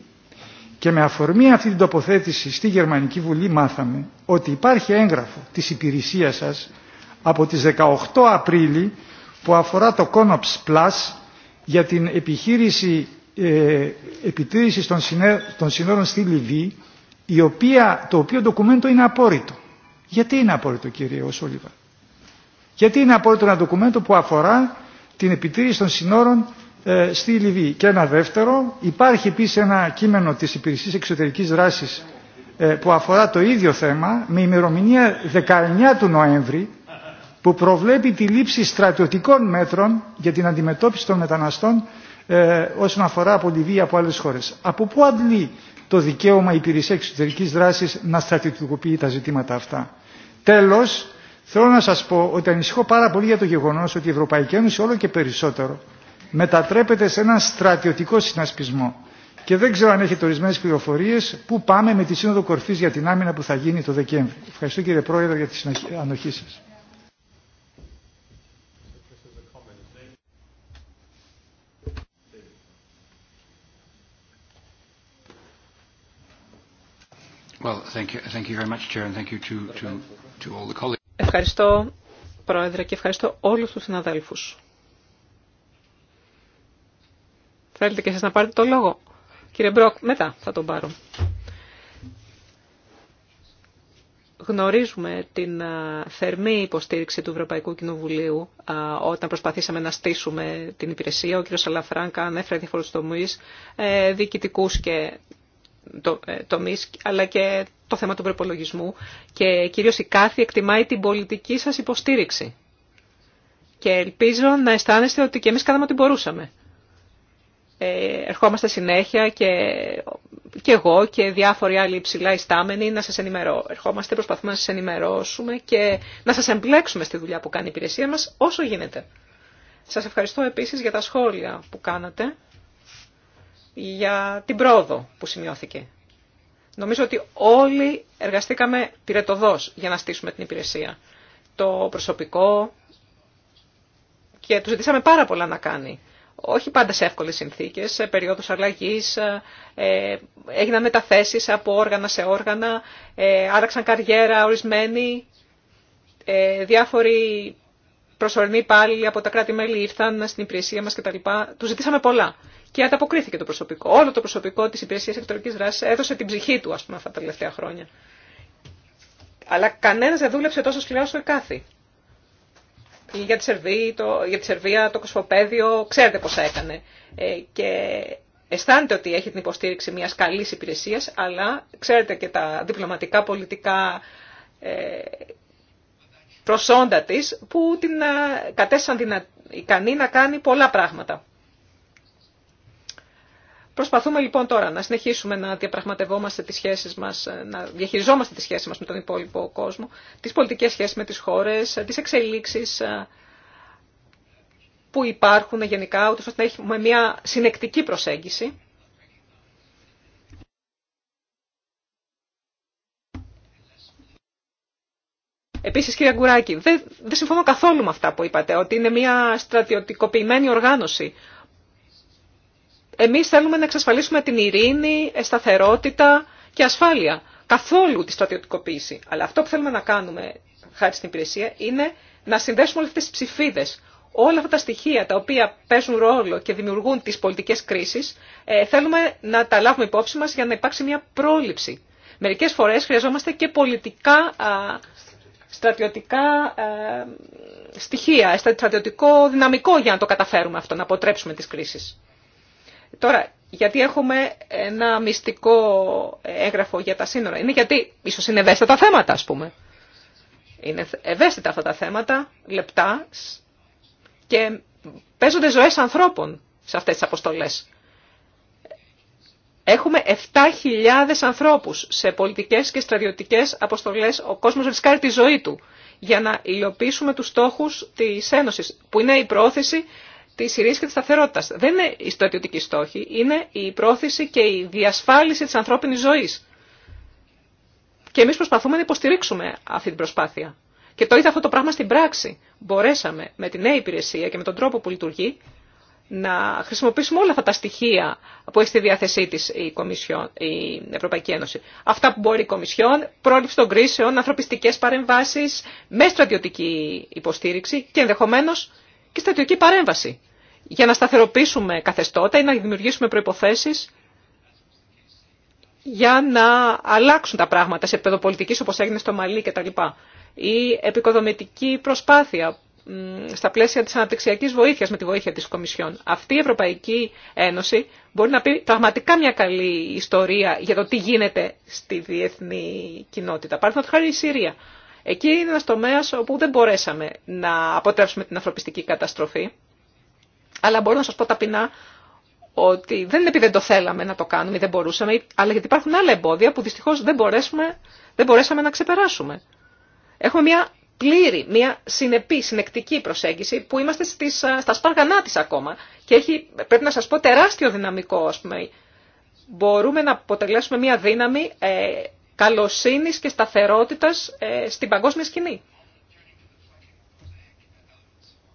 και με αφορμή αυτή την τοποθέτηση στη Γερμανική Βουλή μάθαμε ότι υπάρχει έγγραφο της υπηρεσίας σας από τις 18 Απρίλη που αφορά το Conops Plus για την επιχείρηση ε, επιτήρησης των, των συνόρων στη Λιβύη, η οποία, το οποίο ντοκουμέντο είναι απόρριτο. Γιατί είναι απόρριτο κύριε Οσόλιβα. Γιατί είναι απόρριτο ένα ντοκουμέντο που αφορά την επιτήρηση των συνόρων ε, στη Λιβύη. Και ένα δεύτερο, υπάρχει επίσης ένα κείμενο της Υπηρεσίας Εξωτερικής Δράσης ε, που αφορά το ίδιο θέμα με ημερομηνία 19 του Νοέμβρη που προβλέπει τη λήψη στρατιωτικών μέτρων για την αντιμετώπιση των μεταναστών ε, όσον αφορά από τη βία από άλλες χώρες. Από πού αντλεί το δικαίωμα η υπηρεσία εξωτερικής δράσης να στρατιωτικοποιεί τα ζητήματα αυτά. Τέλος, θέλω να σας πω ότι ανησυχώ πάρα πολύ για το γεγονός ότι η Ευρωπαϊκή Ένωση όλο και περισσότερο μετατρέπεται σε έναν στρατιωτικό συνασπισμό. Και δεν ξέρω αν έχετε ορισμένε πληροφορίε πού πάμε με τη Σύνοδο Κορφή για την άμυνα που θα γίνει το Δεκέμβρη. Ευχαριστώ κύριε Πρόεδρε για τη ανοχή Ευχαριστώ, Πρόεδρε, και ευχαριστώ όλους τους συναδέλφους. Θέλετε και εσείς να πάρετε το λόγο. Κύριε Μπρόκ, μετά θα τον πάρω. Γνωρίζουμε την θερμή υποστήριξη του Ευρωπαϊκού Κοινοβουλίου όταν προσπαθήσαμε να στήσουμε την υπηρεσία. Ο κ. Σαλαφράνκα ανέφερε διαφορετικού τομεί, ε, διοικητικού και ε, αλλά και το θέμα του προπολογισμού και κυρίως η κάθε εκτιμάει την πολιτική σας υποστήριξη. Και ελπίζω να αισθάνεστε ότι και εμείς κάναμε ό,τι μπορούσαμε. Ε, ερχόμαστε συνέχεια και, και εγώ και διάφοροι άλλοι υψηλά ιστάμενοι να σας ενημερώ. Ερχόμαστε, προσπαθούμε να σας ενημερώσουμε και να σας εμπλέξουμε στη δουλειά που κάνει η υπηρεσία μας όσο γίνεται. Σας ευχαριστώ επίσης για τα σχόλια που κάνατε για την πρόοδο που σημειώθηκε. Νομίζω ότι όλοι εργαστήκαμε πυρετοδός για να στήσουμε την υπηρεσία. Το προσωπικό και του ζητήσαμε πάρα πολλά να κάνει. Όχι πάντα σε εύκολες συνθήκες, σε περίοδους αλλαγής, ε, ε έγιναν μεταθέσεις από όργανα σε όργανα, ε, άραξαν καριέρα ορισμένοι, ε, διάφοροι προσωρινοί υπάλληλοι από τα κράτη-μέλη ήρθαν στην υπηρεσία μας κτλ. Του ζητήσαμε πολλά. Και ανταποκρίθηκε το προσωπικό. Όλο το προσωπικό τη υπηρεσία εκτορική δράση έδωσε την ψυχή του, α πούμε, αυτά τα τελευταία χρόνια. Αλλά κανένα δεν δούλεψε τόσο σκληρά όσο εκάθι. Για τη, Σερβία, το, για τη Σερβία, το κοσφοπέδιο, ξέρετε πώς έκανε. Ε, και αισθάνεται ότι έχει την υποστήριξη μια καλή υπηρεσία, αλλά ξέρετε και τα διπλωματικά, πολιτικά ε, προσόντα της, που την ε, κατέστησαν ικανή να κάνει πολλά πράγματα. Προσπαθούμε λοιπόν τώρα να συνεχίσουμε να διαπραγματευόμαστε τις σχέσεις μας, ε, να διαχειριζόμαστε τις σχέσεις μας με τον υπόλοιπο κόσμο, τις πολιτικές σχέσεις με τις χώρες, ε, τις εξελίξεις ε, που υπάρχουν γενικά, ούτως ώστε να έχουμε μια συνεκτική προσέγγιση. Επίσης, κύριε Αγκουράκη, δεν, δεν συμφωνώ καθόλου με αυτά που είπατε, ότι είναι μια στρατιωτικοποιημένη οργάνωση εμείς θέλουμε να εξασφαλίσουμε την ειρήνη, σταθερότητα και ασφάλεια. Καθόλου τη στρατιωτικοποίηση. Αλλά αυτό που θέλουμε να κάνουμε, χάρη στην υπηρεσία, είναι να συνδέσουμε όλες αυτές τις ψηφίδες, όλα αυτά τα στοιχεία τα οποία παίζουν ρόλο και δημιουργούν τις πολιτικές κρίσεις, ε, θέλουμε να τα λάβουμε υπόψη μας για να υπάρξει μια πρόληψη. Μερικές φορές χρειαζόμαστε και πολιτικά, α, στρατιωτικά α, ε, στοιχεία, στρατιωτικό δυναμικό για να το καταφέρουμε αυτό, να αποτρέψουμε τις κρίσεις. Τώρα, γιατί έχουμε ένα μυστικό έγγραφο για τα σύνορα. Είναι γιατί ίσως είναι ευαίσθητα θέματα, ας πούμε. Είναι ευαίσθητα αυτά τα θέματα, λεπτά και παίζονται ζωές ανθρώπων σε αυτές τις αποστολές. Έχουμε 7.000 ανθρώπους σε πολιτικές και στρατιωτικές αποστολές. Ο κόσμος ρισκάρει τη ζωή του για να υλοποιήσουμε τους στόχους της Ένωσης, που είναι η πρόθεση Τη ειρήνη και τη σταθερότητα Δεν είναι η στρατιωτική στόχη, είναι η πρόθεση και η διασφάλιση τη ανθρώπινη ζωή. Και εμεί προσπαθούμε να υποστηρίξουμε αυτή την προσπάθεια. Και το είδα αυτό το πράγμα στην πράξη. Μπορέσαμε με τη νέα υπηρεσία και με τον τρόπο που λειτουργεί να χρησιμοποιήσουμε όλα αυτά τα στοιχεία που έχει στη διάθεσή τη η, η Ευρωπαϊκή Ένωση. Αυτά που μπορεί η Κομισιόν, πρόληψη των κρίσεων, ανθρωπιστικέ παρεμβάσει, με στρατιωτική υποστήριξη και ενδεχομένω και στρατιωτική παρέμβαση για να σταθεροποιήσουμε καθεστώτα ή να δημιουργήσουμε προϋποθέσεις για να αλλάξουν τα πράγματα σε επίπεδο πολιτικής όπως έγινε στο Μαλί λοιπά. Ή επικοδομητική προσπάθεια στα πλαίσια της αναπτυξιακής βοήθειας με τη βοήθεια της Κομισιόν. Αυτή η Ευρωπαϊκή Ένωση μπορεί να πει πραγματικά μια καλή ιστορία για το τι γίνεται στη διεθνή κοινότητα. το χάρη η Συρία. Εκεί είναι ένα τομέα όπου δεν μπορέσαμε να αποτρέψουμε την ανθρωπιστική καταστροφή. Αλλά μπορώ να σα πω ταπεινά ότι δεν είναι επειδή δεν το θέλαμε να το κάνουμε ή δεν μπορούσαμε, αλλά γιατί υπάρχουν άλλα εμπόδια που δυστυχώ δεν, δεν μπορέσαμε να ξεπεράσουμε. Έχουμε μια πλήρη, μια συνεπή, συνεκτική προσέγγιση που είμαστε στις, στα σπαργανά της ακόμα και έχει, πρέπει να σας πω, τεράστιο δυναμικό, ας πούμε. Μπορούμε να αποτελέσουμε μια δύναμη ε, καλοσύνης και σταθερότητας ε, στην παγκόσμια σκηνή.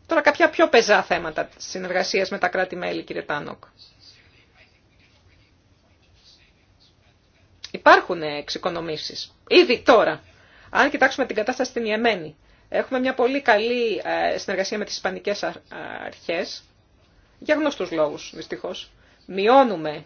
Τώρα κάποια πιο πεζά θέματα συνεργασίας με τα κράτη-μέλη, κύριε Τάνοκ. Υπάρχουν εξοικονομήσεις. Ήδη τώρα. Αν κοιτάξουμε την κατάσταση στην Ιεμένη, έχουμε μια πολύ καλή ε, συνεργασία με τις Ισπανικές αρχές, για γνωστούς λόγους δυστυχώς. Μειώνουμε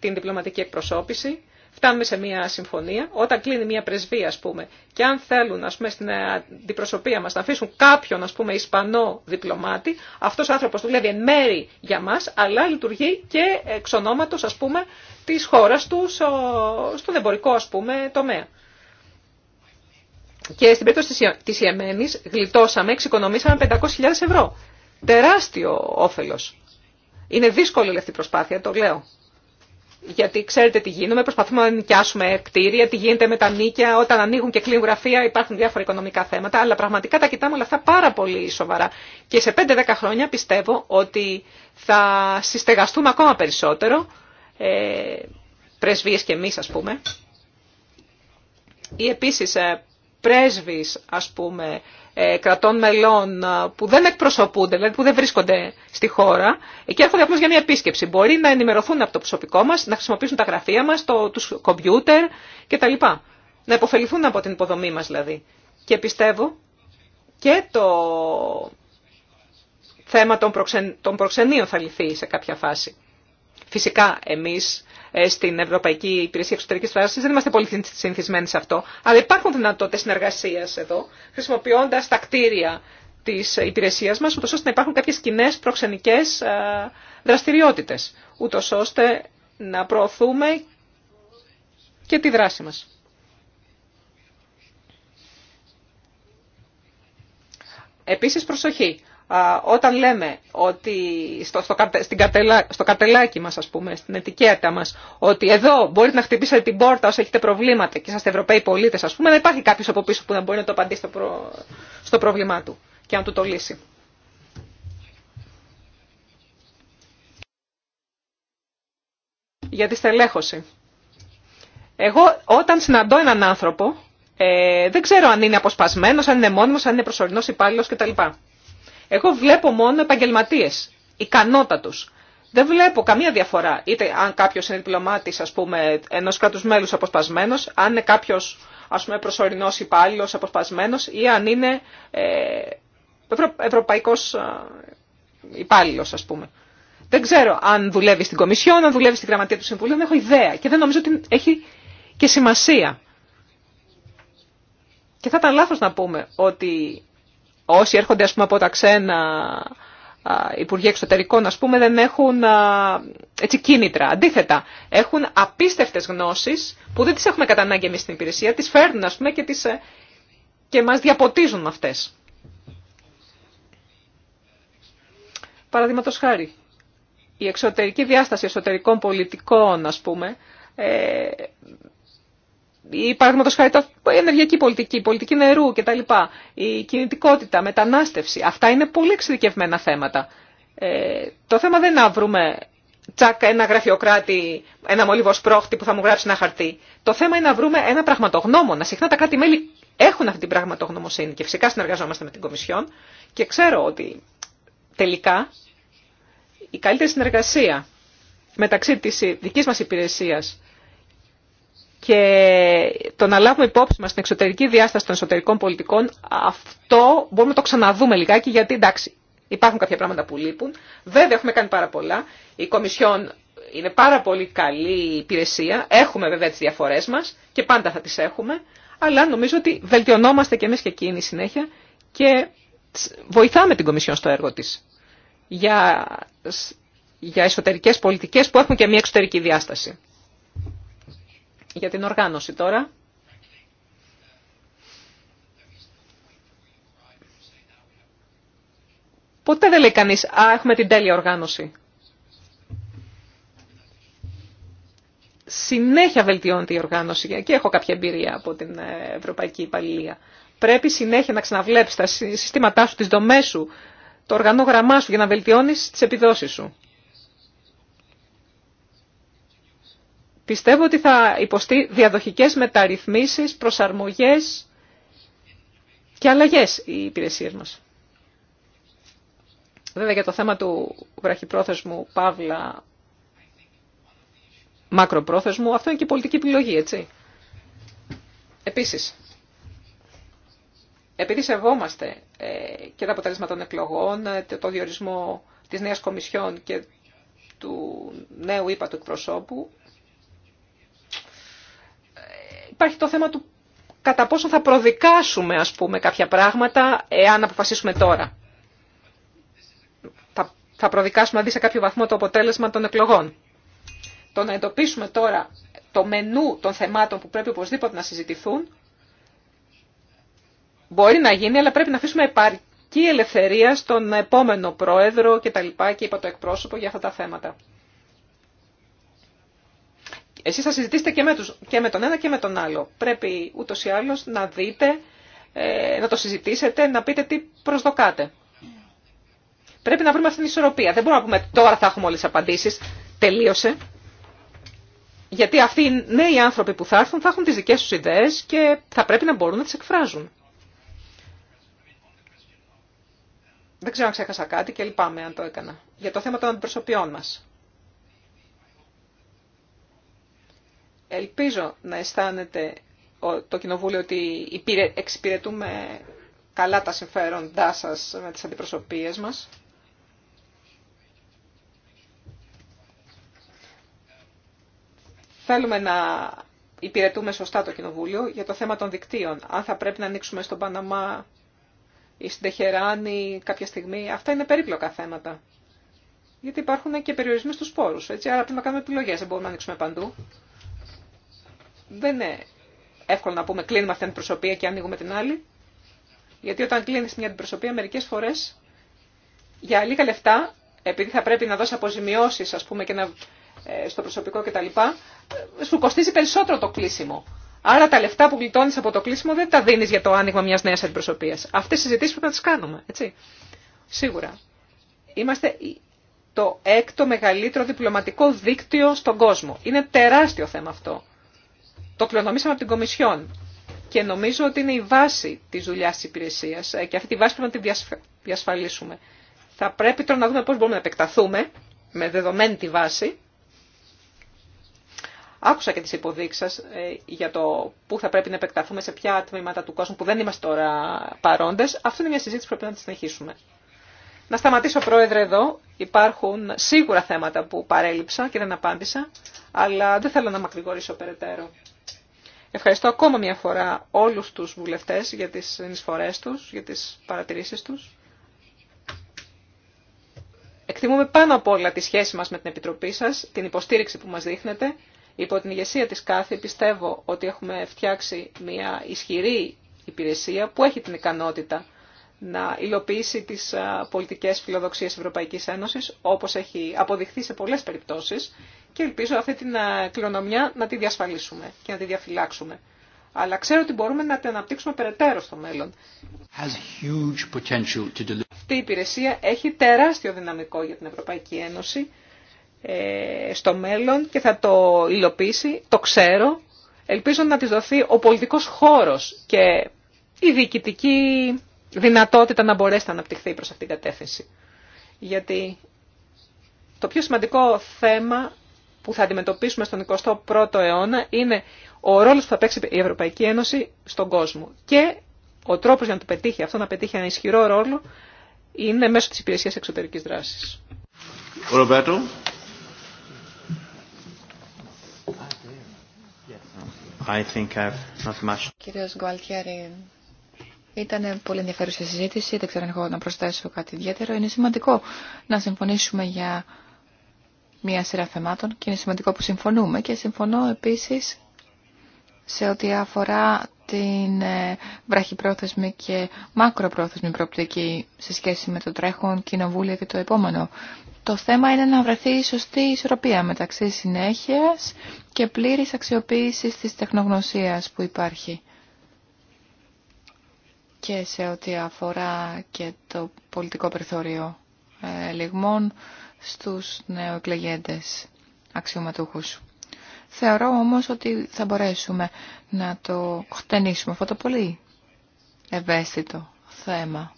την διπλωματική εκπροσώπηση, φτάνουμε σε μια συμφωνία, όταν κλείνει μια πρεσβεία, ας πούμε, και αν θέλουν, ας πούμε, στην ε, αντιπροσωπεία μα να αφήσουν κάποιον, ας πούμε, Ισπανό διπλωμάτη, αυτό ο άνθρωπο δουλεύει εν μέρη για μα, αλλά λειτουργεί και εξ ονόματο, ας πούμε, της χώρας του, στον εμπορικό, ας πούμε, τομέα. Και στην περίπτωση τη Ιεμένη, γλιτώσαμε, εξοικονομήσαμε 500.000 ευρώ. Τεράστιο όφελο. Είναι δύσκολη αυτή η προσπάθεια, το λέω γιατί ξέρετε τι γίνουμε, προσπαθούμε να νοικιάσουμε κτίρια, τι γίνεται με τα νίκια, όταν ανοίγουν και κλείνουν γραφεία υπάρχουν διάφορα οικονομικά θέματα, αλλά πραγματικά τα κοιτάμε όλα αυτά πάρα πολύ σοβαρά. Και σε 5-10 χρόνια πιστεύω ότι θα συστεγαστούμε ακόμα περισσότερο, ε, πρεσβείες και εμείς ας πούμε, ή επίσης ε, πρέσβεις ας πούμε ε, κρατών μελών ε, που δεν εκπροσωπούνται, δηλαδή που δεν βρίσκονται στη χώρα εκεί έρχονται απλώ για μια επίσκεψη. Μπορεί να ενημερωθούν από το προσωπικό μα, να χρησιμοποιήσουν τα γραφεία μα, το, του κομπιούτερ κτλ. Να υποφεληθούν από την υποδομή μα δηλαδή. Και πιστεύω και το θέμα των, προξεν... των προξενείων θα λυθεί σε κάποια φάση. Φυσικά εμείς ε, στην Ευρωπαϊκή Υπηρεσία Εξωτερική Φράση. Δεν είμαστε πολύ συνηθισμένοι σε αυτό. Αλλά υπάρχουν δυνατότητε συνεργασία εδώ, χρησιμοποιώντα τα κτίρια τη υπηρεσία μα, ούτω ώστε να υπάρχουν κάποιε κοινέ προξενικέ ε, δραστηριότητε. Ούτω ώστε να προωθούμε και τη δράση μας. Επίσης προσοχή όταν λέμε ότι στο, στο, στην κατελα, στο κατελάκι μας, ας πούμε, στην ετικέτα μας, ότι εδώ μπορείτε να χτυπήσετε την πόρτα όσο έχετε προβλήματα και είσαστε Ευρωπαίοι πολίτες, ας πούμε, να υπάρχει κάποιος από πίσω που να μπορεί να το απαντήσει στο, πρόβλημά του και να του το λύσει. Για τη στελέχωση. Εγώ όταν συναντώ έναν άνθρωπο, ε, δεν ξέρω αν είναι αποσπασμένος, αν είναι μόνιμος, αν είναι προσωρινός υπάλληλος κτλ. Εγώ βλέπω μόνο επαγγελματίε, ικανότατου. Δεν βλέπω καμία διαφορά. Είτε αν κάποιο είναι διπλωμάτη, α πούμε, ενό κράτου μέλου αποσπασμένο, αν είναι κάποιο, πούμε, προσωρινό υπάλληλο αποσπασμένο, ή αν είναι ε, ευρω, ευρωπαϊκό ε, υπάλληλο, α πούμε. Δεν ξέρω αν δουλεύει στην Κομισιόν, αν δουλεύει στην Γραμματεία του Συμβουλίου, δεν έχω ιδέα και δεν νομίζω ότι έχει και σημασία. Και θα ήταν λάθος να πούμε ότι όσοι έρχονται ας πούμε, από τα ξένα υπουργεία Εξωτερικών, ας πούμε, δεν έχουν έτσι, κίνητρα. Αντίθετα, έχουν απίστευτες γνώσεις που δεν τις έχουμε κατά ανάγκη εμείς στην υπηρεσία, τις φέρνουν ας πούμε, και, τις, ε, και μας διαποτίζουν αυτές. Παραδείγματο χάρη, η εξωτερική διάσταση εσωτερικών πολιτικών, ας πούμε, ε, η παραδείγματο χάρη η ενεργειακή πολιτική, η πολιτική νερού κτλ. Η κινητικότητα, μετανάστευση. Αυτά είναι πολύ εξειδικευμένα θέματα. Ε, το θέμα δεν είναι να βρούμε τσακ ένα γραφειοκράτη, ένα μολύβο πρόχτη που θα μου γράψει ένα χαρτί. Το θέμα είναι να βρούμε ένα πραγματογνώμονα. Συχνά τα κράτη-μέλη έχουν αυτή την πραγματογνωμοσύνη και φυσικά συνεργαζόμαστε με την Κομισιόν και ξέρω ότι τελικά η καλύτερη συνεργασία μεταξύ της δικής μας υπηρεσίας και το να λάβουμε υπόψη μας την εξωτερική διάσταση των εσωτερικών πολιτικών, αυτό μπορούμε να το ξαναδούμε λιγάκι, γιατί εντάξει, υπάρχουν κάποια πράγματα που λείπουν. Βέβαια, έχουμε κάνει πάρα πολλά. Η Κομισιόν είναι πάρα πολύ καλή υπηρεσία. Έχουμε βέβαια τις διαφορές μας και πάντα θα τις έχουμε. Αλλά νομίζω ότι βελτιωνόμαστε και εμείς και εκείνη συνέχεια και βοηθάμε την Κομισιόν στο έργο της για, για εσωτερικές πολιτικές που έχουν και μια εξωτερική διάσταση. Για την οργάνωση τώρα. Ποτέ δεν λέει κανείς, α, έχουμε την τέλεια οργάνωση. Συνέχεια βελτιώνεται η οργάνωση και έχω κάποια εμπειρία από την ε, Ευρωπαϊκή Υπαλληλία. Πρέπει συνέχεια να ξαναβλέπεις τα συστήματά σου, τις δομές σου, το οργανόγραμμά σου για να βελτιώνεις τις επιδόσεις σου. Πιστεύω ότι θα υποστεί διαδοχικές μεταρρυθμίσεις, προσαρμογές και αλλαγές οι υπηρεσίες μας. Βέβαια για το θέμα του βραχυπρόθεσμου, παύλα, μακροπρόθεσμου, αυτό είναι και πολιτική επιλογή, έτσι. Επίσης, επειδή σεβόμαστε ε, και τα αποτελέσματα των εκλογών, ε, το διορισμό της νέας Κομισιόν και του νέου ύπα του εκπροσώπου, υπάρχει το θέμα του κατά πόσο θα προδικάσουμε, ας πούμε, κάποια πράγματα, εάν αποφασίσουμε τώρα. Θα, προδικάσουμε, δηλαδή, σε κάποιο βαθμό, το αποτέλεσμα των εκλογών. Το να εντοπίσουμε τώρα το μενού των θεμάτων που πρέπει οπωσδήποτε να συζητηθούν, μπορεί να γίνει, αλλά πρέπει να αφήσουμε επαρκή ελευθερία στον επόμενο πρόεδρο και τα λοιπά και είπα το εκπρόσωπο για αυτά τα θέματα. Εσείς θα συζητήσετε και με, τον ένα και με τον άλλο. Πρέπει ούτως ή άλλως να δείτε, ε, να το συζητήσετε, να πείτε τι προσδοκάτε. Πρέπει να βρούμε αυτήν την ισορροπία. Δεν μπορούμε να πούμε τώρα θα έχουμε όλες τις απαντήσεις. Τελείωσε. Γιατί αυτοί οι νέοι άνθρωποι που θα έρθουν θα έχουν τις δικές τους ιδέες και θα πρέπει να μπορούν να τις εκφράζουν. Δεν ξέρω αν ξέχασα κάτι και λυπάμαι αν το έκανα. Για το θέμα των αντιπροσωπιών μας. Ελπίζω να αισθάνεται το Κοινοβούλιο ότι εξυπηρετούμε καλά τα συμφέροντά σας με τις αντιπροσωπείες μας. Θέλουμε να υπηρετούμε σωστά το Κοινοβούλιο για το θέμα των δικτύων. Αν θα πρέπει να ανοίξουμε στον Παναμά ή στην Τεχεράνη κάποια στιγμή, αυτά είναι περίπλοκα θέματα. Γιατί υπάρχουν και περιορισμοί στους πόρους, έτσι, άρα πρέπει να κάνουμε επιλογές, δεν μπορούμε να ανοίξουμε παντού δεν είναι εύκολο να πούμε κλείνουμε αυτή την προσωπία και ανοίγουμε την άλλη. Γιατί όταν κλείνει μια την προσωπία μερικέ φορέ για λίγα λεφτά, επειδή θα πρέπει να δώσει αποζημιώσει, α πούμε, και να, ε, στο προσωπικό κτλ., ε, σου κοστίζει περισσότερο το κλείσιμο. Άρα τα λεφτά που γλιτώνει από το κλείσιμο δεν τα δίνει για το άνοιγμα μια νέα αντιπροσωπεία. Αυτέ οι συζητήσει πρέπει να τι κάνουμε. Έτσι. Σίγουρα. Είμαστε το έκτο μεγαλύτερο διπλωματικό δίκτυο στον κόσμο. Είναι τεράστιο θέμα αυτό το κληρονομήσαμε από την Κομισιόν και νομίζω ότι είναι η βάση τη δουλειά τη υπηρεσία ε, και αυτή τη βάση πρέπει να τη διασφαλίσουμε. Θα πρέπει τώρα να δούμε πώ μπορούμε να επεκταθούμε με δεδομένη τη βάση. Άκουσα και τι υποδείξει σα ε, για το πού θα πρέπει να επεκταθούμε, σε ποια τμήματα του κόσμου που δεν είμαστε τώρα παρόντε. Αυτό είναι μια συζήτηση που πρέπει να τη συνεχίσουμε. Να σταματήσω, Πρόεδρε, εδώ. Υπάρχουν σίγουρα θέματα που παρέλειψα και δεν απάντησα, αλλά δεν θέλω να μακρηγορήσω περαιτέρω. Ευχαριστώ ακόμα μια φορά όλους τους βουλευτές για τις ενισφορές τους, για τις παρατηρήσεις τους. Εκτιμούμε πάνω από όλα τη σχέση μας με την Επιτροπή σας, την υποστήριξη που μας δείχνετε. Υπό την ηγεσία της κάθε πιστεύω ότι έχουμε φτιάξει μια ισχυρή υπηρεσία που έχει την ικανότητα να υλοποιήσει τις πολιτικές φιλοδοξίες Ευρωπαϊκής Ένωσης, όπως έχει αποδειχθεί σε πολλές περιπτώσεις και ελπίζω αυτή την κληρονομιά να τη διασφαλίσουμε και να τη διαφυλάξουμε. Αλλά ξέρω ότι μπορούμε να την αναπτύξουμε περαιτέρω στο μέλλον. Αυτή η υπηρεσία έχει τεράστιο δυναμικό για την Ευρωπαϊκή Ένωση ε, στο μέλλον και θα το υλοποιήσει, το ξέρω. Ελπίζω να της δοθεί ο πολιτικός χώρος και η διοικητική δυνατότητα να μπορέσει να αναπτυχθεί προς αυτήν την κατεύθυνση. Γιατί το πιο σημαντικό θέμα που θα αντιμετωπίσουμε στον 21ο αιώνα είναι ο ρόλος που θα παίξει η Ευρωπαϊκή Ένωση στον κόσμο. Και ο τρόπος για να το πετύχει αυτό, να πετύχει ένα ισχυρό ρόλο, είναι μέσω της υπηρεσίας εξωτερικής δράσης. Κύριος Γκουαλτιέρη, ήταν πολύ ενδιαφέρουσα συζήτηση, δεν ξέρω αν έχω να προσθέσω κάτι ιδιαίτερο. Είναι σημαντικό να συμφωνήσουμε για μία σειρά θεμάτων και είναι σημαντικό που συμφωνούμε και συμφωνώ επίσης σε ό,τι αφορά την ε, βραχυπρόθεσμη και μακροπρόθεσμη προοπτική σε σχέση με το τρέχον κοινοβούλιο και το επόμενο. Το θέμα είναι να βρεθεί η σωστή ισορροπία μεταξύ συνέχειας και πλήρης αξιοποίησης της τεχνογνωσίας που υπάρχει και σε ό,τι αφορά και το πολιτικό περιθώριο ε, λιγμών στους νεοεκλεγέντες αξιωματούχους. Θεωρώ όμως ότι θα μπορέσουμε να το χτενίσουμε αυτό το πολύ ευαίσθητο θέμα.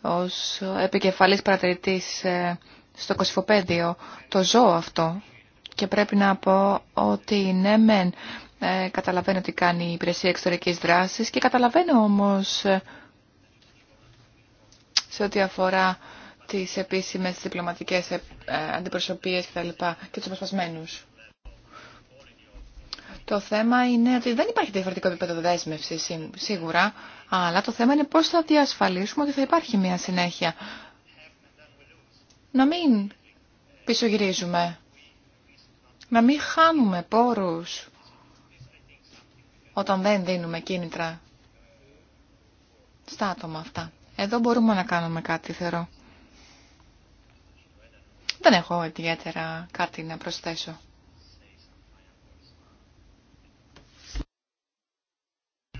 Ως επικεφαλής παρατηρητής ε, στο κοσφοπέδιο το ζω αυτό και πρέπει να πω ότι ναι μεν ε, καταλαβαίνω τι κάνει η υπηρεσία εξωτερικής δράσης και καταλαβαίνω όμως ε, σε ό,τι αφορά τις επίσημες διπλωματικές ε, ε, αντιπροσωπείες και τα λοιπά και τους αποσπασμένους. Το θέμα είναι ότι δεν υπάρχει διαφορετικό επίπεδο δέσμευση σίγουρα, αλλά το θέμα είναι πώς θα διασφαλίσουμε ότι θα υπάρχει μια συνέχεια. Να μην πισωγυρίζουμε, να μην χάνουμε πόρους όταν δεν δίνουμε κίνητρα στα άτομα αυτά. Εδώ μπορούμε να κάνουμε κάτι, θεωρώ. Δεν έχω ιδιαίτερα κάτι να προσθέσω.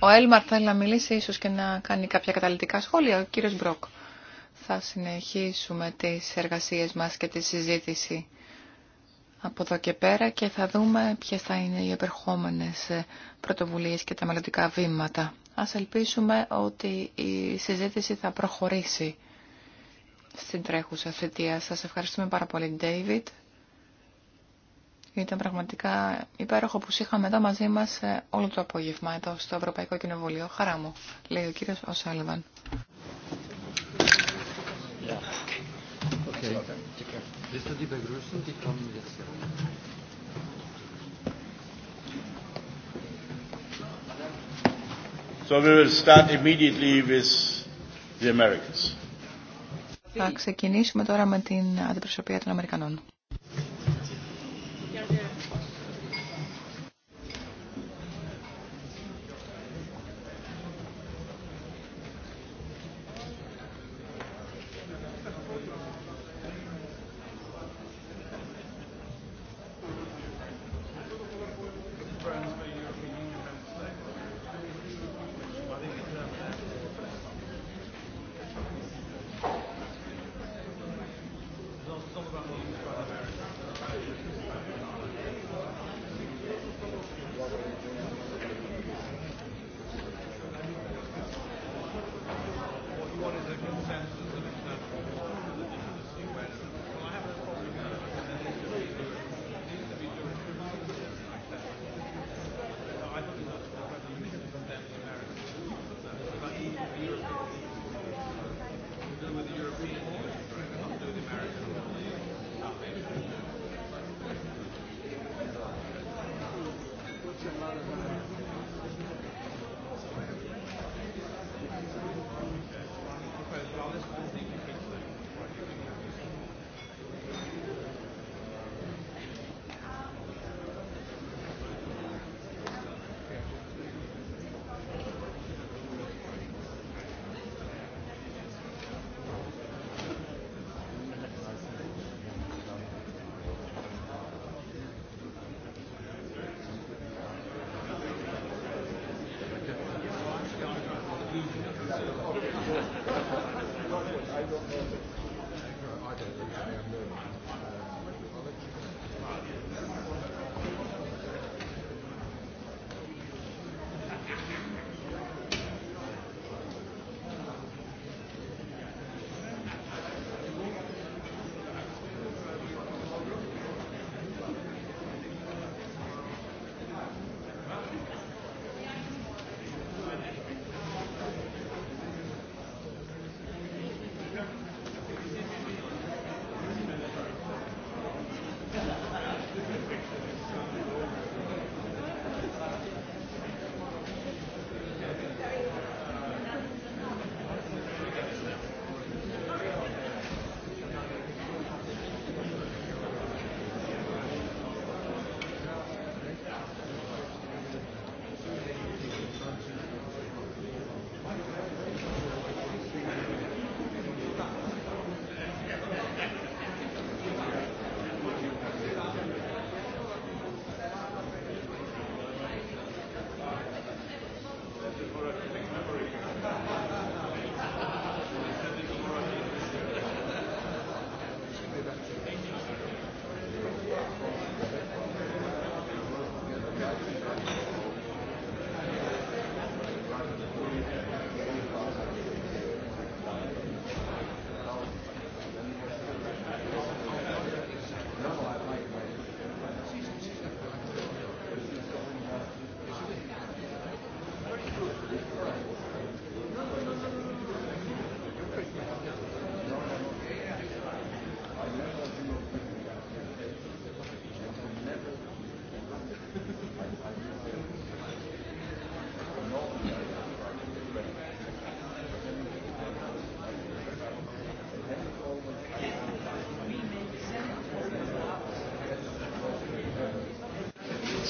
Ο Έλμαρ θέλει να μιλήσει ίσως και να κάνει κάποια καταλητικά σχόλια. Ο κύριος Μπρόκ. Θα συνεχίσουμε τις εργασίες μας και τη συζήτηση από εδώ και πέρα και θα δούμε ποιες θα είναι οι επερχόμενες πρωτοβουλίες και τα μελλοντικά βήματα. Ας ελπίσουμε ότι η συζήτηση θα προχωρήσει στην τρέχουσα θητεία. Σας ευχαριστούμε πάρα πολύ, David. Ήταν πραγματικά υπέροχο που είχαμε εδώ μαζί μας ε, όλο το απόγευμα εδώ στο Ευρωπαϊκό Κοινοβουλίο. Χαρά μου, λέει ο κύριος Οσάλβαν. Willst du die begrüßen? Die kommen jetzt. So we will start immediately with the Americans. Θα ξεκινήσουμε τώρα με την αντιπροσωπεία των Αμερικανών.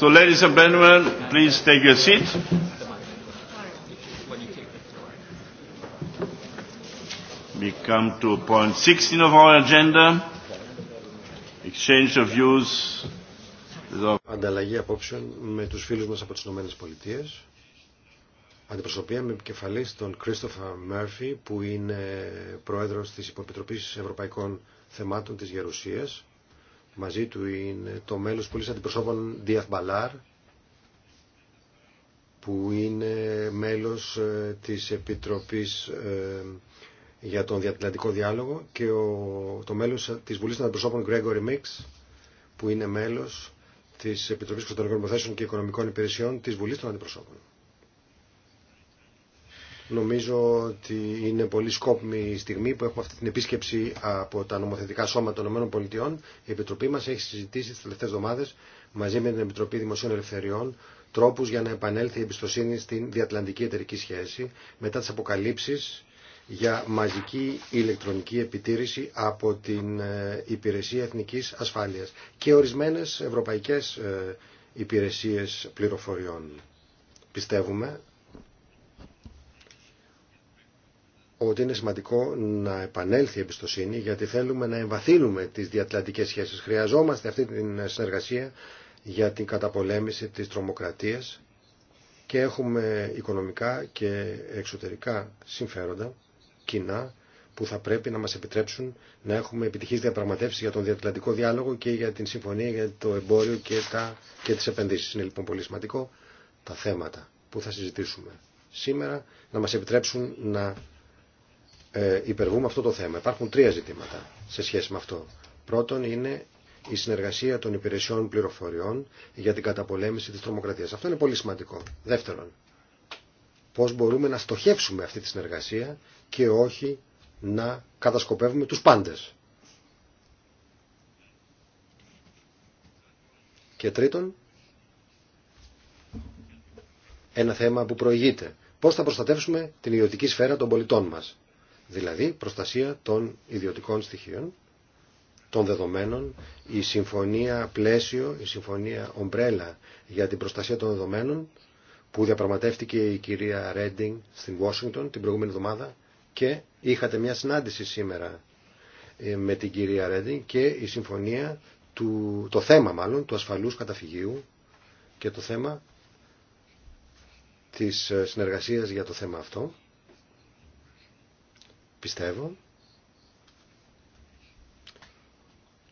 So, ladies and gentlemen, please take your seat. We come to point 16 of our agenda. Exchange of views. Ανταλλαγή απόψεων με τους φίλους μας από τις Ηνωμένες Πολιτείες. Αντιπροσωπεία με επικεφαλής τον Κρίστοφα Μέρφυ που είναι πρόεδρος της Υποπιτροπής Ευρωπαϊκών Θεμάτων της Γερουσίας μαζί του είναι το μέλος Βουλής αντιπροσώπων Διαθ Μπαλάρ, που είναι μέλος ε, της Επιτροπής ε, για τον Διατλαντικό Διάλογο και το μέλος της Βουλής των Αντιπροσώπων Gregory Mix, που είναι μέλος της Επιτροπής Εξωτερικών Υποθέσεων και Οικονομικών Υπηρεσιών της Βουλής των Αντιπροσώπων. Νομίζω ότι είναι πολύ σκόπιμη η στιγμή που έχουμε αυτή την επίσκεψη από τα νομοθετικά σώματα των ΗΠΑ. Η Επιτροπή μα έχει συζητήσει τι τελευταίε εβδομάδε μαζί με την Επιτροπή Δημοσίων Ελευθεριών τρόπου για να επανέλθει η εμπιστοσύνη στην διατλαντική εταιρική σχέση μετά τι αποκαλύψει για μαζική ηλεκτρονική επιτήρηση από την ε, Υπηρεσία εθνική ασφάλεια και ορισμένε ευρωπαϊκέ ε, υπηρεσίε πληροφοριών. Πιστεύουμε ότι είναι σημαντικό να επανέλθει η εμπιστοσύνη γιατί θέλουμε να εμβαθύνουμε τις διατλαντικές σχέσεις. Χρειαζόμαστε αυτή την συνεργασία για την καταπολέμηση της τρομοκρατίας και έχουμε οικονομικά και εξωτερικά συμφέροντα κοινά που θα πρέπει να μας επιτρέψουν να έχουμε επιτυχείς διαπραγματεύσεις για τον διατλαντικό διάλογο και για την συμφωνία για το εμπόριο και, τα, και τις επενδύσεις. Είναι λοιπόν πολύ σημαντικό τα θέματα που θα συζητήσουμε σήμερα να μας επιτρέψουν να ε, υπερβούμε αυτό το θέμα. Υπάρχουν τρία ζητήματα σε σχέση με αυτό. Πρώτον είναι η συνεργασία των υπηρεσιών πληροφοριών για την καταπολέμηση της τρομοκρατίας. Αυτό είναι πολύ σημαντικό. Δεύτερον, πώς μπορούμε να στοχεύσουμε αυτή τη συνεργασία και όχι να κατασκοπεύουμε τους πάντες. Και τρίτον, ένα θέμα που προηγείται. Πώς θα προστατεύσουμε την ιδιωτική σφαίρα των πολιτών μας δηλαδή προστασία των ιδιωτικών στοιχείων, των δεδομένων, η συμφωνία πλαίσιο, η συμφωνία ομπρέλα για την προστασία των δεδομένων που διαπραγματεύτηκε η κυρία Ρέντινγκ στην Ουάσιγκτον την προηγούμενη εβδομάδα και είχατε μια συνάντηση σήμερα ε, με την κυρία Ρέντινγκ και η συμφωνία, του, το θέμα μάλλον του ασφαλούς καταφυγίου και το θέμα της ε, συνεργασίας για το θέμα αυτό πιστεύω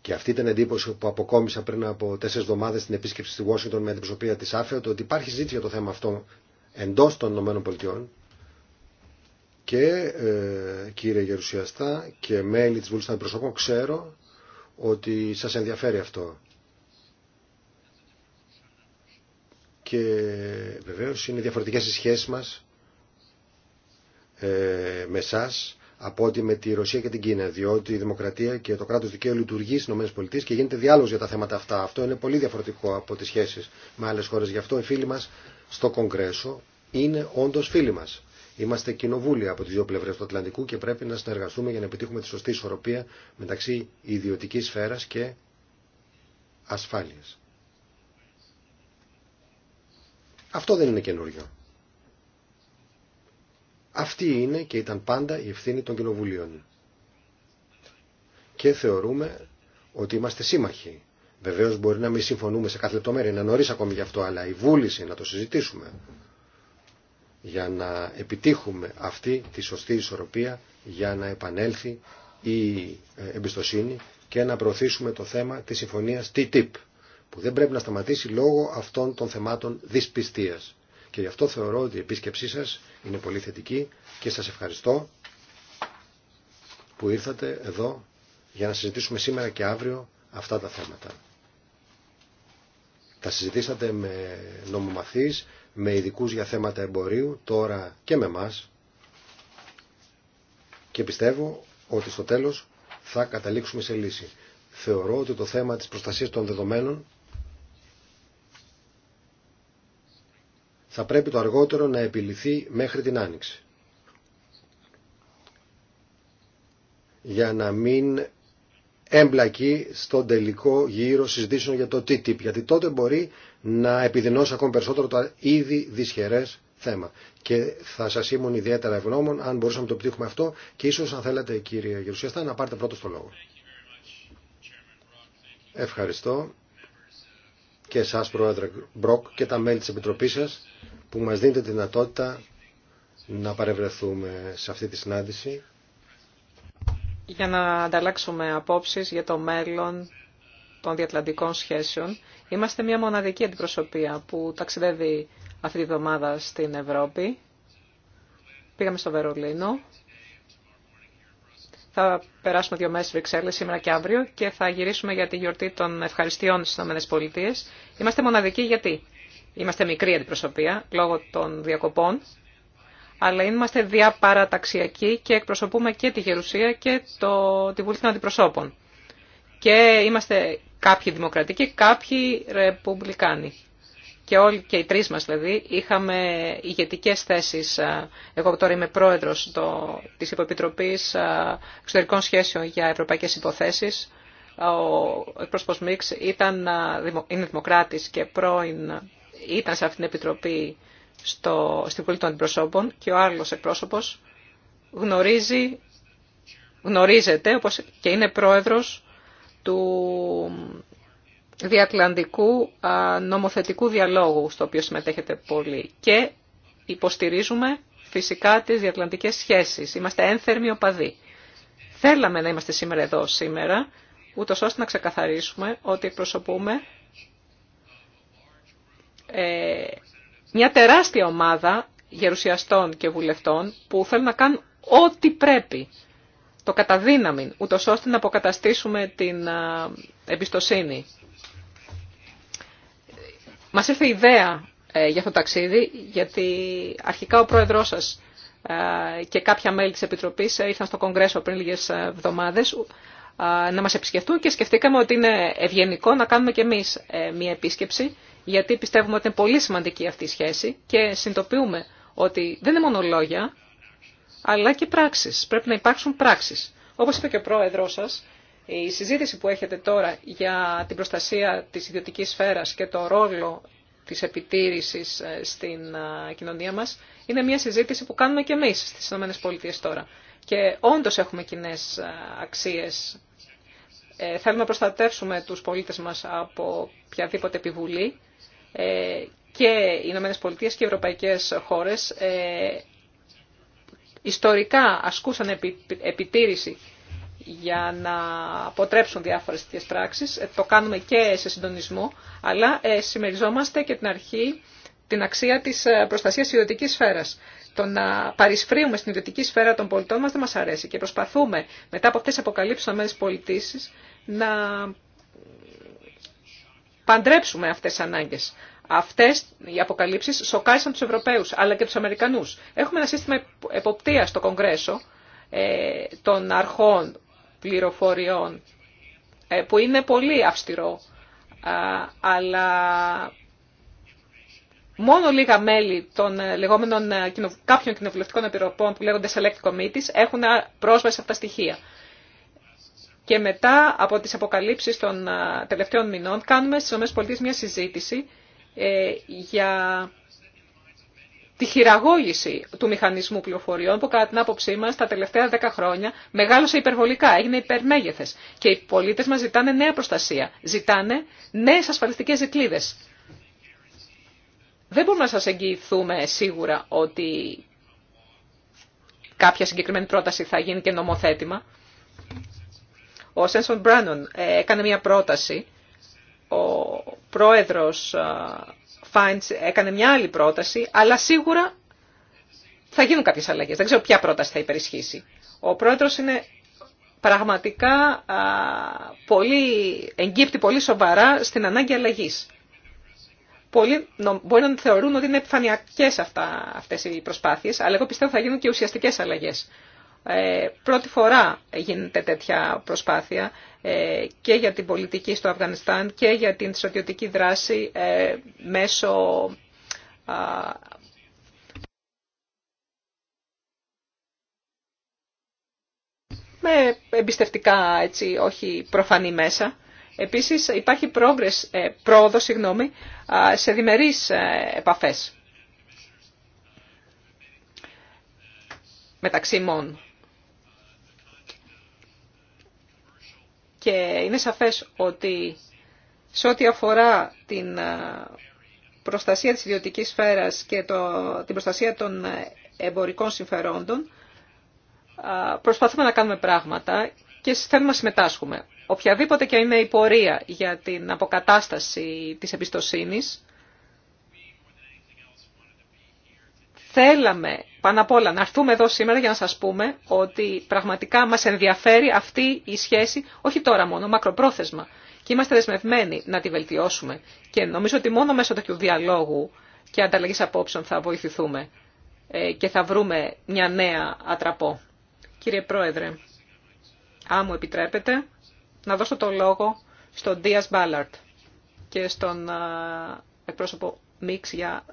και αυτή ήταν εντύπωση που αποκόμισα πριν από τέσσερι εβδομάδε στην επίσκεψη στη Washington με την προσωπία τη ΑΦΕΟ, ότι υπάρχει ζήτηση για το θέμα αυτό εντό των Πολιτειών και ε, κύριε Γερουσιαστά και μέλη τη Βουλή των Αντιπροσώπων, ξέρω ότι σα ενδιαφέρει αυτό. Και βεβαίω είναι διαφορετικέ οι σχέσει μα ε, με εσά από ότι με τη Ρωσία και την Κίνα, διότι η δημοκρατία και το κράτο δικαίου λειτουργεί στι ΗΠΑ και γίνεται διάλογο για τα θέματα αυτά. Αυτό είναι πολύ διαφορετικό από τι σχέσει με άλλε χώρε Γι' αυτό οι φίλοι μα στο Κογκρέσο είναι όντω φίλοι μα. Είμαστε κοινοβούλοι από τι δύο πλευρέ του Ατλαντικού και πρέπει να συνεργαστούμε για να επιτύχουμε τη σωστή ισορροπία μεταξύ ιδιωτική σφαίρα και ασφάλεια. Αυτό δεν είναι καινούριο. Αυτή είναι και ήταν πάντα η ευθύνη των κοινοβουλίων. Και θεωρούμε ότι είμαστε σύμμαχοι. Βεβαίω μπορεί να μην συμφωνούμε σε κάθε λεπτομέρεια, να νωρί ακόμη γι' αυτό, αλλά η βούληση να το συζητήσουμε για να επιτύχουμε αυτή τη σωστή ισορροπία για να επανέλθει η ε, εμπιστοσύνη και να προωθήσουμε το θέμα της συμφωνίας TTIP που δεν πρέπει να σταματήσει λόγω αυτών των θεμάτων δυσπιστίας. Και γι' αυτό θεωρώ ότι η επίσκεψή σας είναι πολύ θετική και σας ευχαριστώ που ήρθατε εδώ για να συζητήσουμε σήμερα και αύριο αυτά τα θέματα. Τα συζητήσατε με νομομαθείς, με ειδικούς για θέματα εμπορίου, τώρα και με μας. Και πιστεύω ότι στο τέλος θα καταλήξουμε σε λύση. Θεωρώ ότι το θέμα της προστασίας των δεδομένων θα πρέπει το αργότερο να επιληθεί μέχρι την Άνοιξη. Για να μην έμπλακεί στον τελικό γύρο συζητήσεων για το TTIP, γιατί τότε μπορεί να επιδεινώσει ακόμη περισσότερο το ήδη δυσχερές θέμα. Και θα σας ήμουν ιδιαίτερα ευγνώμων αν μπορούσαμε να το επιτύχουμε αυτό και ίσως αν θέλετε κύριε Γερουσιαστά να πάρετε πρώτο το λόγο. Ευχαριστώ και εσά Πρόεδρε Μπροκ και τα μέλη της Επιτροπής σας που μας δίνετε τη δυνατότητα να παρευρεθούμε σε αυτή τη συνάντηση. Για να ανταλλάξουμε απόψεις για το μέλλον των διατλαντικών σχέσεων. Είμαστε μια μοναδική αντιπροσωπεία που ταξιδεύει αυτή τη βδομάδα στην Ευρώπη. Πήγαμε στο Βερολίνο, θα περάσουμε δύο μέρες στη Βρυξέλλη σήμερα και αύριο και θα γυρίσουμε για τη γιορτή των ευχαριστειών στι ΗΠΑ. Είμαστε μοναδικοί γιατί είμαστε μικρή αντιπροσωπεία λόγω των διακοπών, αλλά είμαστε διαπαραταξιακοί και εκπροσωπούμε και τη Γερουσία και το, τη Βουλή των Αντιπροσώπων. Και είμαστε κάποιοι δημοκρατικοί, κάποιοι ρεπουμπλικάνοι και όλοι και οι τρεις μας δηλαδή είχαμε ηγετικέ θέσεις. Εγώ τώρα είμαι πρόεδρος το, της Υποεπιτροπής Εξωτερικών Σχέσεων για Ευρωπαϊκές Υποθέσεις. Ο εκπρόσωπος Μίξ ήταν, είναι δημοκράτης και πρώην ήταν σε αυτήν την επιτροπή στο, στην Βουλή των Αντιπροσώπων και ο άλλος εκπρόσωπος γνωρίζει, γνωρίζεται όπως και είναι πρόεδρος του διατλαντικού νομοθετικού διαλόγου, στο οποίο συμμετέχετε πολύ. Και υποστηρίζουμε φυσικά τις διατλαντικές σχέσεις. Είμαστε ένθερμοι οπαδοί. Θέλαμε να είμαστε σήμερα εδώ σήμερα, ούτω ώστε να ξεκαθαρίσουμε ότι εκπροσωπούμε ε, μια τεράστια ομάδα γερουσιαστών και βουλευτών που θέλουν να κάνουν ό,τι πρέπει, το καταδύναμη, ούτω ώστε να αποκαταστήσουμε την εμπιστοσύνη μας ήρθε η ιδέα ε, για αυτό το ταξίδι, γιατί αρχικά ο πρόεδρός σας ε, και κάποια μέλη της Επιτροπής ε, ήρθαν στο Κογκρέσο πριν λίγες εβδομάδες να μας επισκεφτούν και σκεφτήκαμε ότι είναι ευγενικό να κάνουμε και εμείς μία επίσκεψη, γιατί πιστεύουμε ότι είναι πολύ σημαντική αυτή η σχέση και συνειδητοποιούμε ότι δεν είναι μόνο λόγια, αλλά και πράξεις. Πρέπει να υπάρξουν πράξεις. Όπως είπε και ο πρόεδρός σας, η συζήτηση που έχετε τώρα για την προστασία της ιδιωτικής σφαίρας και το ρόλο της επιτήρησης ε, στην ε, κοινωνία μας είναι μια συζήτηση που κάνουμε και εμείς στις ΗΠΑ τώρα. Και όντως έχουμε κοινέ ε, αξίες. θέλουμε να προστατεύσουμε τους πολίτες μας από οποιαδήποτε επιβουλή και οι ΗΠΑ και οι ευρωπαϊκές χώρες ιστορικά ασκούσαν επιτήρηση για να αποτρέψουν διάφορες τέτοιες πράξεις. Ε, το κάνουμε και σε συντονισμό, αλλά ε, συμμεριζόμαστε και την αρχή, την αξία της ε, προστασίας ιδιωτικής σφαίρας. Το να παρισφρίουμε στην ιδιωτική σφαίρα των πολιτών μας δεν μας αρέσει και προσπαθούμε μετά από αυτές τις αποκαλύψεις των πολιτήσεις να παντρέψουμε αυτές τις ανάγκες. Αυτέ οι αποκαλύψει σοκάρισαν του Ευρωπαίου αλλά και του Αμερικανού. Έχουμε ένα σύστημα εποπτεία στο Κογκρέσο ε, των αρχών πληροφοριών, ε, που είναι πολύ αυστηρό, αλλά μόνο λίγα μέλη των ε, λεγόμενων ε, κάποιων κοινοβουλευτικών επιτροπών που λέγονται select committees έχουν πρόσβαση σε αυτά τα στοιχεία. Και μετά από τις αποκαλύψεις των τελευταίων μηνών κάνουμε στις ΟΠΑ μια συζήτηση για τη χειραγώγηση του μηχανισμού πληροφοριών που κατά την άποψή μας τα τελευταία δέκα χρόνια μεγάλωσε υπερβολικά, έγινε υπερμέγεθες και οι πολίτες μας ζητάνε νέα προστασία, ζητάνε νέες ασφαλιστικές δικλείδες. Δεν μπορούμε να σας εγγυηθούμε σίγουρα ότι κάποια συγκεκριμένη πρόταση θα γίνει και νομοθέτημα. Ο Σένσον Μπράνον ε, έκανε μια πρόταση, ο πρόεδρος ε, έκανε μια άλλη πρόταση, αλλά σίγουρα θα γίνουν κάποιες αλλαγές. Δεν ξέρω ποια πρόταση θα υπερισχύσει. Ο πρόεδρος είναι πραγματικά α, πολύ, εγκύπτει πολύ σοβαρά στην ανάγκη αλλαγής. Πολλοί μπορεί να θεωρούν ότι είναι επιφανειακές αυτά, αυτές οι προσπάθειες, αλλά εγώ πιστεύω θα γίνουν και ουσιαστικές αλλαγές. Ε, πρώτη φορά γίνεται τέτοια προσπάθεια ε, και για την πολιτική στο Αφγανιστάν και για την στρατιωτική δράση ε, μέσω με εμπιστευτικά, έτσι, όχι προφανή μέσα. Επίσης υπάρχει πρόοδος, πρόοδο, σε διμερείς επαφές μεταξύ μόνο. Και είναι σαφές ότι σε ό,τι αφορά την ε, προστασία της ιδιωτικής σφαίρας και το, την προστασία των εμπορικών συμφερόντων, ε, προσπαθούμε να κάνουμε πράγματα και θέλουμε να συμμετάσχουμε. Οποιαδήποτε και είναι η πορεία για την αποκατάσταση της εμπιστοσύνης, θέλαμε πάνω απ' όλα να έρθουμε εδώ σήμερα για να σας πούμε ότι πραγματικά μας ενδιαφέρει αυτή η σχέση, όχι τώρα μόνο, μακροπρόθεσμα. Και είμαστε δεσμευμένοι να τη βελτιώσουμε. Και νομίζω ότι μόνο μέσω του διαλόγου και ανταλλαγή απόψεων θα βοηθηθούμε ε, και θα βρούμε μια νέα ατραπό. Κύριε Πρόεδρε, αν μου επιτρέπετε, να δώσω το λόγο στον Δίας Μπάλαρτ και στον ε, εκπρόσωπο Μίξ για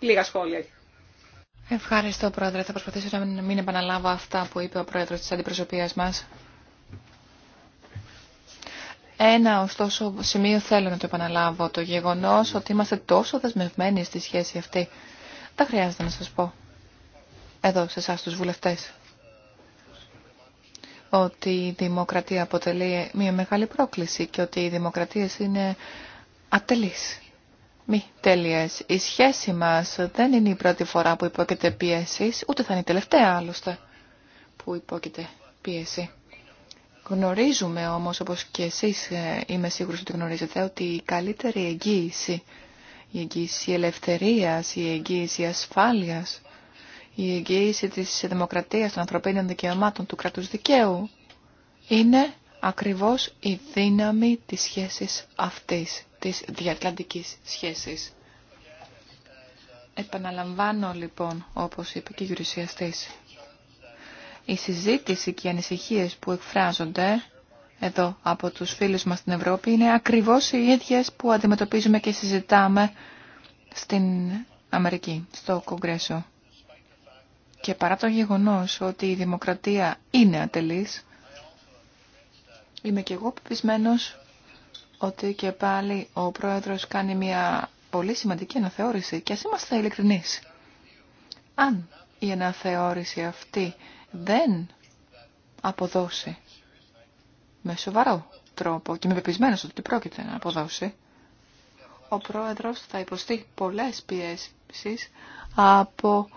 λίγα σχόλια. Ευχαριστώ, Πρόεδρε. Θα προσπαθήσω να μην επαναλάβω αυτά που είπε ο Πρόεδρος της αντιπροσωπείας μας. Ένα ωστόσο σημείο θέλω να το επαναλάβω, το γεγονός ότι είμαστε τόσο δεσμευμένοι στη σχέση αυτή. Δεν χρειάζεται να σας πω. Εδώ, σε εσά τους βουλευτές. Ότι η δημοκρατία αποτελεί μια μεγάλη πρόκληση και ότι οι δημοκρατίες είναι ατελείς μη τέλειες. Η σχέση μας δεν είναι η πρώτη φορά που υπόκειται πίεση, ούτε θα είναι η τελευταία άλλωστε που υπόκειται πίεση. Γνωρίζουμε όμως, όπως και εσείς ε, είμαι σίγουρος ότι γνωρίζετε, ότι η καλύτερη εγγύηση, η εγγύηση ελευθερίας, η εγγύηση ασφάλειας, η εγγύηση της δημοκρατίας, των ανθρωπίνων δικαιωμάτων, του κρατούς δικαίου, είναι ακριβώς η δύναμη της σχέσης αυτής της διατλαντικής σχέσης. Επαναλαμβάνω λοιπόν, όπως είπε και η η συζήτηση και οι ανησυχίες που εκφράζονται εδώ από τους φίλους μας στην Ευρώπη είναι ακριβώς οι ίδιες που αντιμετωπίζουμε και συζητάμε στην Αμερική, στο Κογκρέσο. Και παρά το γεγονός ότι η δημοκρατία είναι ατελής, είμαι και εγώ πεπισμένος ότι και πάλι ο Πρόεδρος κάνει μια πολύ σημαντική αναθεώρηση και ας είμαστε ειλικρινείς. Αν η αναθεώρηση αυτή δεν αποδώσει με σοβαρό τρόπο και με πεπισμένο ότι πρόκειται να αποδώσει, ο Πρόεδρος θα υποστεί πολλές πιέσεις από...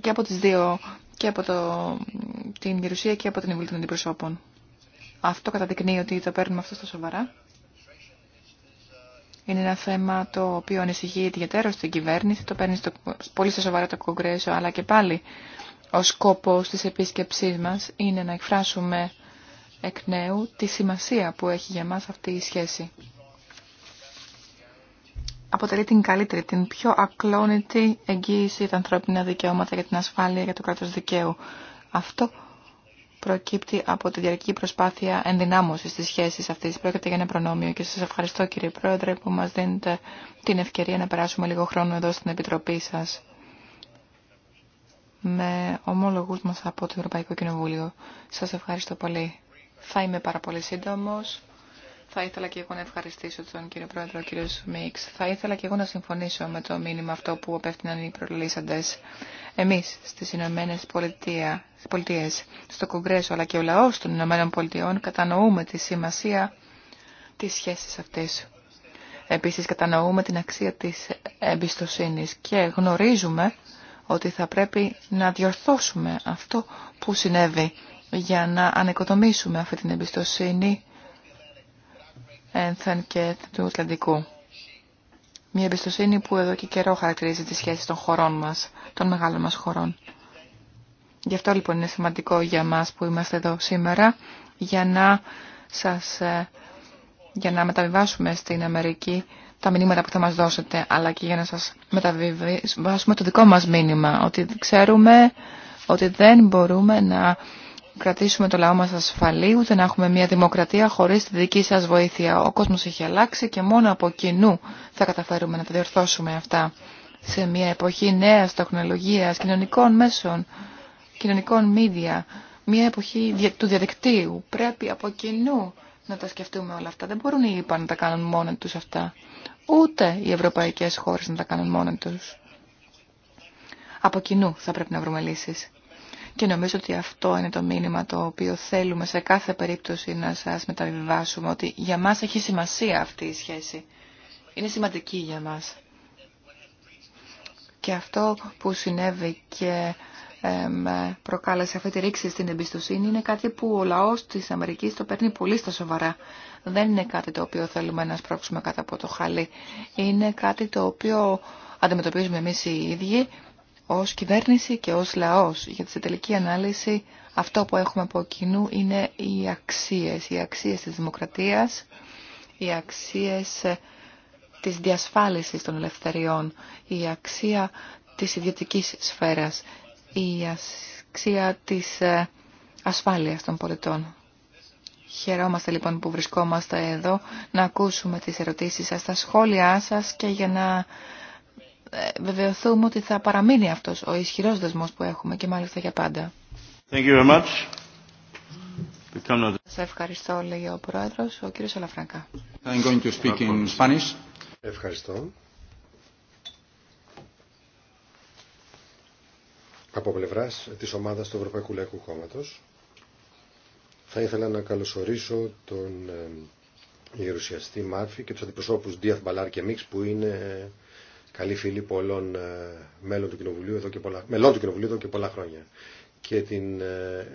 και από τις δύο, και από το... την Γερουσία και από την Βουλή των Αντιπροσώπων. Αυτό καταδεικνύει ότι το παίρνουμε αυτό στα σοβαρά. Είναι ένα θέμα το οποίο ανησυχεί ιδιαίτερο στην κυβέρνηση, το παίρνει στο, πολύ στα σοβαρά το Κογκρέσιο, αλλά και πάλι ο σκόπο τη επίσκεψή μα είναι να εκφράσουμε εκ νέου τη σημασία που έχει για μα αυτή η σχέση. Αποτελεί την καλύτερη, την πιο ακλόνητη εγγύηση για τα ανθρώπινα δικαιώματα, για την ασφάλεια, για το κράτο δικαίου. Αυτό προκύπτει από τη διαρκή προσπάθεια ενδυνάμωση της σχέση αυτής. Πρόκειται για ένα προνόμιο και σας ευχαριστώ κύριε Πρόεδρε που μας δίνετε την ευκαιρία να περάσουμε λίγο χρόνο εδώ στην Επιτροπή σας με ομόλογους μας από το Ευρωπαϊκό Κοινοβούλιο. Σας ευχαριστώ πολύ. Θα είμαι πάρα πολύ σύντομος. Θα ήθελα και εγώ να ευχαριστήσω τον κύριο Πρόεδρο, κύριο Μίξ. Θα ήθελα και εγώ να συμφωνήσω με το μήνυμα αυτό που απέφτυναν οι προλύσαντε. Εμεί στι Ηνωμένε Πολιτείε, στο Κογκρέσο αλλά και ο λαό των Ηνωμένων Πολιτειών κατανοούμε τη σημασία τη σχέση αυτή. Επίση κατανοούμε την αξία τη εμπιστοσύνη και γνωρίζουμε ότι θα πρέπει να διορθώσουμε αυτό που συνέβη για να ανεκοδομήσουμε αυτή την εμπιστοσύνη ένθεν και του Ατλαντικού. Μια εμπιστοσύνη που εδώ και καιρό χαρακτηρίζει τις σχέσεις των χωρών μας, των μεγάλων μας χωρών. Γι' αυτό λοιπόν είναι σημαντικό για μας που είμαστε εδώ σήμερα, για να, σας, ε, για να μεταβιβάσουμε στην Αμερική τα μηνύματα που θα μας δώσετε, αλλά και για να σας μεταβιβάσουμε το δικό μας μήνυμα, ότι ξέρουμε ότι δεν μπορούμε να κρατήσουμε το λαό μας ασφαλή, ούτε να έχουμε μια δημοκρατία χωρίς τη δική σας βοήθεια. Ο κόσμος έχει αλλάξει και μόνο από κοινού θα καταφέρουμε να τα διορθώσουμε αυτά. Σε μια εποχή νέας τεχνολογίας, κοινωνικών μέσων, κοινωνικών μίδια, μια εποχή του διαδικτύου, πρέπει από κοινού να τα σκεφτούμε όλα αυτά. Δεν μπορούν οι ΙΠΑ να τα κάνουν μόνοι τους αυτά. Ούτε οι ευρωπαϊκές χώρες να τα κάνουν μόνοι τους. Από κοινού θα πρέπει να βρούμε λύσεις. Και νομίζω ότι αυτό είναι το μήνυμα το οποίο θέλουμε σε κάθε περίπτωση να σας μεταβιβάσουμε, ότι για μας έχει σημασία αυτή η σχέση. Είναι σημαντική για μας. Και αυτό που συνέβη και προκάλεσε αυτή τη ρήξη στην εμπιστοσύνη είναι κάτι που ο λαός της Αμερικής το παίρνει πολύ στα σοβαρά. Δεν είναι κάτι το οποίο θέλουμε να σπρώξουμε κάτω από το χαλί. Είναι κάτι το οποίο αντιμετωπίζουμε εμείς οι ίδιοι ως κυβέρνηση και ως λαός. Γιατί σε τελική ανάλυση αυτό που έχουμε από κοινού είναι οι αξίες. Οι αξίες της δημοκρατίας, οι αξίες ε, της διασφάλισης των ελευθεριών, η αξία της ιδιωτικής σφαίρας, η αξία της ε, ασφάλειας των πολιτών. Χαιρόμαστε λοιπόν που βρισκόμαστε εδώ να ακούσουμε τις ερωτήσεις σας, τα σχόλιά σας και για να ε, βεβαιωθούμε ότι θα παραμείνει αυτός ο ισχυρός δεσμός που έχουμε και μάλιστα για πάντα. Thank you very much. Σας ευχαριστώ, λέει ο Πρόεδρος, ο κύριος Αλαφρανκά. Ευχαριστώ. Από πλευρά της ομάδας του Ευρωπαϊκού Λαϊκού Κόμματο, θα ήθελα να καλωσορίσω τον ε, γερουσιαστή Μάρφη και του αντιπροσώπου Δίαθ Μπαλάρ και Μίξ που είναι ε, καλή φίλη πολλών ε, μέλων του Κοινοβουλίου εδώ και πολλά, του Κοινοβουλίου εδώ και πολλά χρόνια. Και την ε,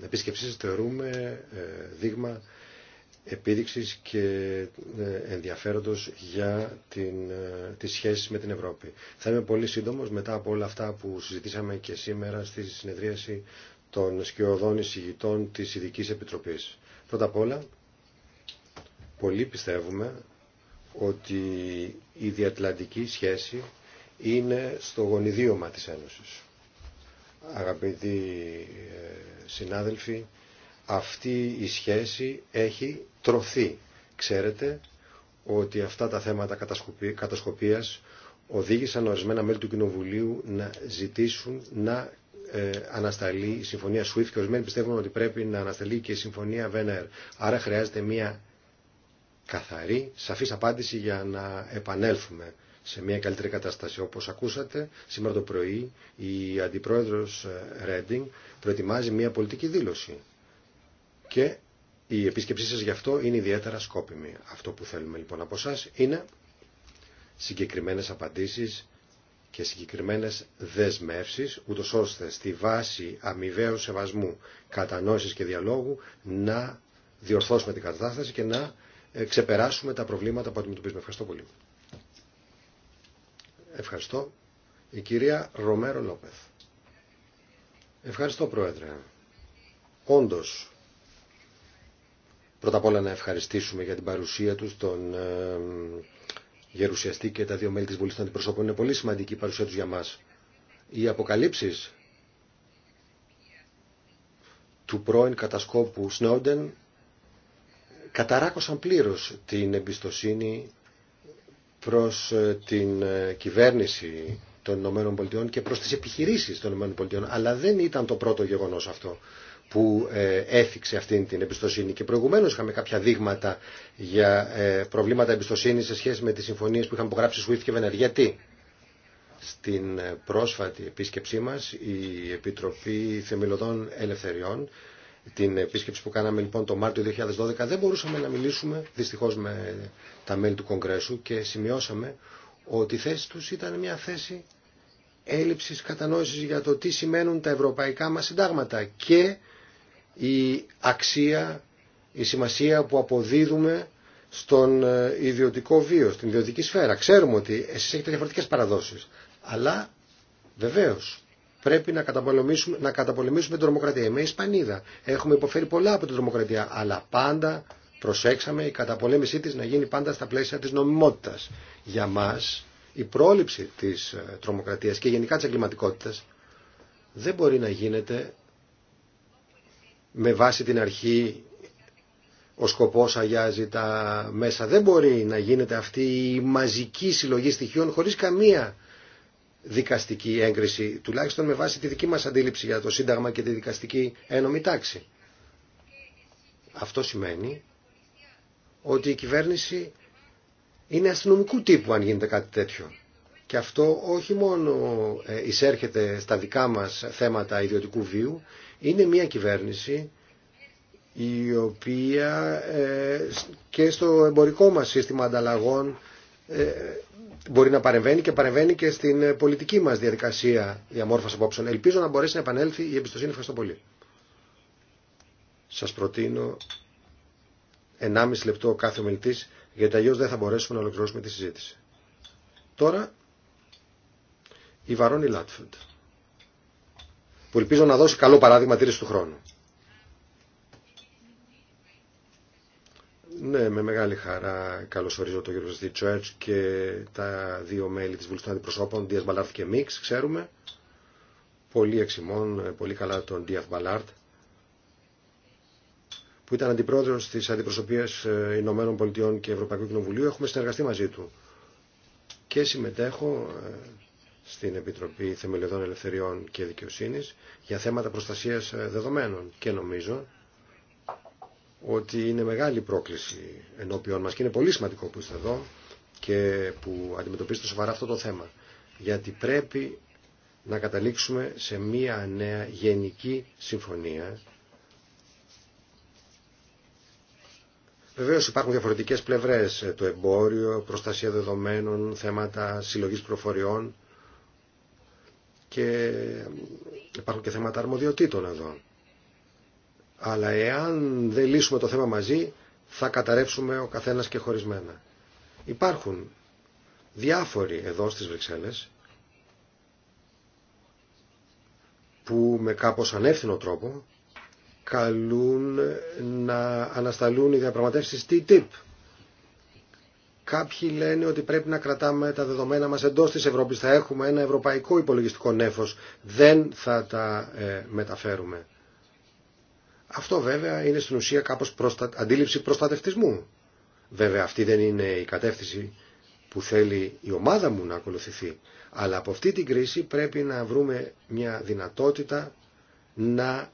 ε, επίσκεψή σας θεωρούμε δείγμα επίδειξης και ενδιαφέροντος για την, τις σχέσεις με την Ευρώπη. Θα είμαι πολύ σύντομος μετά από όλα αυτά που συζητήσαμε και σήμερα στη συνεδρίαση των σκιωδών εισηγητών της ειδική Επιτροπής. Πρώτα απ' όλα, πολλοί πιστεύουμε ότι η διατλαντική σχέση είναι στο γονιδίωμα της Ένωσης. Αγαπητοί ε, συνάδελφοι, αυτή η σχέση έχει τρωθεί. Ξέρετε ότι αυτά τα θέματα κατασκοπίας οδήγησαν ορισμένα μέλη του Κοινοβουλίου να ζητήσουν να ε, ανασταλεί η συμφωνία SWIFT και ορισμένοι πιστεύουν ότι πρέπει να ανασταλεί και η συμφωνία Βένερ. Άρα χρειάζεται μια καθαρή, σαφής απάντηση για να επανέλθουμε σε μια καλύτερη κατάσταση. Όπως ακούσατε, σήμερα το πρωί η Αντιπρόεδρος ε, Ρέντινγκ προετοιμάζει μια πολιτική δήλωση και η επίσκεψή σας γι' αυτό είναι ιδιαίτερα σκόπιμη. Αυτό που θέλουμε λοιπόν από εσά είναι συγκεκριμένες απαντήσεις και συγκεκριμένες δεσμεύσεις, ούτως ώστε στη βάση αμοιβαίου σεβασμού, κατανόησης και διαλόγου να διορθώσουμε την κατάσταση και να ε, ξεπεράσουμε τα προβλήματα που αντιμετωπίζουμε. Ευχαριστώ πολύ. Ευχαριστώ. Η κυρία Ρομέρο Λόπεθ. Ευχαριστώ Πρόεδρε. Όντως, πρώτα απ' όλα να ευχαριστήσουμε για την παρουσία τους τον ε, γερουσιαστή και τα δύο μέλη της Βουλής των Αντιπροσώπων. Είναι πολύ σημαντική η παρουσία τους για μας. Οι αποκαλύψεις του πρώην κατασκόπου Σνόντεν καταράκωσαν πλήρως την εμπιστοσύνη προς ε, την ε, κυβέρνηση των Ηνωμένων Πολιτειών και προς τις επιχειρήσεις των Ηνωμένων Αλλά δεν ήταν το πρώτο γεγονός αυτό που ε, έφυξε αυτήν την εμπιστοσύνη. Και προηγουμένως είχαμε κάποια δείγματα για προβλήματα εμπιστοσύνη σε σχέση με τις συμφωνίες που είχαν υπογράψει Σουίθ και Βενεργέτη. Στην πρόσφατη επίσκεψή μας η Επιτροπή Θεμελιωδών Ελευθεριών την επίσκεψη που κάναμε λοιπόν το Μάρτιο 2012 δεν μπορούσαμε να μιλήσουμε δυστυχώς με τα μέλη του Κογκρέσου και σημειώσαμε ότι η θέση τους ήταν μια θέση έλλειψης κατανόησης για το τι σημαίνουν τα ευρωπαϊκά μας συντάγματα και η αξία, η σημασία που αποδίδουμε στον ε, ιδιωτικό βίο, στην ιδιωτική σφαίρα. Ξέρουμε ότι εσείς έχετε διαφορετικές παραδόσεις, αλλά βεβαίως Πρέπει να καταπολεμήσουμε, να καταπολεμήσουμε την τρομοκρατία. Είμαι Ισπανίδα. Έχουμε υποφέρει πολλά από την τρομοκρατία. Αλλά πάντα προσέξαμε η καταπολέμησή της να γίνει πάντα στα πλαίσια της νομιμότητας. Για μας η πρόληψη της ε, τρομοκρατίας και γενικά της εγκληματικότητα δεν μπορεί να γίνεται με βάση την αρχή ο σκοπός αγιάζει τα μέσα. Δεν μπορεί να γίνεται αυτή η μαζική συλλογή στοιχείων χωρίς καμία δικαστική έγκριση, τουλάχιστον με βάση τη δική μας αντίληψη για το Σύνταγμα και τη δικαστική ένωμη τάξη. Αυτό σημαίνει ότι η κυβέρνηση είναι αστυνομικού τύπου αν γίνεται κάτι τέτοιο. Και αυτό όχι μόνο ε, εισέρχεται στα δικά μας θέματα ιδιωτικού βίου, είναι μια κυβέρνηση η οποία ε, και στο εμπορικό μας σύστημα ανταλλαγών ε, μπορεί να παρεμβαίνει και παρεμβαίνει και στην ε, πολιτική μας διαδικασία διαμόρφωση απόψεων. Ελπίζω να μπορέσει να επανέλθει η εμπιστοσύνη. Ευχαριστώ πολύ. Σας προτείνω 1,5 λεπτό κάθε ομιλητή, γιατί αλλιώ δεν θα μπορέσουμε να ολοκληρώσουμε τη συζήτηση. Τώρα, η Βαρόνι Λάτφεντ, που ελπίζω να δώσει καλό παράδειγμα τήρηση του χρόνου. Ναι, με μεγάλη χαρά καλωσορίζω τον κύριο Βασίλη Τσουέρτ και τα δύο μέλη τη Βουλή των Αντιπροσώπων, Δία Μπαλάρτ και Μίξ, ξέρουμε. Πολύ εξημών, πολύ καλά τον Δία Μπαλάρτ, που ήταν αντιπρόεδρο τη Αντιπροσωπεία ε, Ηνωμένων Πολιτειών και Ευρωπαϊκού Κοινοβουλίου. Έχουμε συνεργαστεί μαζί του και συμμετέχω ε, στην Επιτροπή Θεμελιωδών Ελευθεριών και Δικαιοσύνη για θέματα προστασία ε, δεδομένων και νομίζω ότι είναι μεγάλη πρόκληση ενώπιον μας και είναι πολύ σημαντικό που είστε εδώ και που αντιμετωπίσετε σοβαρά αυτό το θέμα. Γιατί πρέπει να καταλήξουμε σε μία νέα γενική συμφωνία. Βεβαίως υπάρχουν διαφορετικές πλευρές, ε, το εμπόριο, προστασία δεδομένων, θέματα συλλογής προφοριών και ε, ε, υπάρχουν και θέματα αρμοδιοτήτων εδώ. Αλλά εάν δεν λύσουμε το θέμα μαζί, θα καταρρεύσουμε ο καθένας και χωρισμένα. Υπάρχουν διάφοροι εδώ στις Βρυξέλλες που με κάπως ανεύθυνο τρόπο καλούν να ανασταλούν οι διαπραγματεύσεις TTIP. Κάποιοι λένε ότι πρέπει να κρατάμε τα δεδομένα μας εντός της Ευρώπης. Θα έχουμε ένα ευρωπαϊκό υπολογιστικό νέφος. Δεν θα τα ε, μεταφέρουμε. Αυτό βέβαια είναι στην ουσία κάπως προστα... αντίληψη προστατευτισμού. Βέβαια αυτή δεν είναι η κατεύθυνση που θέλει η ομάδα μου να ακολουθηθεί. Αλλά από αυτή την κρίση πρέπει να βρούμε μια δυνατότητα να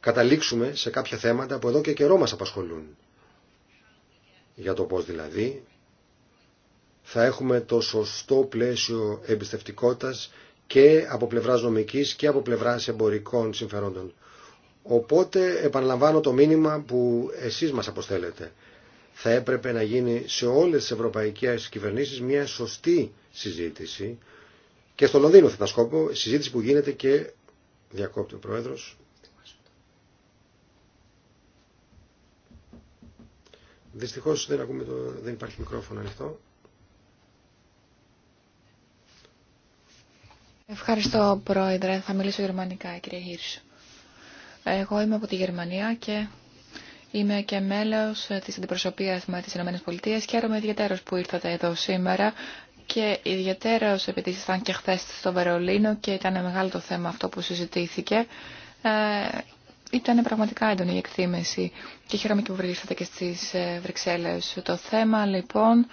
καταλήξουμε σε κάποια θέματα που εδώ και καιρό μας απασχολούν. Για το πώς δηλαδή θα έχουμε το σωστό πλαίσιο εμπιστευτικότητας και από πλευράς νομική και από πλευράς εμπορικών συμφερόντων. Οπότε επαναλαμβάνω το μήνυμα που εσείς μας αποστέλλετε. Θα έπρεπε να γίνει σε όλες τις ευρωπαϊκές κυβερνήσει μια σωστή συζήτηση και στο Λονδίνο θα τα σκόπω, συζήτηση που γίνεται και διακόπτει ο Πρόεδρος. Δυστυχώς δεν, ακούμε το, δεν υπάρχει μικρόφωνο ανοιχτό. Ευχαριστώ, Πρόεδρε. Θα μιλήσω γερμανικά, κύριε Χίρς. Εγώ είμαι από τη Γερμανία και είμαι και μέλος της αντιπροσωπείας με τις ΗΠΑ. Χαίρομαι ιδιαίτερος που ήρθατε εδώ σήμερα και ιδιαίτερος επειδή ήσασταν και χθε στο Βερολίνο και ήταν μεγάλο το θέμα αυτό που συζητήθηκε. Ε, ήταν πραγματικά έντονη η εκτίμηση και χαίρομαι και που βρίσκατε και στις ε, Βρυξέλλες. Το θέμα λοιπόν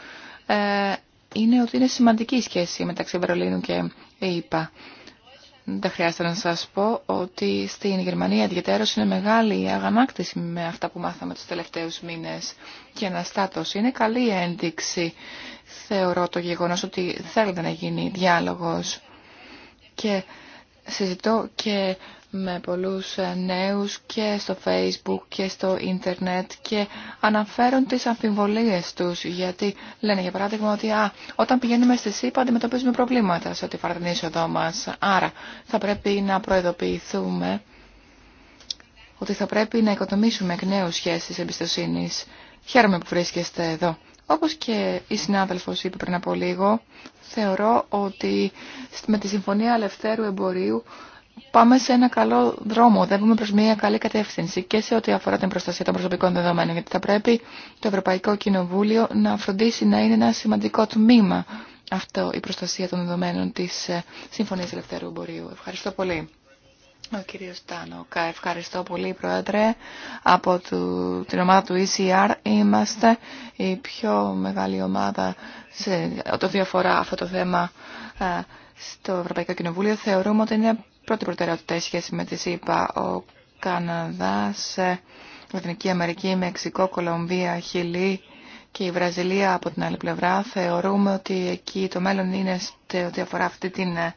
ε, είναι ότι είναι σημαντική η σχέση μεταξύ Βερολίνου και ΕΙΠΑ. Δεν χρειάζεται να σας πω ότι στην Γερμανία ιδιαίτερως είναι μεγάλη η αγανάκτηση με αυτά που μάθαμε τους τελευταίους μήνες και αναστάτως. Είναι καλή ένδειξη, θεωρώ, το γεγονός ότι θέλετε να γίνει διάλογος και συζητώ και με πολλούς ε, νέους και στο facebook και στο ίντερνετ και αναφέρουν τις αμφιβολίες τους γιατί λένε για παράδειγμα ότι α, όταν πηγαίνουμε στη ΣΥΠΑ αντιμετωπίζουμε προβλήματα σε ό,τι αφορά εδώ μας άρα θα πρέπει να προειδοποιηθούμε ότι θα πρέπει να οικοτομήσουμε εκ νέου σχέσεις εμπιστοσύνης. Χαίρομαι που βρίσκεστε εδώ όπως και η συνάδελφος είπε πριν από λίγο, θεωρώ ότι με τη Συμφωνία Ελευθέρου Εμπορίου πάμε σε ένα καλό δρόμο, οδεύουμε προς μια καλή κατεύθυνση και σε ό,τι αφορά την προστασία των προσωπικών δεδομένων, γιατί θα πρέπει το Ευρωπαϊκό Κοινοβούλιο να φροντίσει να είναι ένα σημαντικό τμήμα αυτό η προστασία των δεδομένων της ε, Συμφωνίας Ελευθέρου Εμπορίου. Ευχαριστώ πολύ. Ο κύριος Τάνοκα, ευχαριστώ πολύ Πρόεδρε. Από την ομάδα του ECR είμαστε η πιο μεγάλη ομάδα σε ό,τι διαφορά αυτό το θέμα ε, στο Ευρωπαϊκό Κοινοβούλιο. Θεωρούμε ότι είναι πρώτη προτεραιότητα σχέση με τη ΣΥΠΑ. Ο Καναδάς, Εθνική Αμερική, Μεξικό, Κολομβία, Χιλή και η Βραζιλία από την άλλη πλευρά. Θεωρούμε ότι εκεί το μέλλον είναι ό,τι αφορά αυτή την ε,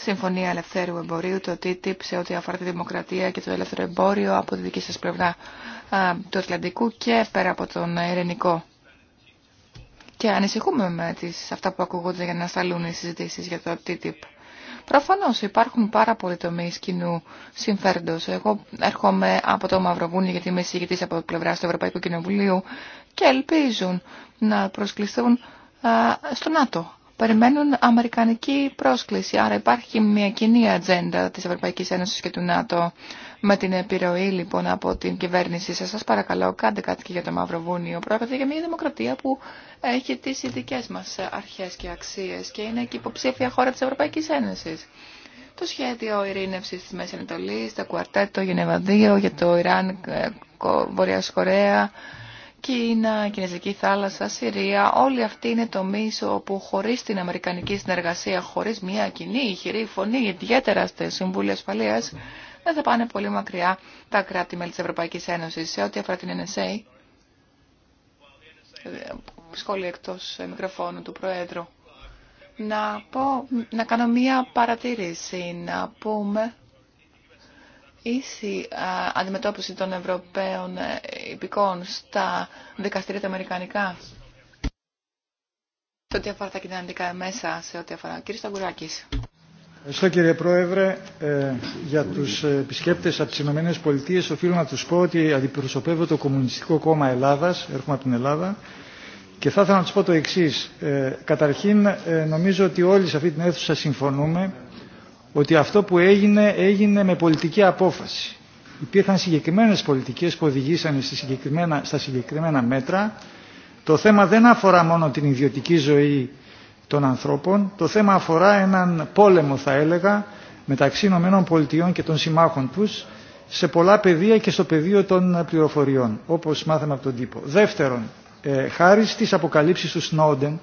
Συμφωνία Ελευθέρου Εμπορίου, το TTIP σε ό,τι αφορά τη δημοκρατία και το ελεύθερο εμπόριο από τη δική σας πλευρά του Ατλαντικού και πέρα από τον Ειρηνικό. Και ανησυχούμε με τις, αυτά που ακούγονται για να σταλούν οι συζητήσεις για το TTIP. Προφανώς υπάρχουν πάρα πολλοί τομείς κοινού συμφέροντος. Εγώ έρχομαι από το Μαυροβούνιο γιατί είμαι συγκεκριτή από πλευρά του Ευρωπαϊκού Κοινοβουλίου και ελπίζουν να προσκληθούν στο ΝΑΤΟ περιμένουν αμερικανική πρόσκληση. Άρα υπάρχει μια κοινή ατζέντα της Ευρωπαϊκής Ένωσης και του ΝΑΤΟ με την επιρροή λοιπόν από την κυβέρνησή σας. Σας παρακαλώ κάντε κάτι και για το Μαυροβούνιο. Πρόκειται για μια δημοκρατία που έχει τις ειδικέ μας αρχές και αξίες και είναι και υποψήφια χώρα της Ευρωπαϊκής Ένωσης. Το σχέδιο ειρήνευση τη Μέση Ανατολή, τα κουαρτέτο Γενεβαδίο για το Ιράν, ε, Βορειά Κορέα, Κίνα, Κινέζικη θάλασσα, Συρία, όλοι αυτοί είναι τομεί όπου χωρί την Αμερικανική συνεργασία, χωρί μια κοινή ηχηρή φωνή, ιδιαίτερα στη Συμβούλια Ασφαλεία, δεν θα πάνε πολύ μακριά τα κράτη-μέλη τη Ευρωπαϊκή Ένωση σε ό,τι αφορά την NSA. Σχόλιο εκτό μικροφώνου του Προέδρου. Να, πω, να κάνω μία παρατήρηση, να πούμε ίση αντιμετώπιση των Ευρωπαίων ε, υπηκών στα δικαστήρια τα Αμερικανικά. Σε ό,τι αφορά τα κοινωνικά μέσα, σε ό,τι αφορά. Κύριε Σταγκουράκη. Ευχαριστώ κύριε Πρόεδρε. Ε, για τους επισκέπτε από τις ΗΠΑ... οφείλω να του πω ότι αντιπροσωπεύω το Κομμουνιστικό Κόμμα Ελλάδας, έρχομαι από την Ελλάδα, και θα ήθελα να του πω το εξή. Ε, καταρχήν, νομίζω ότι όλοι σε αυτή την αίθουσα συμφωνούμε ότι αυτό που έγινε έγινε με πολιτική απόφαση. Υπήρχαν συγκεκριμένες πολιτικές που οδηγήσαν συγκεκριμένα, στα συγκεκριμένα μέτρα. Το θέμα δεν αφορά μόνο την ιδιωτική ζωή των ανθρώπων. Το θέμα αφορά έναν πόλεμο θα έλεγα μεταξύ Ηνωμένων Πολιτειών και των συμμάχων τους σε πολλά πεδία και στο πεδίο των πληροφοριών, όπως μάθαμε από τον τύπο. Δεύτερον, ε, χάρη στις αποκαλύψεις του Σνόντεν,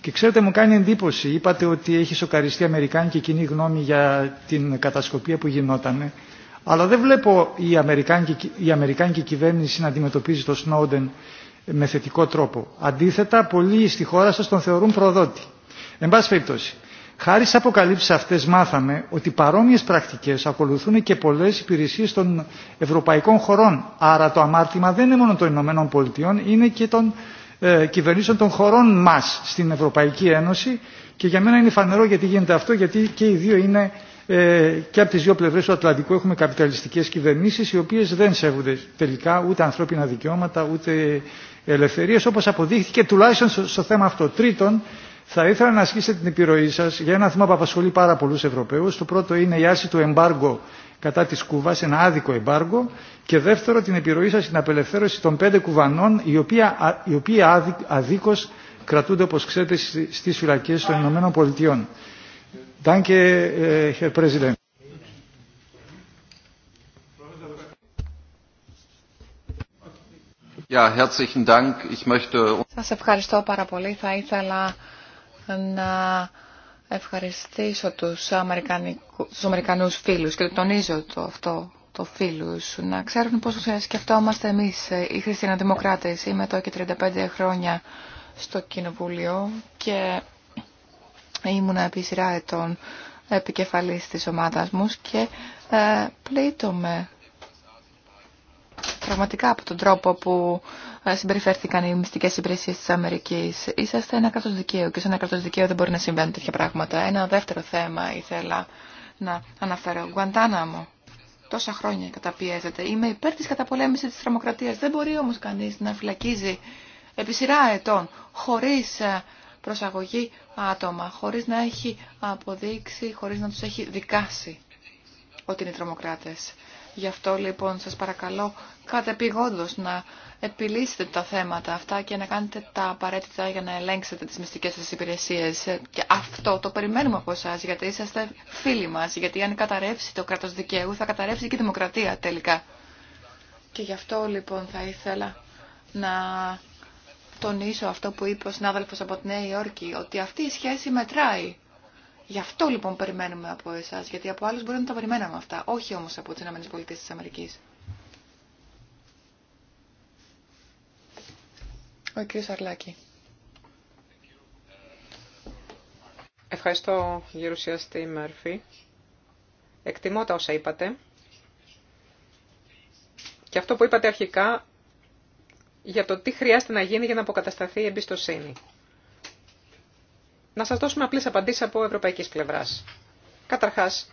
και ξέρετε, μου κάνει εντύπωση. Είπατε ότι έχει σοκαριστεί η αμερικάνικη κοινή γνώμη για την κατασκοπία που γινόταν. Αλλά δεν βλέπω η αμερικάνικη, η αμερικάνικη κυβέρνηση να αντιμετωπίζει τον Σνόντεν με θετικό τρόπο. Αντίθετα, πολλοί στη χώρα σα τον θεωρούν προδότη. Εν πάση περιπτώσει, χάρη στι αποκαλύψεις αυτές μάθαμε ότι παρόμοιε πρακτικέ ακολουθούν και πολλέ υπηρεσίε των ευρωπαϊκών χωρών. Άρα το αμάρτημα δεν είναι μόνο των ΗΠΑ, είναι και των ε, κυβερνήσεων των χωρών μας στην Ευρωπαϊκή Ένωση και για μένα είναι φανερό γιατί γίνεται αυτό, γιατί και οι δύο είναι ε, και από τις δύο πλευρές του Ατλαντικού έχουμε καπιταλιστικές κυβερνήσεις οι οποίες δεν σέβονται τελικά ούτε ανθρώπινα δικαιώματα ούτε ελευθερίες όπως αποδείχθηκε τουλάχιστον στο θέμα αυτό. Τρίτον, θα ήθελα να ασκήσετε την επιρροή σας για ένα θέμα που απασχολεί πάρα πολλούς Ευρωπαίους. Το πρώτο είναι η άρση του εμπάργου κατά της Κούβας, ένα άδικο εμπάργο και δεύτερο την επιρροή σας στην απελευθέρωση των πέντε Κουβανών οι οποίοι, οι οποίοι αδίκως κρατούνται όπως ξέρετε στις φυλακές των Ηνωμένων Πολιτειών. Danke, ε, Herr Σας ευχαριστώ πάρα πολύ. Θα ήθελα να ευχαριστήσω τους, τους Αμερικανούς φίλους και τονίζω το αυτό το φίλους να ξέρουν πόσο σκεφτόμαστε εμείς ε, οι χριστιανοδημοκράτες. Είμαι εδώ και 35 χρόνια στο Κοινοβούλιο και ήμουν επί σειρά ετών επικεφαλής της ομάδας μου και ε, πλήττομαι πραγματικά από τον τρόπο που συμπεριφέρθηκαν οι μυστικέ υπηρεσίε τη Αμερική. Είσαστε ένα κράτο δικαίου και σε ένα κράτο δικαίου δεν μπορεί να συμβαίνουν τέτοια πράγματα. Ένα δεύτερο θέμα ήθελα να αναφέρω. Γκουαντάναμο. μου. Τόσα χρόνια καταπιέζεται. Είμαι υπέρ τη καταπολέμηση τη τρομοκρατία. Δεν μπορεί όμω κανεί να φυλακίζει επί σειρά ετών χωρί ε, προσαγωγή άτομα, χωρί να έχει αποδείξει, χωρί να του έχει δικάσει ότι είναι τρομοκράτε. Γι' αυτό λοιπόν σας παρακαλώ κατεπηγόντως να επιλύσετε τα θέματα αυτά και να κάνετε τα απαραίτητα για να ελέγξετε τις μυστικές σας υπηρεσίες. Και αυτό το περιμένουμε από εσά γιατί είσαστε φίλοι μας, γιατί αν καταρρεύσει το κράτος δικαίου θα καταρρεύσει και η δημοκρατία τελικά. Και γι' αυτό λοιπόν θα ήθελα να τονίσω αυτό που είπε ο συνάδελφος από τη Νέα Υόρκη, ότι αυτή η σχέση μετράει. Γι' αυτό λοιπόν περιμένουμε από εσά, γιατί από άλλου μπορεί να τα περιμέναμε αυτά, όχι όμω από τι ΗΠΑ. Ο κ. Σαρλάκη. Ευχαριστώ, γερουσιαστή Μέρφυ. Εκτιμώ τα όσα είπατε. Και αυτό που είπατε αρχικά για το τι χρειάζεται να γίνει για να αποκατασταθεί η εμπιστοσύνη. Να σας δώσουμε απλές απαντήσεις από ευρωπαϊκής πλευράς. Καταρχάς,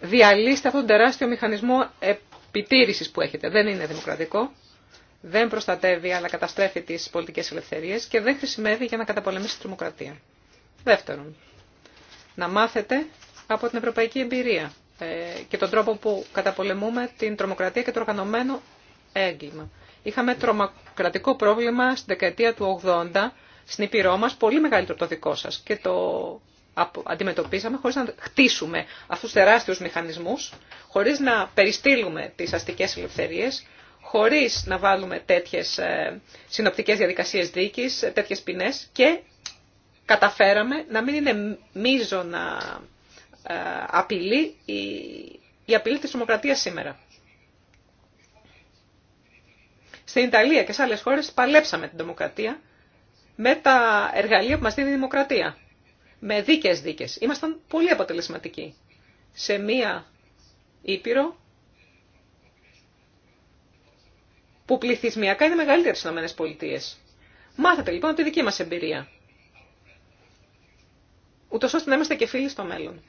διαλύστε αυτόν τον τεράστιο μηχανισμό επιτήρησης που έχετε. Δεν είναι δημοκρατικό, δεν προστατεύει αλλά καταστρέφει τις πολιτικές ελευθερίες και δεν χρησιμεύει για να καταπολεμήσει τη τρομοκρατία. Δεύτερον, να μάθετε από την ευρωπαϊκή εμπειρία ε, και τον τρόπο που καταπολεμούμε την τρομοκρατία και το οργανωμένο έγκλημα. Είχαμε τρομακρατικό πρόβλημα στην δεκαετία του 80 στην Ήπειρό μας, πολύ μεγαλύτερο το δικό σας και το αντιμετωπίσαμε χωρίς να χτίσουμε αυτούς τους τεράστιους μηχανισμούς, χωρίς να περιστύλουμε τις αστικές ελευθερίες, χωρίς να βάλουμε τέτοιες ε, συνοπτικές διαδικασίες δίκης, τέτοιες ποινές και καταφέραμε να μην είναι μείζωνα ε, απειλή η απειλή της δημοκρατίας σήμερα. Στην Ιταλία και σε άλλες χώρες παλέψαμε την δημοκρατία με τα εργαλεία που μας δίνει η δημοκρατία. Με δίκαιες δίκες. Ήμασταν πολύ αποτελεσματικοί. Σε μία Ήπειρο που πληθυσμιακά είναι μεγαλύτερη στις ΗΠΑ. Μάθατε λοιπόν από τη δική μας εμπειρία. Ούτως ώστε να είμαστε και φίλοι στο μέλλον.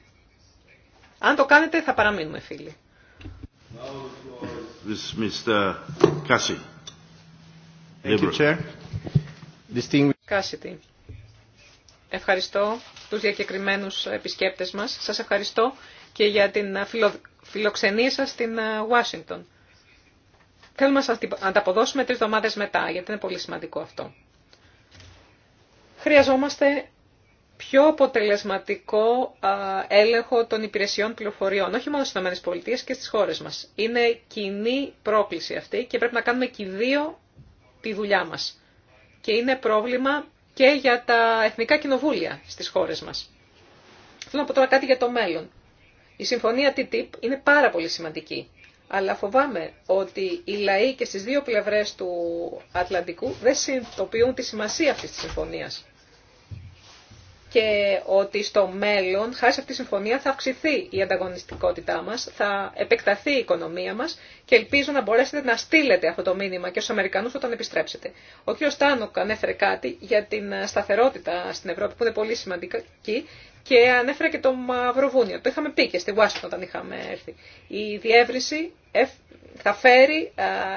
Αν το κάνετε θα παραμείνουμε φίλοι. Mr. Ευχαριστώ τους διακεκριμένους επισκέπτες μας. Σας ευχαριστώ και για την ε, φιλοξενία σας στην Ουάσιγκτον. Ε, Θέλουμε να τα ανταποδώσουμε τρεις εβδομάδες μετά, γιατί είναι πολύ σημαντικό αυτό. Χρειαζόμαστε πιο αποτελεσματικό ε, έλεγχο των υπηρεσιών πληροφοριών, όχι μόνο στις ΗΠΑ και στις χώρες μας. Είναι κοινή πρόκληση αυτή και πρέπει να κάνουμε και δύο τη δουλειά μας. Και είναι πρόβλημα και για τα εθνικά κοινοβούλια στις χώρες μας. Θέλω να πω τώρα κάτι για το μέλλον. Η συμφωνία TTIP είναι πάρα πολύ σημαντική. Αλλά φοβάμαι ότι οι λαοί και στις δύο πλευρές του Ατλαντικού δεν συνειδητοποιούν τη σημασία αυτής της συμφωνίας και ότι στο μέλλον, χάρη σε αυτή τη συμφωνία, θα αυξηθεί η ανταγωνιστικότητά μας, θα επεκταθεί η οικονομία μας και ελπίζω να μπορέσετε να στείλετε αυτό το μήνυμα και στους Αμερικανούς όταν επιστρέψετε. Ο κ. Στάνοκ ανέφερε κάτι για την σταθερότητα στην Ευρώπη που είναι πολύ σημαντική και ανέφερα και το Μαυροβούνιο. Το είχαμε πει και στη Ουάσιγκτον όταν είχαμε έρθει. Η διεύρυνση θα φέρει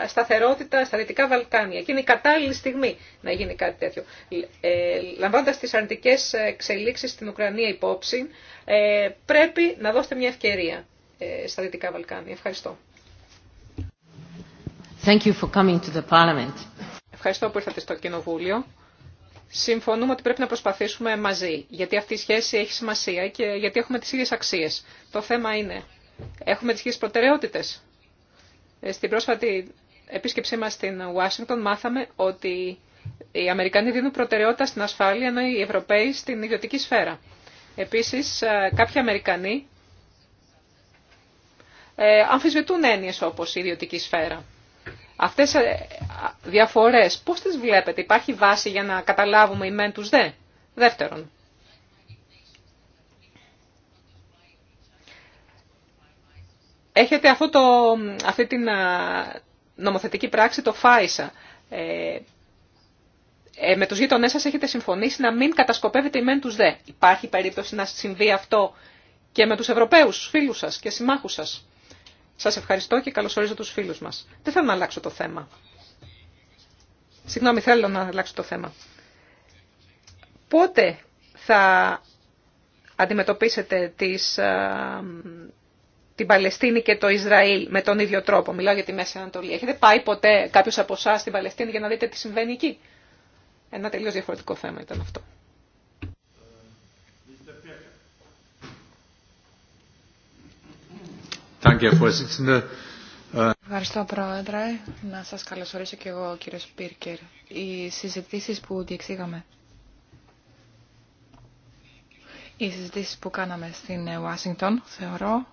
σταθερότητα στα Δυτικά Βαλκάνια και είναι η κατάλληλη στιγμή να γίνει κάτι τέτοιο. Ε, Λαμβάνοντα τι αρνητικέ εξελίξει στην Ουκρανία υπόψη, ε, πρέπει να δώσετε μια ευκαιρία ε, στα Δυτικά Βαλκάνια. Ευχαριστώ. Thank you for coming to the Ευχαριστώ που ήρθατε στο Κοινοβούλιο συμφωνούμε ότι πρέπει να προσπαθήσουμε μαζί, γιατί αυτή η σχέση έχει σημασία και γιατί έχουμε τις ίδιες αξίες. Το θέμα είναι, έχουμε τις ίδιες προτεραιότητες. Ε, στην πρόσφατη επίσκεψή μας στην Ουάσιγκτον μάθαμε ότι οι Αμερικανοί δίνουν προτεραιότητα στην ασφάλεια, ενώ οι Ευρωπαίοι στην ιδιωτική σφαίρα. Επίσης, ε, κάποιοι Αμερικανοί ε, αμφισβητούν έννοιες όπως η ιδιωτική σφαίρα. Αυτές διαφορές, πώς τις βλέπετε, υπάρχει βάση για να καταλάβουμε οι μεν τους δε. Δεύτερον, έχετε αυτό αυτή την νομοθετική πράξη, το ΦΑΙΣΑ. Ε, ε, με τους γείτονές σας έχετε συμφωνήσει να μην κατασκοπεύετε οι μεν τους δε. Υπάρχει περίπτωση να συμβεί αυτό και με τους Ευρωπαίους φίλους σας και συμμάχους σας. Σας ευχαριστώ και καλωσορίζω τους φίλους μας. Δεν θέλω να αλλάξω το θέμα. Συγγνώμη, θέλω να αλλάξω το θέμα. Πότε θα αντιμετωπίσετε τις, την Παλαιστίνη και το Ισραήλ με τον ίδιο τρόπο. Μιλάω για τη Μέση Ανατολή. Έχετε πάει ποτέ κάποιος από εσά στην Παλαιστίνη για να δείτε τι συμβαίνει εκεί. Ένα τελείως διαφορετικό θέμα ήταν αυτό. Danke, Ευχαριστώ Πρόεδρε. Να σας καλωσορίσω και εγώ κύριε Σπίρκερ. Οι συζητήσεις που διεξήγαμε, οι συζητήσεις που κάναμε στην Ουάσιγκτον θεωρώ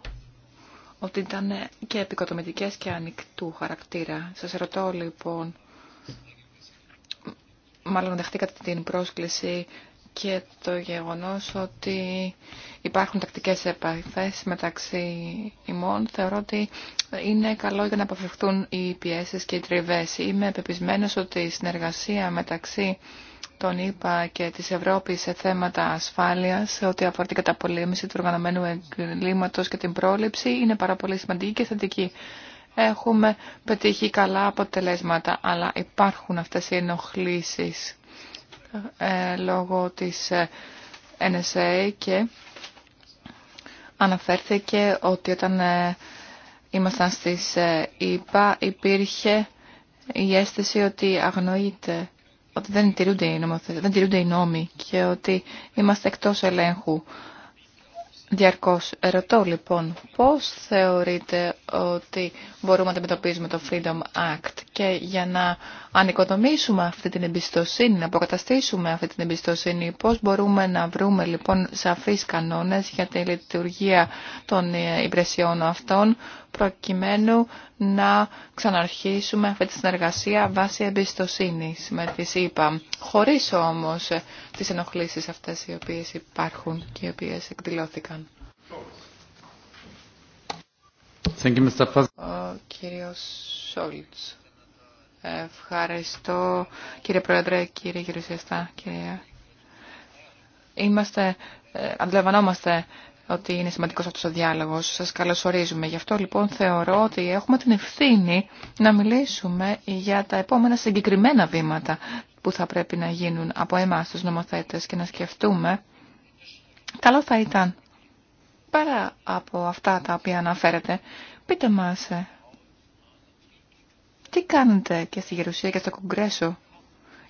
ότι ήταν και επικοτομητικές και ανοιχτού χαρακτήρα. Σας ρωτώ λοιπόν, μάλλον δεχτήκατε την πρόσκληση και το γεγονός ότι υπάρχουν τακτικές επαφές μεταξύ ημών θεωρώ ότι είναι καλό για να αποφευχθούν οι πιέσεις και οι τριβές. Είμαι πεπισμένος ότι η συνεργασία μεταξύ των ΗΠΑ και της Ευρώπης σε θέματα ασφάλειας, σε ό,τι αφορά την καταπολέμηση του οργανωμένου εγκλήματος και την πρόληψη, είναι πάρα πολύ σημαντική και θετική. Έχουμε πετύχει καλά αποτελέσματα, αλλά υπάρχουν αυτές οι ενοχλήσεις ε, λόγω της ε, NSA και αναφέρθηκε ότι όταν ε, ήμασταν στις ΙΠΑ υπήρχε η αίσθηση ότι αγνοείται, ότι δεν τηρούνται οι, δεν νόμοι και ότι είμαστε εκτός ελέγχου. Διαρκώς ρωτώ λοιπόν πώς θεωρείτε ότι μπορούμε να αντιμετωπίζουμε το Freedom Act και για να ανοικοδομήσουμε αυτή την εμπιστοσύνη, να αποκαταστήσουμε αυτή την εμπιστοσύνη, πώς μπορούμε να βρούμε λοιπόν σαφείς κανόνες για τη λειτουργία των ε, υπηρεσιών αυτών, προκειμένου να ξαναρχίσουμε αυτή τη συνεργασία βάσει εμπιστοσύνης με τη ΣΥΠΑ. χωρίς όμως ε, τις ενοχλήσεις αυτές οι οποίες υπάρχουν και οι οποίες εκδηλώθηκαν. Thank you, Mr. Σόλτς. Ευχαριστώ κύριε Πρόεδρε, κύριε Γερουσιαστά, κύριε. Είμαστε, ε, αντιλαμβανόμαστε ότι είναι σημαντικός αυτός ο διάλογος. Σας καλωσορίζουμε. Γι' αυτό λοιπόν θεωρώ ότι έχουμε την ευθύνη να μιλήσουμε για τα επόμενα συγκεκριμένα βήματα που θα πρέπει να γίνουν από εμάς τους νομοθέτες και να σκεφτούμε. Καλό θα ήταν, πέρα από αυτά τα οποία αναφέρετε, πείτε μας ε, τι κάνετε και στη Γερουσία και στο Κογκρέσο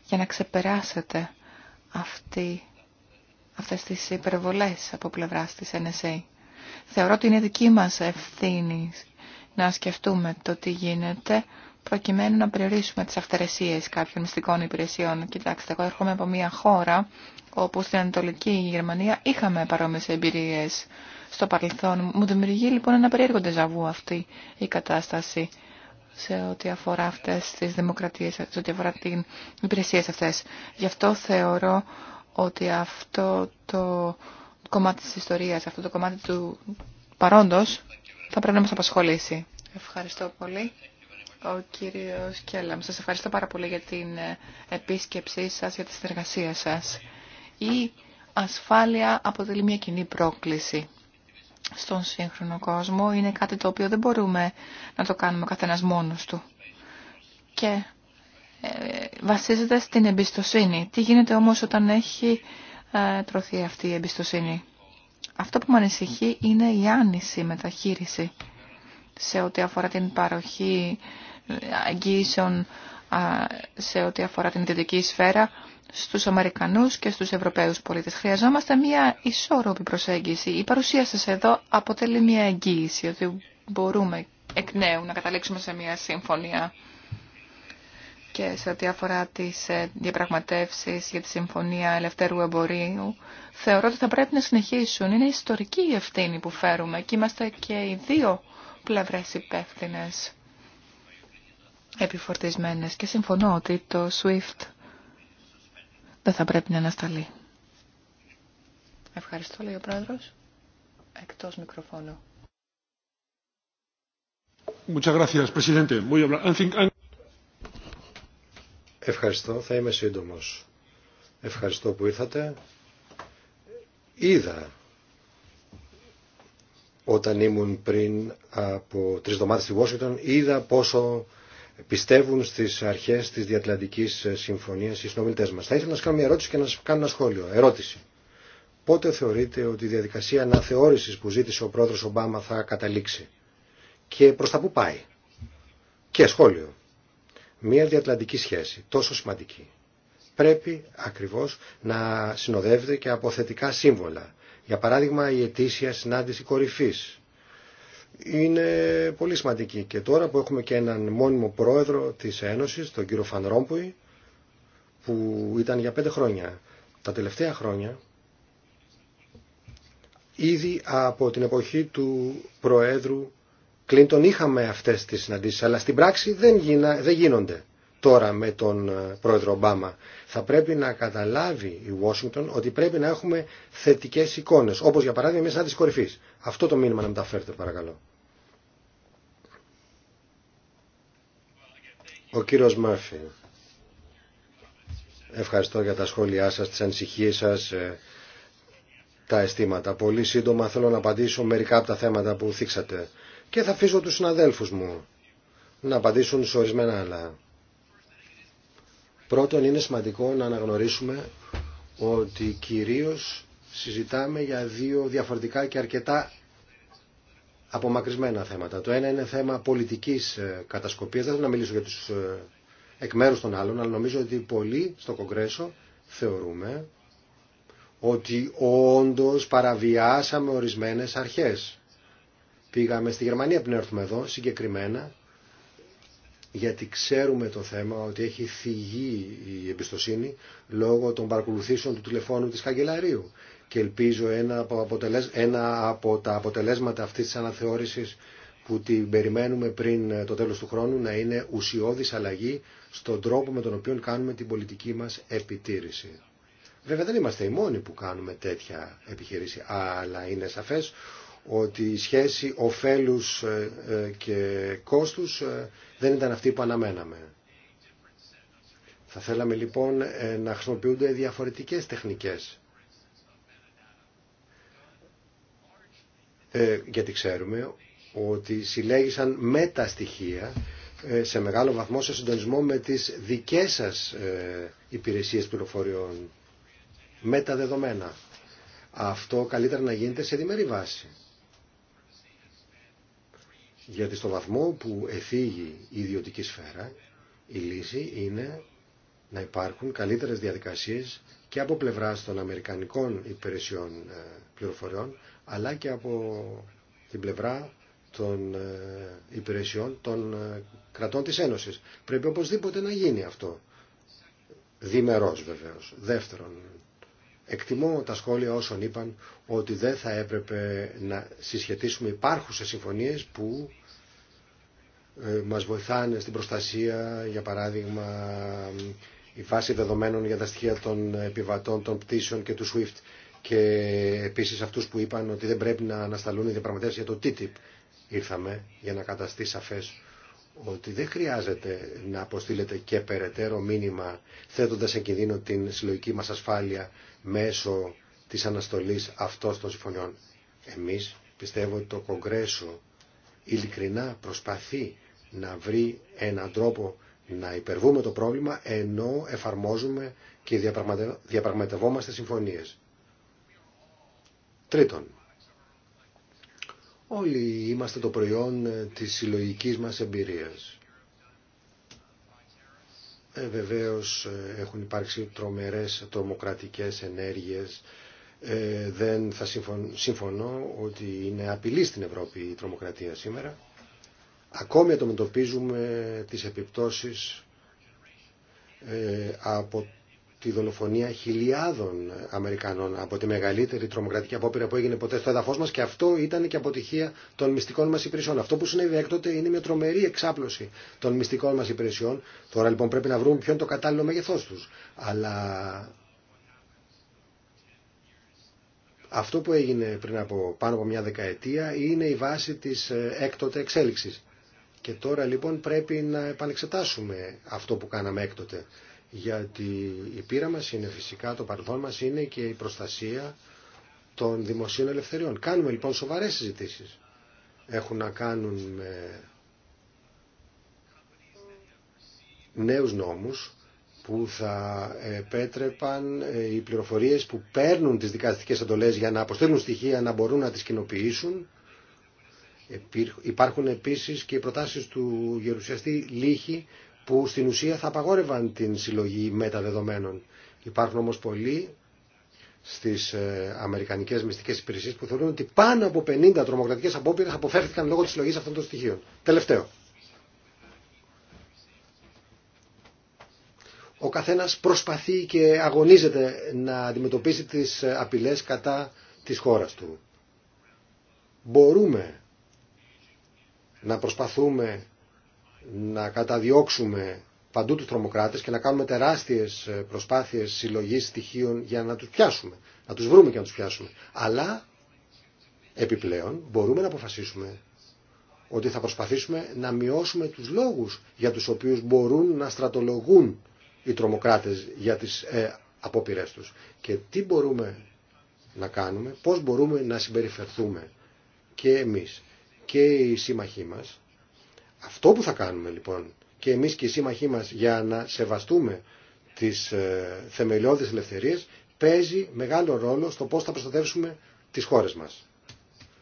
για να ξεπεράσετε αυτή, αυτές τις υπερβολές από πλευράς της NSA. Θεωρώ ότι είναι δική μας ευθύνη να σκεφτούμε το τι γίνεται προκειμένου να περιορίσουμε τις αυτερεσίες κάποιων μυστικών υπηρεσιών. Κοιτάξτε, εγώ έρχομαι από μια χώρα όπου στην Ανατολική Γερμανία είχαμε παρόμοιες εμπειρίες στο παρελθόν. Μου δημιουργεί λοιπόν ένα περίεργο ντεζαβού αυτή η κατάσταση σε ό,τι αφορά αυτές τις δημοκρατίες, σε ό,τι αφορά την υπηρεσίες αυτές. Γι' αυτό θεωρώ ότι αυτό το κομμάτι της ιστορίας, αυτό το κομμάτι του παρόντος θα πρέπει να μας απασχολήσει. Ευχαριστώ πολύ. Ο κύριος Κέλλαμ, σας ευχαριστώ πάρα πολύ για την επίσκεψή σας, για τη συνεργασία σας. Η ασφάλεια αποτελεί μια κοινή πρόκληση στον σύγχρονο κόσμο είναι κάτι το οποίο δεν μπορούμε να το κάνουμε ο καθένας μόνος του. Και ε, βασίζεται στην εμπιστοσύνη. Τι γίνεται όμως όταν έχει ε, τρωθεί αυτή η εμπιστοσύνη. Αυτό που με ανησυχεί είναι η άνηση μεταχείριση σε ό,τι αφορά την παροχή αγγίσεων, ε, σε ό,τι αφορά την ιδιωτική σφαίρα στους Αμερικανούς και στους Ευρωπαίους πολίτες. Χρειαζόμαστε μια ισόρροπη προσέγγιση. Η παρουσία σας εδώ αποτελεί μια εγγύηση ότι μπορούμε εκ νέου να καταλήξουμε σε μια συμφωνία και σε ό,τι αφορά τις ε, διαπραγματεύσεις για τη Συμφωνία Ελευθέρου Εμπορίου, θεωρώ ότι θα πρέπει να συνεχίσουν. Είναι ιστορική η ευθύνη που φέρουμε και είμαστε και οι δύο πλευρές υπεύθυνε επιφορτισμένες και συμφωνώ ότι το SWIFT δεν θα πρέπει να ανασταλεί. Ευχαριστώ, λέει ο Πρόεδρος. Εκτός μικροφώνου. Ευχαριστώ, θα είμαι σύντομος. Ευχαριστώ που ήρθατε. Είδα όταν ήμουν πριν από τρεις εβδομάδες στη Washington, είδα πόσο πιστεύουν στις αρχές της Διατλαντική Συμφωνίας οι συνομιλητέ μας. Θα ήθελα να σας κάνω μια ερώτηση και να σας κάνω ένα σχόλιο. Ερώτηση. Πότε θεωρείτε ότι η διαδικασία αναθεώρηση που ζήτησε ο πρόεδρος Ομπάμα θα καταλήξει και προς τα που πάει. Και σχόλιο. Μια διατλαντική σχέση τόσο σημαντική πρέπει ακριβώς να συνοδεύεται και από θετικά σύμβολα. Για παράδειγμα η ετήσια συνάντηση κορυφής είναι πολύ σημαντική. Και τώρα που έχουμε και έναν μόνιμο πρόεδρο της Ένωσης, τον κύριο Φανρόμπουη, που ήταν για πέντε χρόνια. Τα τελευταία χρόνια, ήδη από την εποχή του Προέδρου Κλίντον είχαμε αυτές τις συναντήσεις, αλλά στην πράξη δεν, γίνονται τώρα με τον ε, πρόεδρο Ομπάμα. Θα πρέπει να καταλάβει η Ουάσιγκτον ότι πρέπει να έχουμε θετικέ εικόνε. Όπω για παράδειγμα μέσα τη κορυφή. Αυτό το μήνυμα να μεταφέρετε, παρακαλώ. Ο κύριος Μάρφιν, Ευχαριστώ για τα σχόλιά σας, τις ανησυχίες σας, ε, τα αισθήματα. Πολύ σύντομα θέλω να απαντήσω μερικά από τα θέματα που θίξατε. Και θα αφήσω του συναδέλφους μου να απαντήσουν σε ορισμένα άλλα. Πρώτον, είναι σημαντικό να αναγνωρίσουμε ότι κυρίως συζητάμε για δύο διαφορετικά και αρκετά απομακρυσμένα θέματα. Το ένα είναι θέμα πολιτικής ε, κατασκοπίας, δεν θέλω να μιλήσω για τους ε, εκ μέρους των άλλων, αλλά νομίζω ότι πολλοί στο Κογκρέσο θεωρούμε ότι όντως παραβιάσαμε ορισμένες αρχές. Πήγαμε στη Γερμανία πριν έρθουμε εδώ, συγκεκριμένα γιατί ξέρουμε το θέμα ότι έχει θυγεί η εμπιστοσύνη λόγω των παρακολουθήσεων του τηλεφώνου της Καγκελαρίου. Και ελπίζω ένα από, ένα από τα αποτελέσματα αυτής της αναθεώρησης που την περιμένουμε πριν το τέλος του χρόνου να είναι ουσιώδης αλλαγή στον τρόπο με τον οποίο κάνουμε την πολιτική μας επιτήρηση. Βέβαια δεν είμαστε οι μόνοι που κάνουμε τέτοια επιχειρήση, αλλά είναι σαφές ότι η σχέση ωφέλους ε, ε, και κόστους ε, δεν ήταν αυτή που αναμέναμε. Θα θέλαμε λοιπόν να χρησιμοποιούνται διαφορετικές τεχνικές. γιατί ξέρουμε ότι συλλέγησαν στοιχεία, σε μεγάλο βαθμό σε συντονισμό με τις δικές σας υπηρεσίες πληροφοριών, με τα δεδομένα. Αυτό καλύτερα να γίνεται σε διμερή βάση. Γιατί στο βαθμό που εφήγει η ιδιωτική σφαίρα, η λύση είναι να υπάρχουν καλύτερες διαδικασίες και από πλευράς των Αμερικανικών υπηρεσιών ε, πληροφοριών, αλλά και από την πλευρά των ε, υπηρεσιών των ε, κρατών της Ένωσης. Πρέπει οπωσδήποτε να γίνει αυτό. Διμερός βεβαίως. Δεύτερον, Εκτιμώ τα σχόλια όσων είπαν ότι δεν θα έπρεπε να συσχετίσουμε υπάρχουσε συμφωνίες που ε, μας βοηθάνε στην προστασία, για παράδειγμα, η βάση δεδομένων για τα στοιχεία των επιβατών, των πτήσεων και του SWIFT και επίσης αυτούς που είπαν ότι δεν πρέπει να ανασταλούν οι διαπραγματεύσεις για το TTIP. Ήρθαμε για να καταστεί σαφές ότι δεν χρειάζεται να αποστείλετε και περαιτέρω μήνυμα θέτοντας σε κινδύνο την συλλογική μας ασφάλεια μέσω της αναστολής αυτών των συμφωνιών. Εμείς πιστεύω ότι το Κογκρέσο ειλικρινά προσπαθεί να βρει έναν τρόπο να υπερβούμε το πρόβλημα ενώ εφαρμόζουμε και διαπραγματευόμαστε συμφωνίες. Τρίτον, όλοι είμαστε το προϊόν της συλλογικής μας εμπειρίας. Ε, βεβαίως ε, έχουν υπάρξει τρομερές τρομοκρατικές ενέργειες. Ε, δεν θα συμφωνώ ότι είναι απειλή στην Ευρώπη η τρομοκρατία σήμερα. Ακόμη αντιμετωπίζουμε τις επιπτώσεις ε, από τη δολοφονία χιλιάδων Αμερικανών από τη μεγαλύτερη τρομοκρατική απόπειρα που έγινε ποτέ στο έδαφο μα και αυτό ήταν και αποτυχία των μυστικών μα υπηρεσιών. Αυτό που συνέβη έκτοτε είναι μια τρομερή εξάπλωση των μυστικών μα υπηρεσιών. Τώρα λοιπόν πρέπει να βρούμε ποιο είναι το κατάλληλο μέγεθό του. Αλλά αυτό που έγινε πριν από πάνω από μια δεκαετία είναι η βάση τη ε, έκτοτε εξέλιξη. Και τώρα λοιπόν πρέπει να επανεξετάσουμε αυτό που κάναμε έκτοτε γιατί η πείρα μας είναι φυσικά, το παρελθόν μας είναι και η προστασία των δημοσίων ελευθεριών. Κάνουμε λοιπόν σοβαρές συζητήσεις. Έχουν να κάνουν με νέους νόμους που θα επέτρεπαν ε, οι πληροφορίες που παίρνουν τις δικαστικές εντολές για να αποστέλουν στοιχεία να μπορούν να τις κοινοποιήσουν. Υπάρχουν επίσης και οι προτάσεις του γερουσιαστή Λύχη που στην ουσία θα απαγόρευαν την συλλογή μεταδεδομένων. Υπάρχουν όμως πολλοί στις ε, αμερικανικές μυστικές υπηρεσίες που θεωρούν ότι πάνω από 50 τρομοκρατικές απόπειρες αποφέρθηκαν λόγω της συλλογής αυτών των στοιχείων. Τελευταίο. Ο καθένας προσπαθεί και αγωνίζεται να αντιμετωπίσει τις ε, απειλές κατά της χώρας του. Μπορούμε να προσπαθούμε να καταδιώξουμε παντού τους τρομοκράτες και να κάνουμε τεράστιες ε, προσπάθειες συλλογής στοιχείων για να τους πιάσουμε, να τους βρούμε και να τους πιάσουμε. Αλλά επιπλέον μπορούμε να αποφασίσουμε ότι θα προσπαθήσουμε να μειώσουμε τους λόγους για τους οποίους μπορούν να στρατολογούν οι τρομοκράτες για τις ε, απόπειρές τους. Και τι μπορούμε να κάνουμε, πώς μπορούμε να συμπεριφερθούμε και εμείς και οι σύμμαχοί μας αυτό που θα κάνουμε λοιπόν και εμείς και οι σύμμαχοί μας για να σεβαστούμε τις ε, θεμελιώδεις ελευθερίες παίζει μεγάλο ρόλο στο πώς θα προστατεύσουμε τις χώρες μας.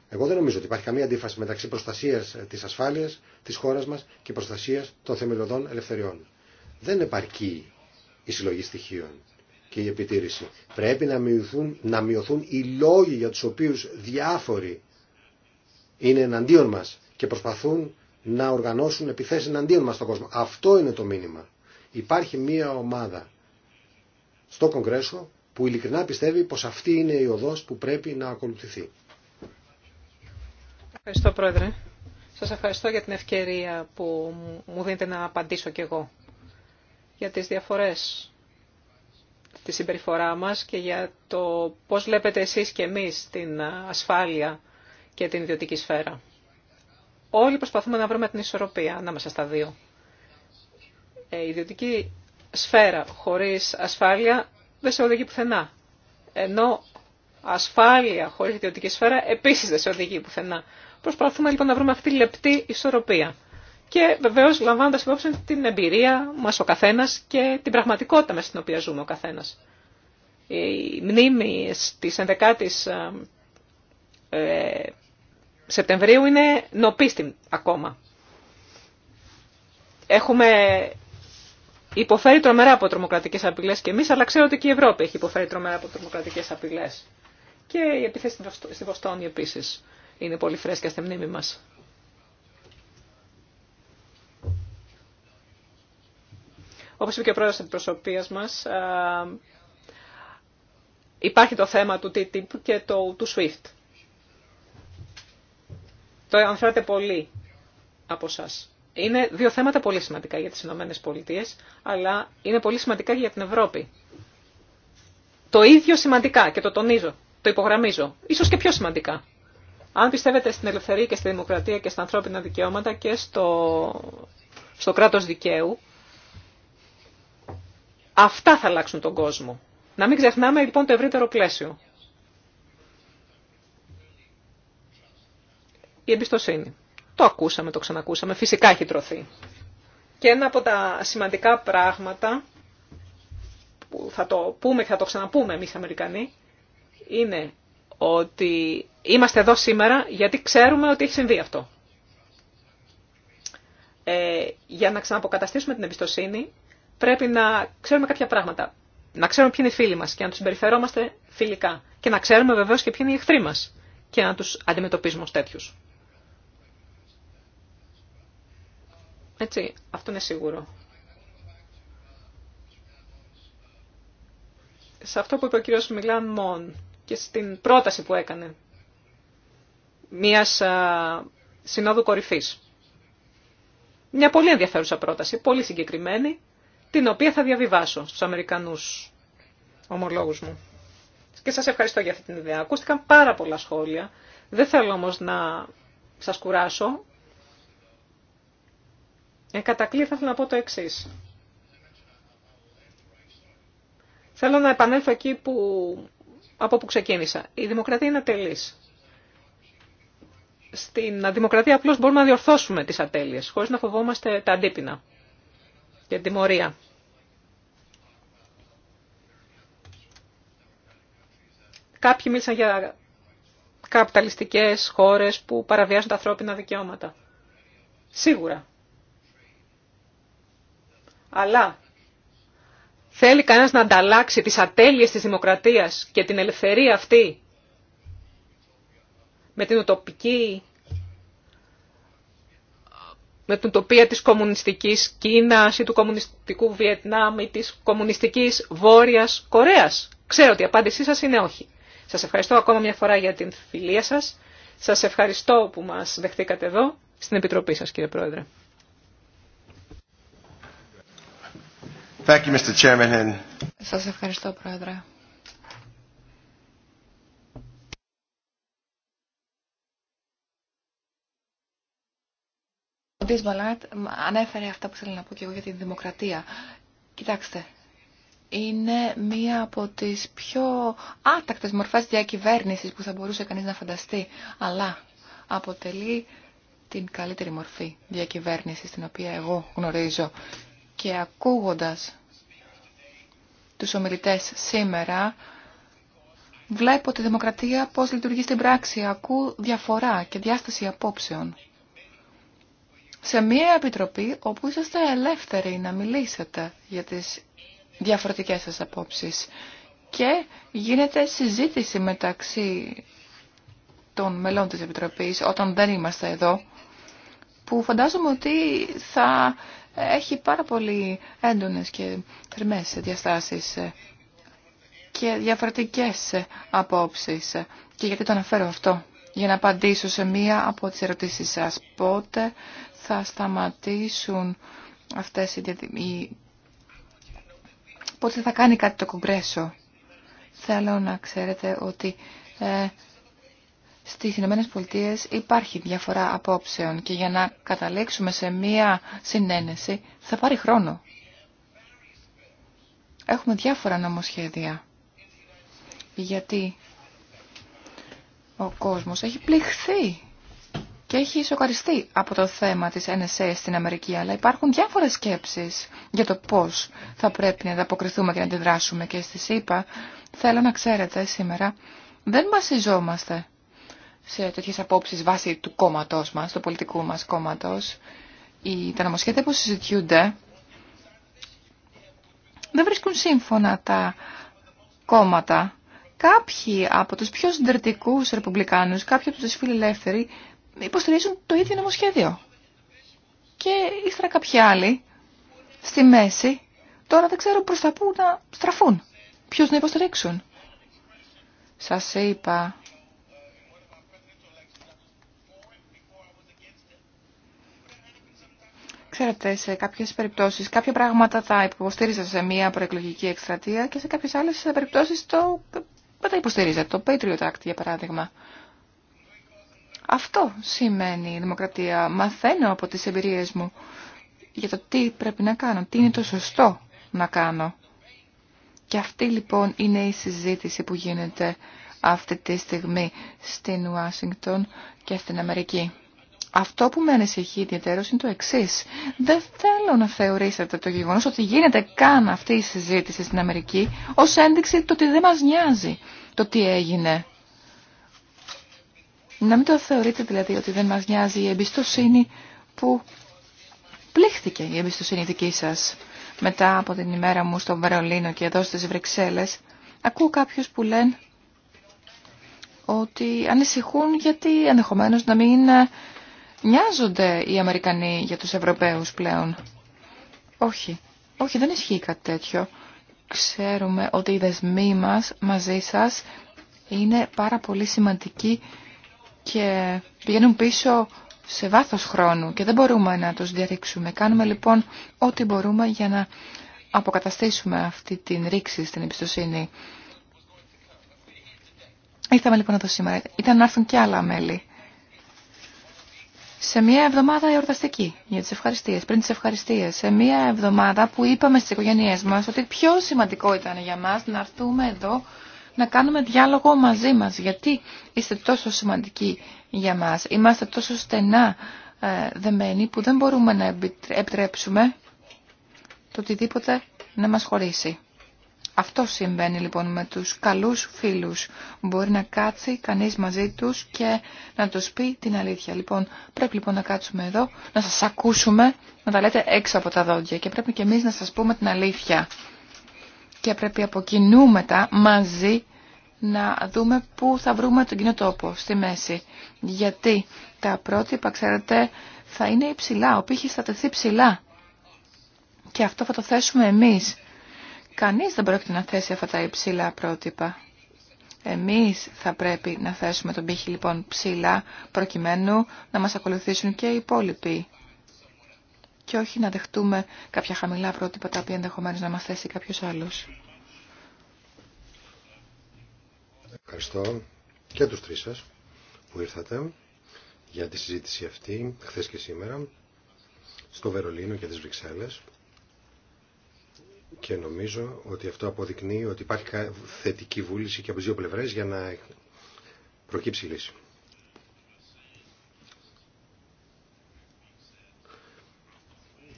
Εγώ δεν νομίζω ότι υπάρχει καμία αντίφαση μεταξύ προστασίας ε, της ασφάλειας της χώρας μας και προστασίας των θεμελιωδών ελευθεριών. Δεν επαρκεί η συλλογή στοιχείων και η επιτήρηση. Πρέπει να μειωθούν, να μειωθούν οι λόγοι για του οποίου διάφοροι είναι εναντίον μας και προσπαθούν να οργανώσουν επιθέσεις εναντίον μας στον κόσμο. Αυτό είναι το μήνυμα. Υπάρχει μία ομάδα στο Κογκρέσο που ειλικρινά πιστεύει πως αυτή είναι η οδός που πρέπει να ακολουθηθεί. Ευχαριστώ Πρόεδρε. Σας ευχαριστώ για την ευκαιρία που μου δίνετε να απαντήσω κι εγώ για τις διαφορές στη συμπεριφορά μας και για το πώς βλέπετε εσείς και εμείς την ασφάλεια και την ιδιωτική σφαίρα όλοι προσπαθούμε να βρούμε την ισορροπία ανάμεσα στα δύο. Ε, η ιδιωτική σφαίρα χωρίς ασφάλεια δεν σε οδηγεί πουθενά. Ενώ ασφάλεια χωρίς ιδιωτική σφαίρα επίσης δεν σε οδηγεί πουθενά. Προσπαθούμε λοιπόν να βρούμε αυτή τη λεπτή ισορροπία. Και βεβαίω λαμβάνοντα υπόψη την εμπειρία μα ο καθένα και την πραγματικότητα με στην οποία ζούμε ο καθένα. Η μνήμη τη 11η ε, ε, Σεπτεμβρίου είναι νοπίστη ακόμα. Έχουμε υποφέρει τρομερά από τρομοκρατικέ απειλέ και εμεί, αλλά ξέρω ότι και η Ευρώπη έχει υποφέρει τρομερά από τρομοκρατικέ απειλέ. Και η επίθεση στη Βοστόνη επίση είναι πολύ φρέσκια στη μνήμη μα. Όπω είπε και ο πρόεδρο τη προσωπία μα, υπάρχει το θέμα του TTIP και του SWIFT. Το αναφέρατε πολύ από εσά. Είναι δύο θέματα πολύ σημαντικά για τις Ηνωμένε Πολιτείες, αλλά είναι πολύ σημαντικά και για την Ευρώπη. Το ίδιο σημαντικά και το τονίζω, το υπογραμμίζω, ίσως και πιο σημαντικά. Αν πιστεύετε στην ελευθερία και στη δημοκρατία και στα ανθρώπινα δικαιώματα και στο, στο κράτος δικαίου, αυτά θα αλλάξουν τον κόσμο. Να μην ξεχνάμε λοιπόν το ευρύτερο πλαίσιο. η εμπιστοσύνη. Το ακούσαμε, το ξανακούσαμε, φυσικά έχει τρωθεί. Και ένα από τα σημαντικά πράγματα που θα το πούμε και θα το ξαναπούμε εμείς οι Αμερικανοί είναι ότι είμαστε εδώ σήμερα γιατί ξέρουμε ότι έχει συμβεί αυτό. Ε, για να ξαναποκαταστήσουμε την εμπιστοσύνη πρέπει να ξέρουμε κάποια πράγματα. Να ξέρουμε ποιοι είναι οι φίλοι μας και να τους συμπεριφερόμαστε φιλικά. Και να ξέρουμε βεβαίως και ποιοι είναι οι εχθροί μας και να τους αντιμετωπίζουμε ως τέτοιους. Έτσι, αυτό είναι σίγουρο. Σε αυτό που είπε ο κύριος Μιλάν Μον και στην πρόταση που έκανε μιας συνόδου κορυφής. Μια πολύ ενδιαφέρουσα πρόταση, πολύ συγκεκριμένη, την οποία θα διαβιβάσω στους Αμερικανούς ομολόγους μου. Και σας ευχαριστώ για αυτή την ιδέα. Ακούστηκαν πάρα πολλά σχόλια. Δεν θέλω όμως να σας κουράσω. Εν θα ήθελα να πω το εξή. Θέλω να επανέλθω εκεί που, από που ξεκίνησα. Η δημοκρατία είναι ατελής. Στην δημοκρατία απλώς μπορούμε να διορθώσουμε τις ατέλειες, χωρίς να φοβόμαστε τα αντίπεινα και την τιμωρία. Κάποιοι μίλησαν για καπιταλιστικές χώρες που παραβιάζουν τα ανθρώπινα δικαιώματα. Σίγουρα. Αλλά θέλει κανένας να ανταλλάξει τις ατέλειες της δημοκρατίας και την ελευθερία αυτή με την ουτοπική με την τοπία της κομμουνιστικής Κίνας ή του κομμουνιστικού Βιετνάμ ή της κομμουνιστικής Βόρειας Κορέας. Ξέρω ότι η απάντησή σας είναι όχι. Σας ευχαριστώ ακόμα μια φορά για την φιλία σας. Σας ευχαριστώ που μας δεχτήκατε εδώ στην Επιτροπή σας κύριε Πρόεδρε. Thank Σας ευχαριστώ, Πρόεδρε. Ο Ντις ανέφερε αυτά που θέλω να πω και εγώ για τη δημοκρατία. Κοιτάξτε, είναι μία από τις πιο άτακτες μορφές διακυβέρνησης που θα μπορούσε κανείς να φανταστεί, αλλά αποτελεί την καλύτερη μορφή διακυβέρνησης την οποία εγώ γνωρίζω και ακούγοντας τους ομιλητές σήμερα, βλέπω τη δημοκρατία πώς λειτουργεί στην πράξη. Ακούω διαφορά και διάσταση απόψεων. Σε μία επιτροπή όπου είσαστε ελεύθεροι να μιλήσετε για τις διαφορετικές σας απόψεις και γίνεται συζήτηση μεταξύ των μελών της Επιτροπής όταν δεν είμαστε εδώ που φαντάζομαι ότι θα έχει πάρα πολύ έντονες και θερμές διαστάσεις και διαφορετικές απόψεις. Και γιατί το αναφέρω αυτό. Για να απαντήσω σε μία από τις ερωτήσεις σας. Πότε θα σταματήσουν αυτές οι... Πότε θα κάνει κάτι το κογκρέσο. Θέλω να ξέρετε ότι ε, στις Ηνωμένες Πολιτείες υπάρχει διαφορά απόψεων και για να καταλήξουμε σε μία συνένεση θα πάρει χρόνο. Έχουμε διάφορα νομοσχέδια. Γιατί ο κόσμος έχει πληχθεί και έχει ισοκαριστεί από το θέμα της NSA στην Αμερική, αλλά υπάρχουν διάφορες σκέψεις για το πώς θα πρέπει να ανταποκριθούμε και να αντιδράσουμε. Και στη ΣΥΠΑ θέλω να ξέρετε σήμερα δεν βασιζόμαστε σε τέτοιες απόψεις βάσει του κόμματός μας, του πολιτικού μας κόμματος. Οι, τα νομοσχέδια που συζητιούνται δεν βρίσκουν σύμφωνα τα κόμματα. Κάποιοι από τους πιο συντηρητικούς ρεπουμπλικάνους, κάποιοι από τους φιλελεύθεροι, υποστηρίζουν το ίδιο νομοσχέδιο. Και ύστερα κάποιοι άλλοι, στη μέση, τώρα δεν ξέρω προς τα πού να στραφούν. Ποιους να υποστηρίξουν. Σας είπα Ξέρετε, σε κάποιες περιπτώσεις κάποια πράγματα τα υποστήριζα σε μια προεκλογική εκστρατεία και σε κάποιες άλλες περιπτώσεις το... δεν τα υποστήριζα. Το Patriot Act, για παράδειγμα. Αυτό σημαίνει η δημοκρατία. Μαθαίνω από τις εμπειρίες μου για το τι πρέπει να κάνω, τι είναι το σωστό να κάνω. Και αυτή λοιπόν είναι η συζήτηση που γίνεται αυτή τη στιγμή στην Ουάσιγκτον και στην Αμερική. Αυτό που με ανησυχεί ιδιαίτερω είναι το εξή. Δεν θέλω να θεωρήσετε το γεγονό ότι γίνεται καν αυτή η συζήτηση στην Αμερική ω ένδειξη το ότι δεν μα νοιάζει το τι έγινε. Να μην το θεωρείτε δηλαδή ότι δεν μας νοιάζει η εμπιστοσύνη που πλήχθηκε η εμπιστοσύνη δική σας. Μετά από την ημέρα μου στο Βερολίνο και εδώ στις Βρυξέλλες, ακούω κάποιους που λένε ότι ανησυχούν γιατί ενδεχομένως να μην Νοιάζονται οι Αμερικανοί για τους Ευρωπαίους πλέον. Όχι. Όχι, δεν ισχύει κάτι τέτοιο. Ξέρουμε ότι οι δεσμοί μας μαζί σας είναι πάρα πολύ σημαντικοί και πηγαίνουν πίσω σε βάθος χρόνου και δεν μπορούμε να τους διαρρήξουμε. Κάνουμε λοιπόν ό,τι μπορούμε για να αποκαταστήσουμε αυτή την ρήξη στην εμπιστοσύνη. Ήρθαμε λοιπόν εδώ σήμερα. Ήταν να έρθουν και άλλα μέλη σε μια εβδομάδα εορταστική για τι ευχαριστίες, πριν τις ευχαριστίες, σε μια εβδομάδα που είπαμε στις οικογένειε μας ότι πιο σημαντικό ήταν για μας να έρθουμε εδώ να κάνουμε διάλογο μαζί μας. Γιατί είστε τόσο σημαντικοί για μας, είμαστε τόσο στενά ε, δεμένοι που δεν μπορούμε να επιτρέψουμε το οτιδήποτε να μας χωρίσει. Αυτό συμβαίνει λοιπόν με τους καλούς φίλους. Μπορεί να κάτσει κανείς μαζί τους και να τους πει την αλήθεια. Λοιπόν, πρέπει λοιπόν να κάτσουμε εδώ, να σας ακούσουμε, να τα λέτε έξω από τα δόντια και πρέπει και εμείς να σας πούμε την αλήθεια. Και πρέπει από κοινού μετά μαζί να δούμε πού θα βρούμε τον κοινό τόπο, στη μέση. Γιατί τα πρότυπα, ξέρετε, θα είναι υψηλά, ο πύχης θα τεθεί ψηλά. Και αυτό θα το θέσουμε εμείς Κανείς δεν πρόκειται να θέσει αυτά τα υψηλά πρότυπα. Εμείς θα πρέπει να θέσουμε τον πύχη λοιπόν ψηλά προκειμένου να μας ακολουθήσουν και οι υπόλοιποι και όχι να δεχτούμε κάποια χαμηλά πρότυπα τα οποία ενδεχομένως να μας θέσει κάποιος άλλος. Ευχαριστώ και τους τρεις σας που ήρθατε για τη συζήτηση αυτή χθες και σήμερα στο Βερολίνο και τις Βρυξέλλες και νομίζω ότι αυτό αποδεικνύει ότι υπάρχει θετική βούληση και από τις δύο πλευρές για να προκύψει η λύση.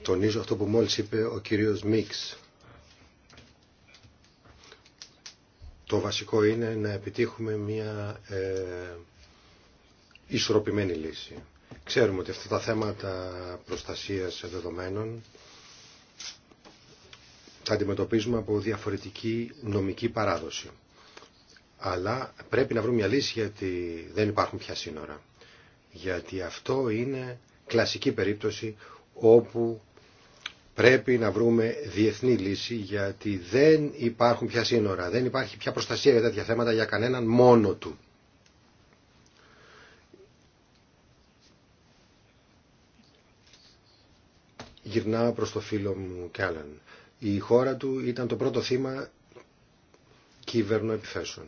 Τονίζω αυτό που μόλις είπε ο κύριος Μίξ. Το βασικό είναι να επιτύχουμε μια ε, ισορροπημένη λύση. Ξέρουμε ότι αυτά τα θέματα προστασίας δεδομένων τα αντιμετωπίζουμε από διαφορετική νομική παράδοση. Αλλά πρέπει να βρούμε μια λύση γιατί δεν υπάρχουν πια σύνορα. Γιατί αυτό είναι κλασική περίπτωση όπου πρέπει να βρούμε διεθνή λύση γιατί δεν υπάρχουν πια σύνορα, δεν υπάρχει πια προστασία για τέτοια θέματα για κανέναν μόνο του. Γυρνάω προς το φίλο μου Κάλλαν. Η χώρα του ήταν το πρώτο θύμα κυβερνοεπιθέσεων.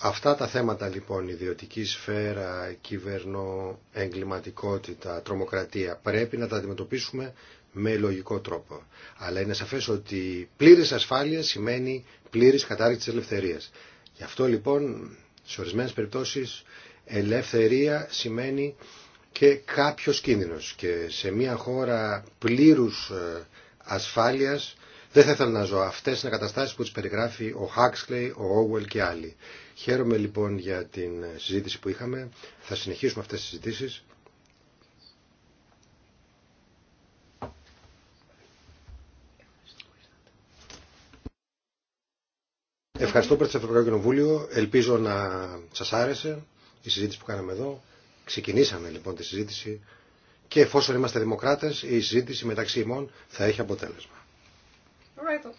Αυτά τα θέματα λοιπόν, ιδιωτική σφαίρα, κυβερνό, εγκληματικότητα, τρομοκρατία, πρέπει να τα αντιμετωπίσουμε με λογικό τρόπο. Αλλά είναι σαφές ότι πλήρης ασφάλεια σημαίνει πλήρης κατάρριξη της ελευθερίας. Γι' αυτό λοιπόν, σε ορισμένες περιπτώσεις, ελευθερία σημαίνει και κάποιος κίνδυνος. Και σε μια χώρα πλήρους ε, ασφάλειας δεν θα ήθελα να ζω. Αυτές είναι καταστάσεις που τις περιγράφει ο Huxley, ο Όουελ και άλλοι. Χαίρομαι λοιπόν για την ε, συζήτηση που είχαμε. Θα συνεχίσουμε αυτές τις συζητήσεις. Ευχαριστώ πρώτα το Ευρωπαϊκό Κοινοβούλιο. Ελπίζω να σας άρεσε η συζήτηση που κάναμε εδώ. Ξεκινήσαμε λοιπόν τη συζήτηση και εφόσον είμαστε δημοκράτες η συζήτηση μεταξύ ημών θα έχει αποτέλεσμα. Right.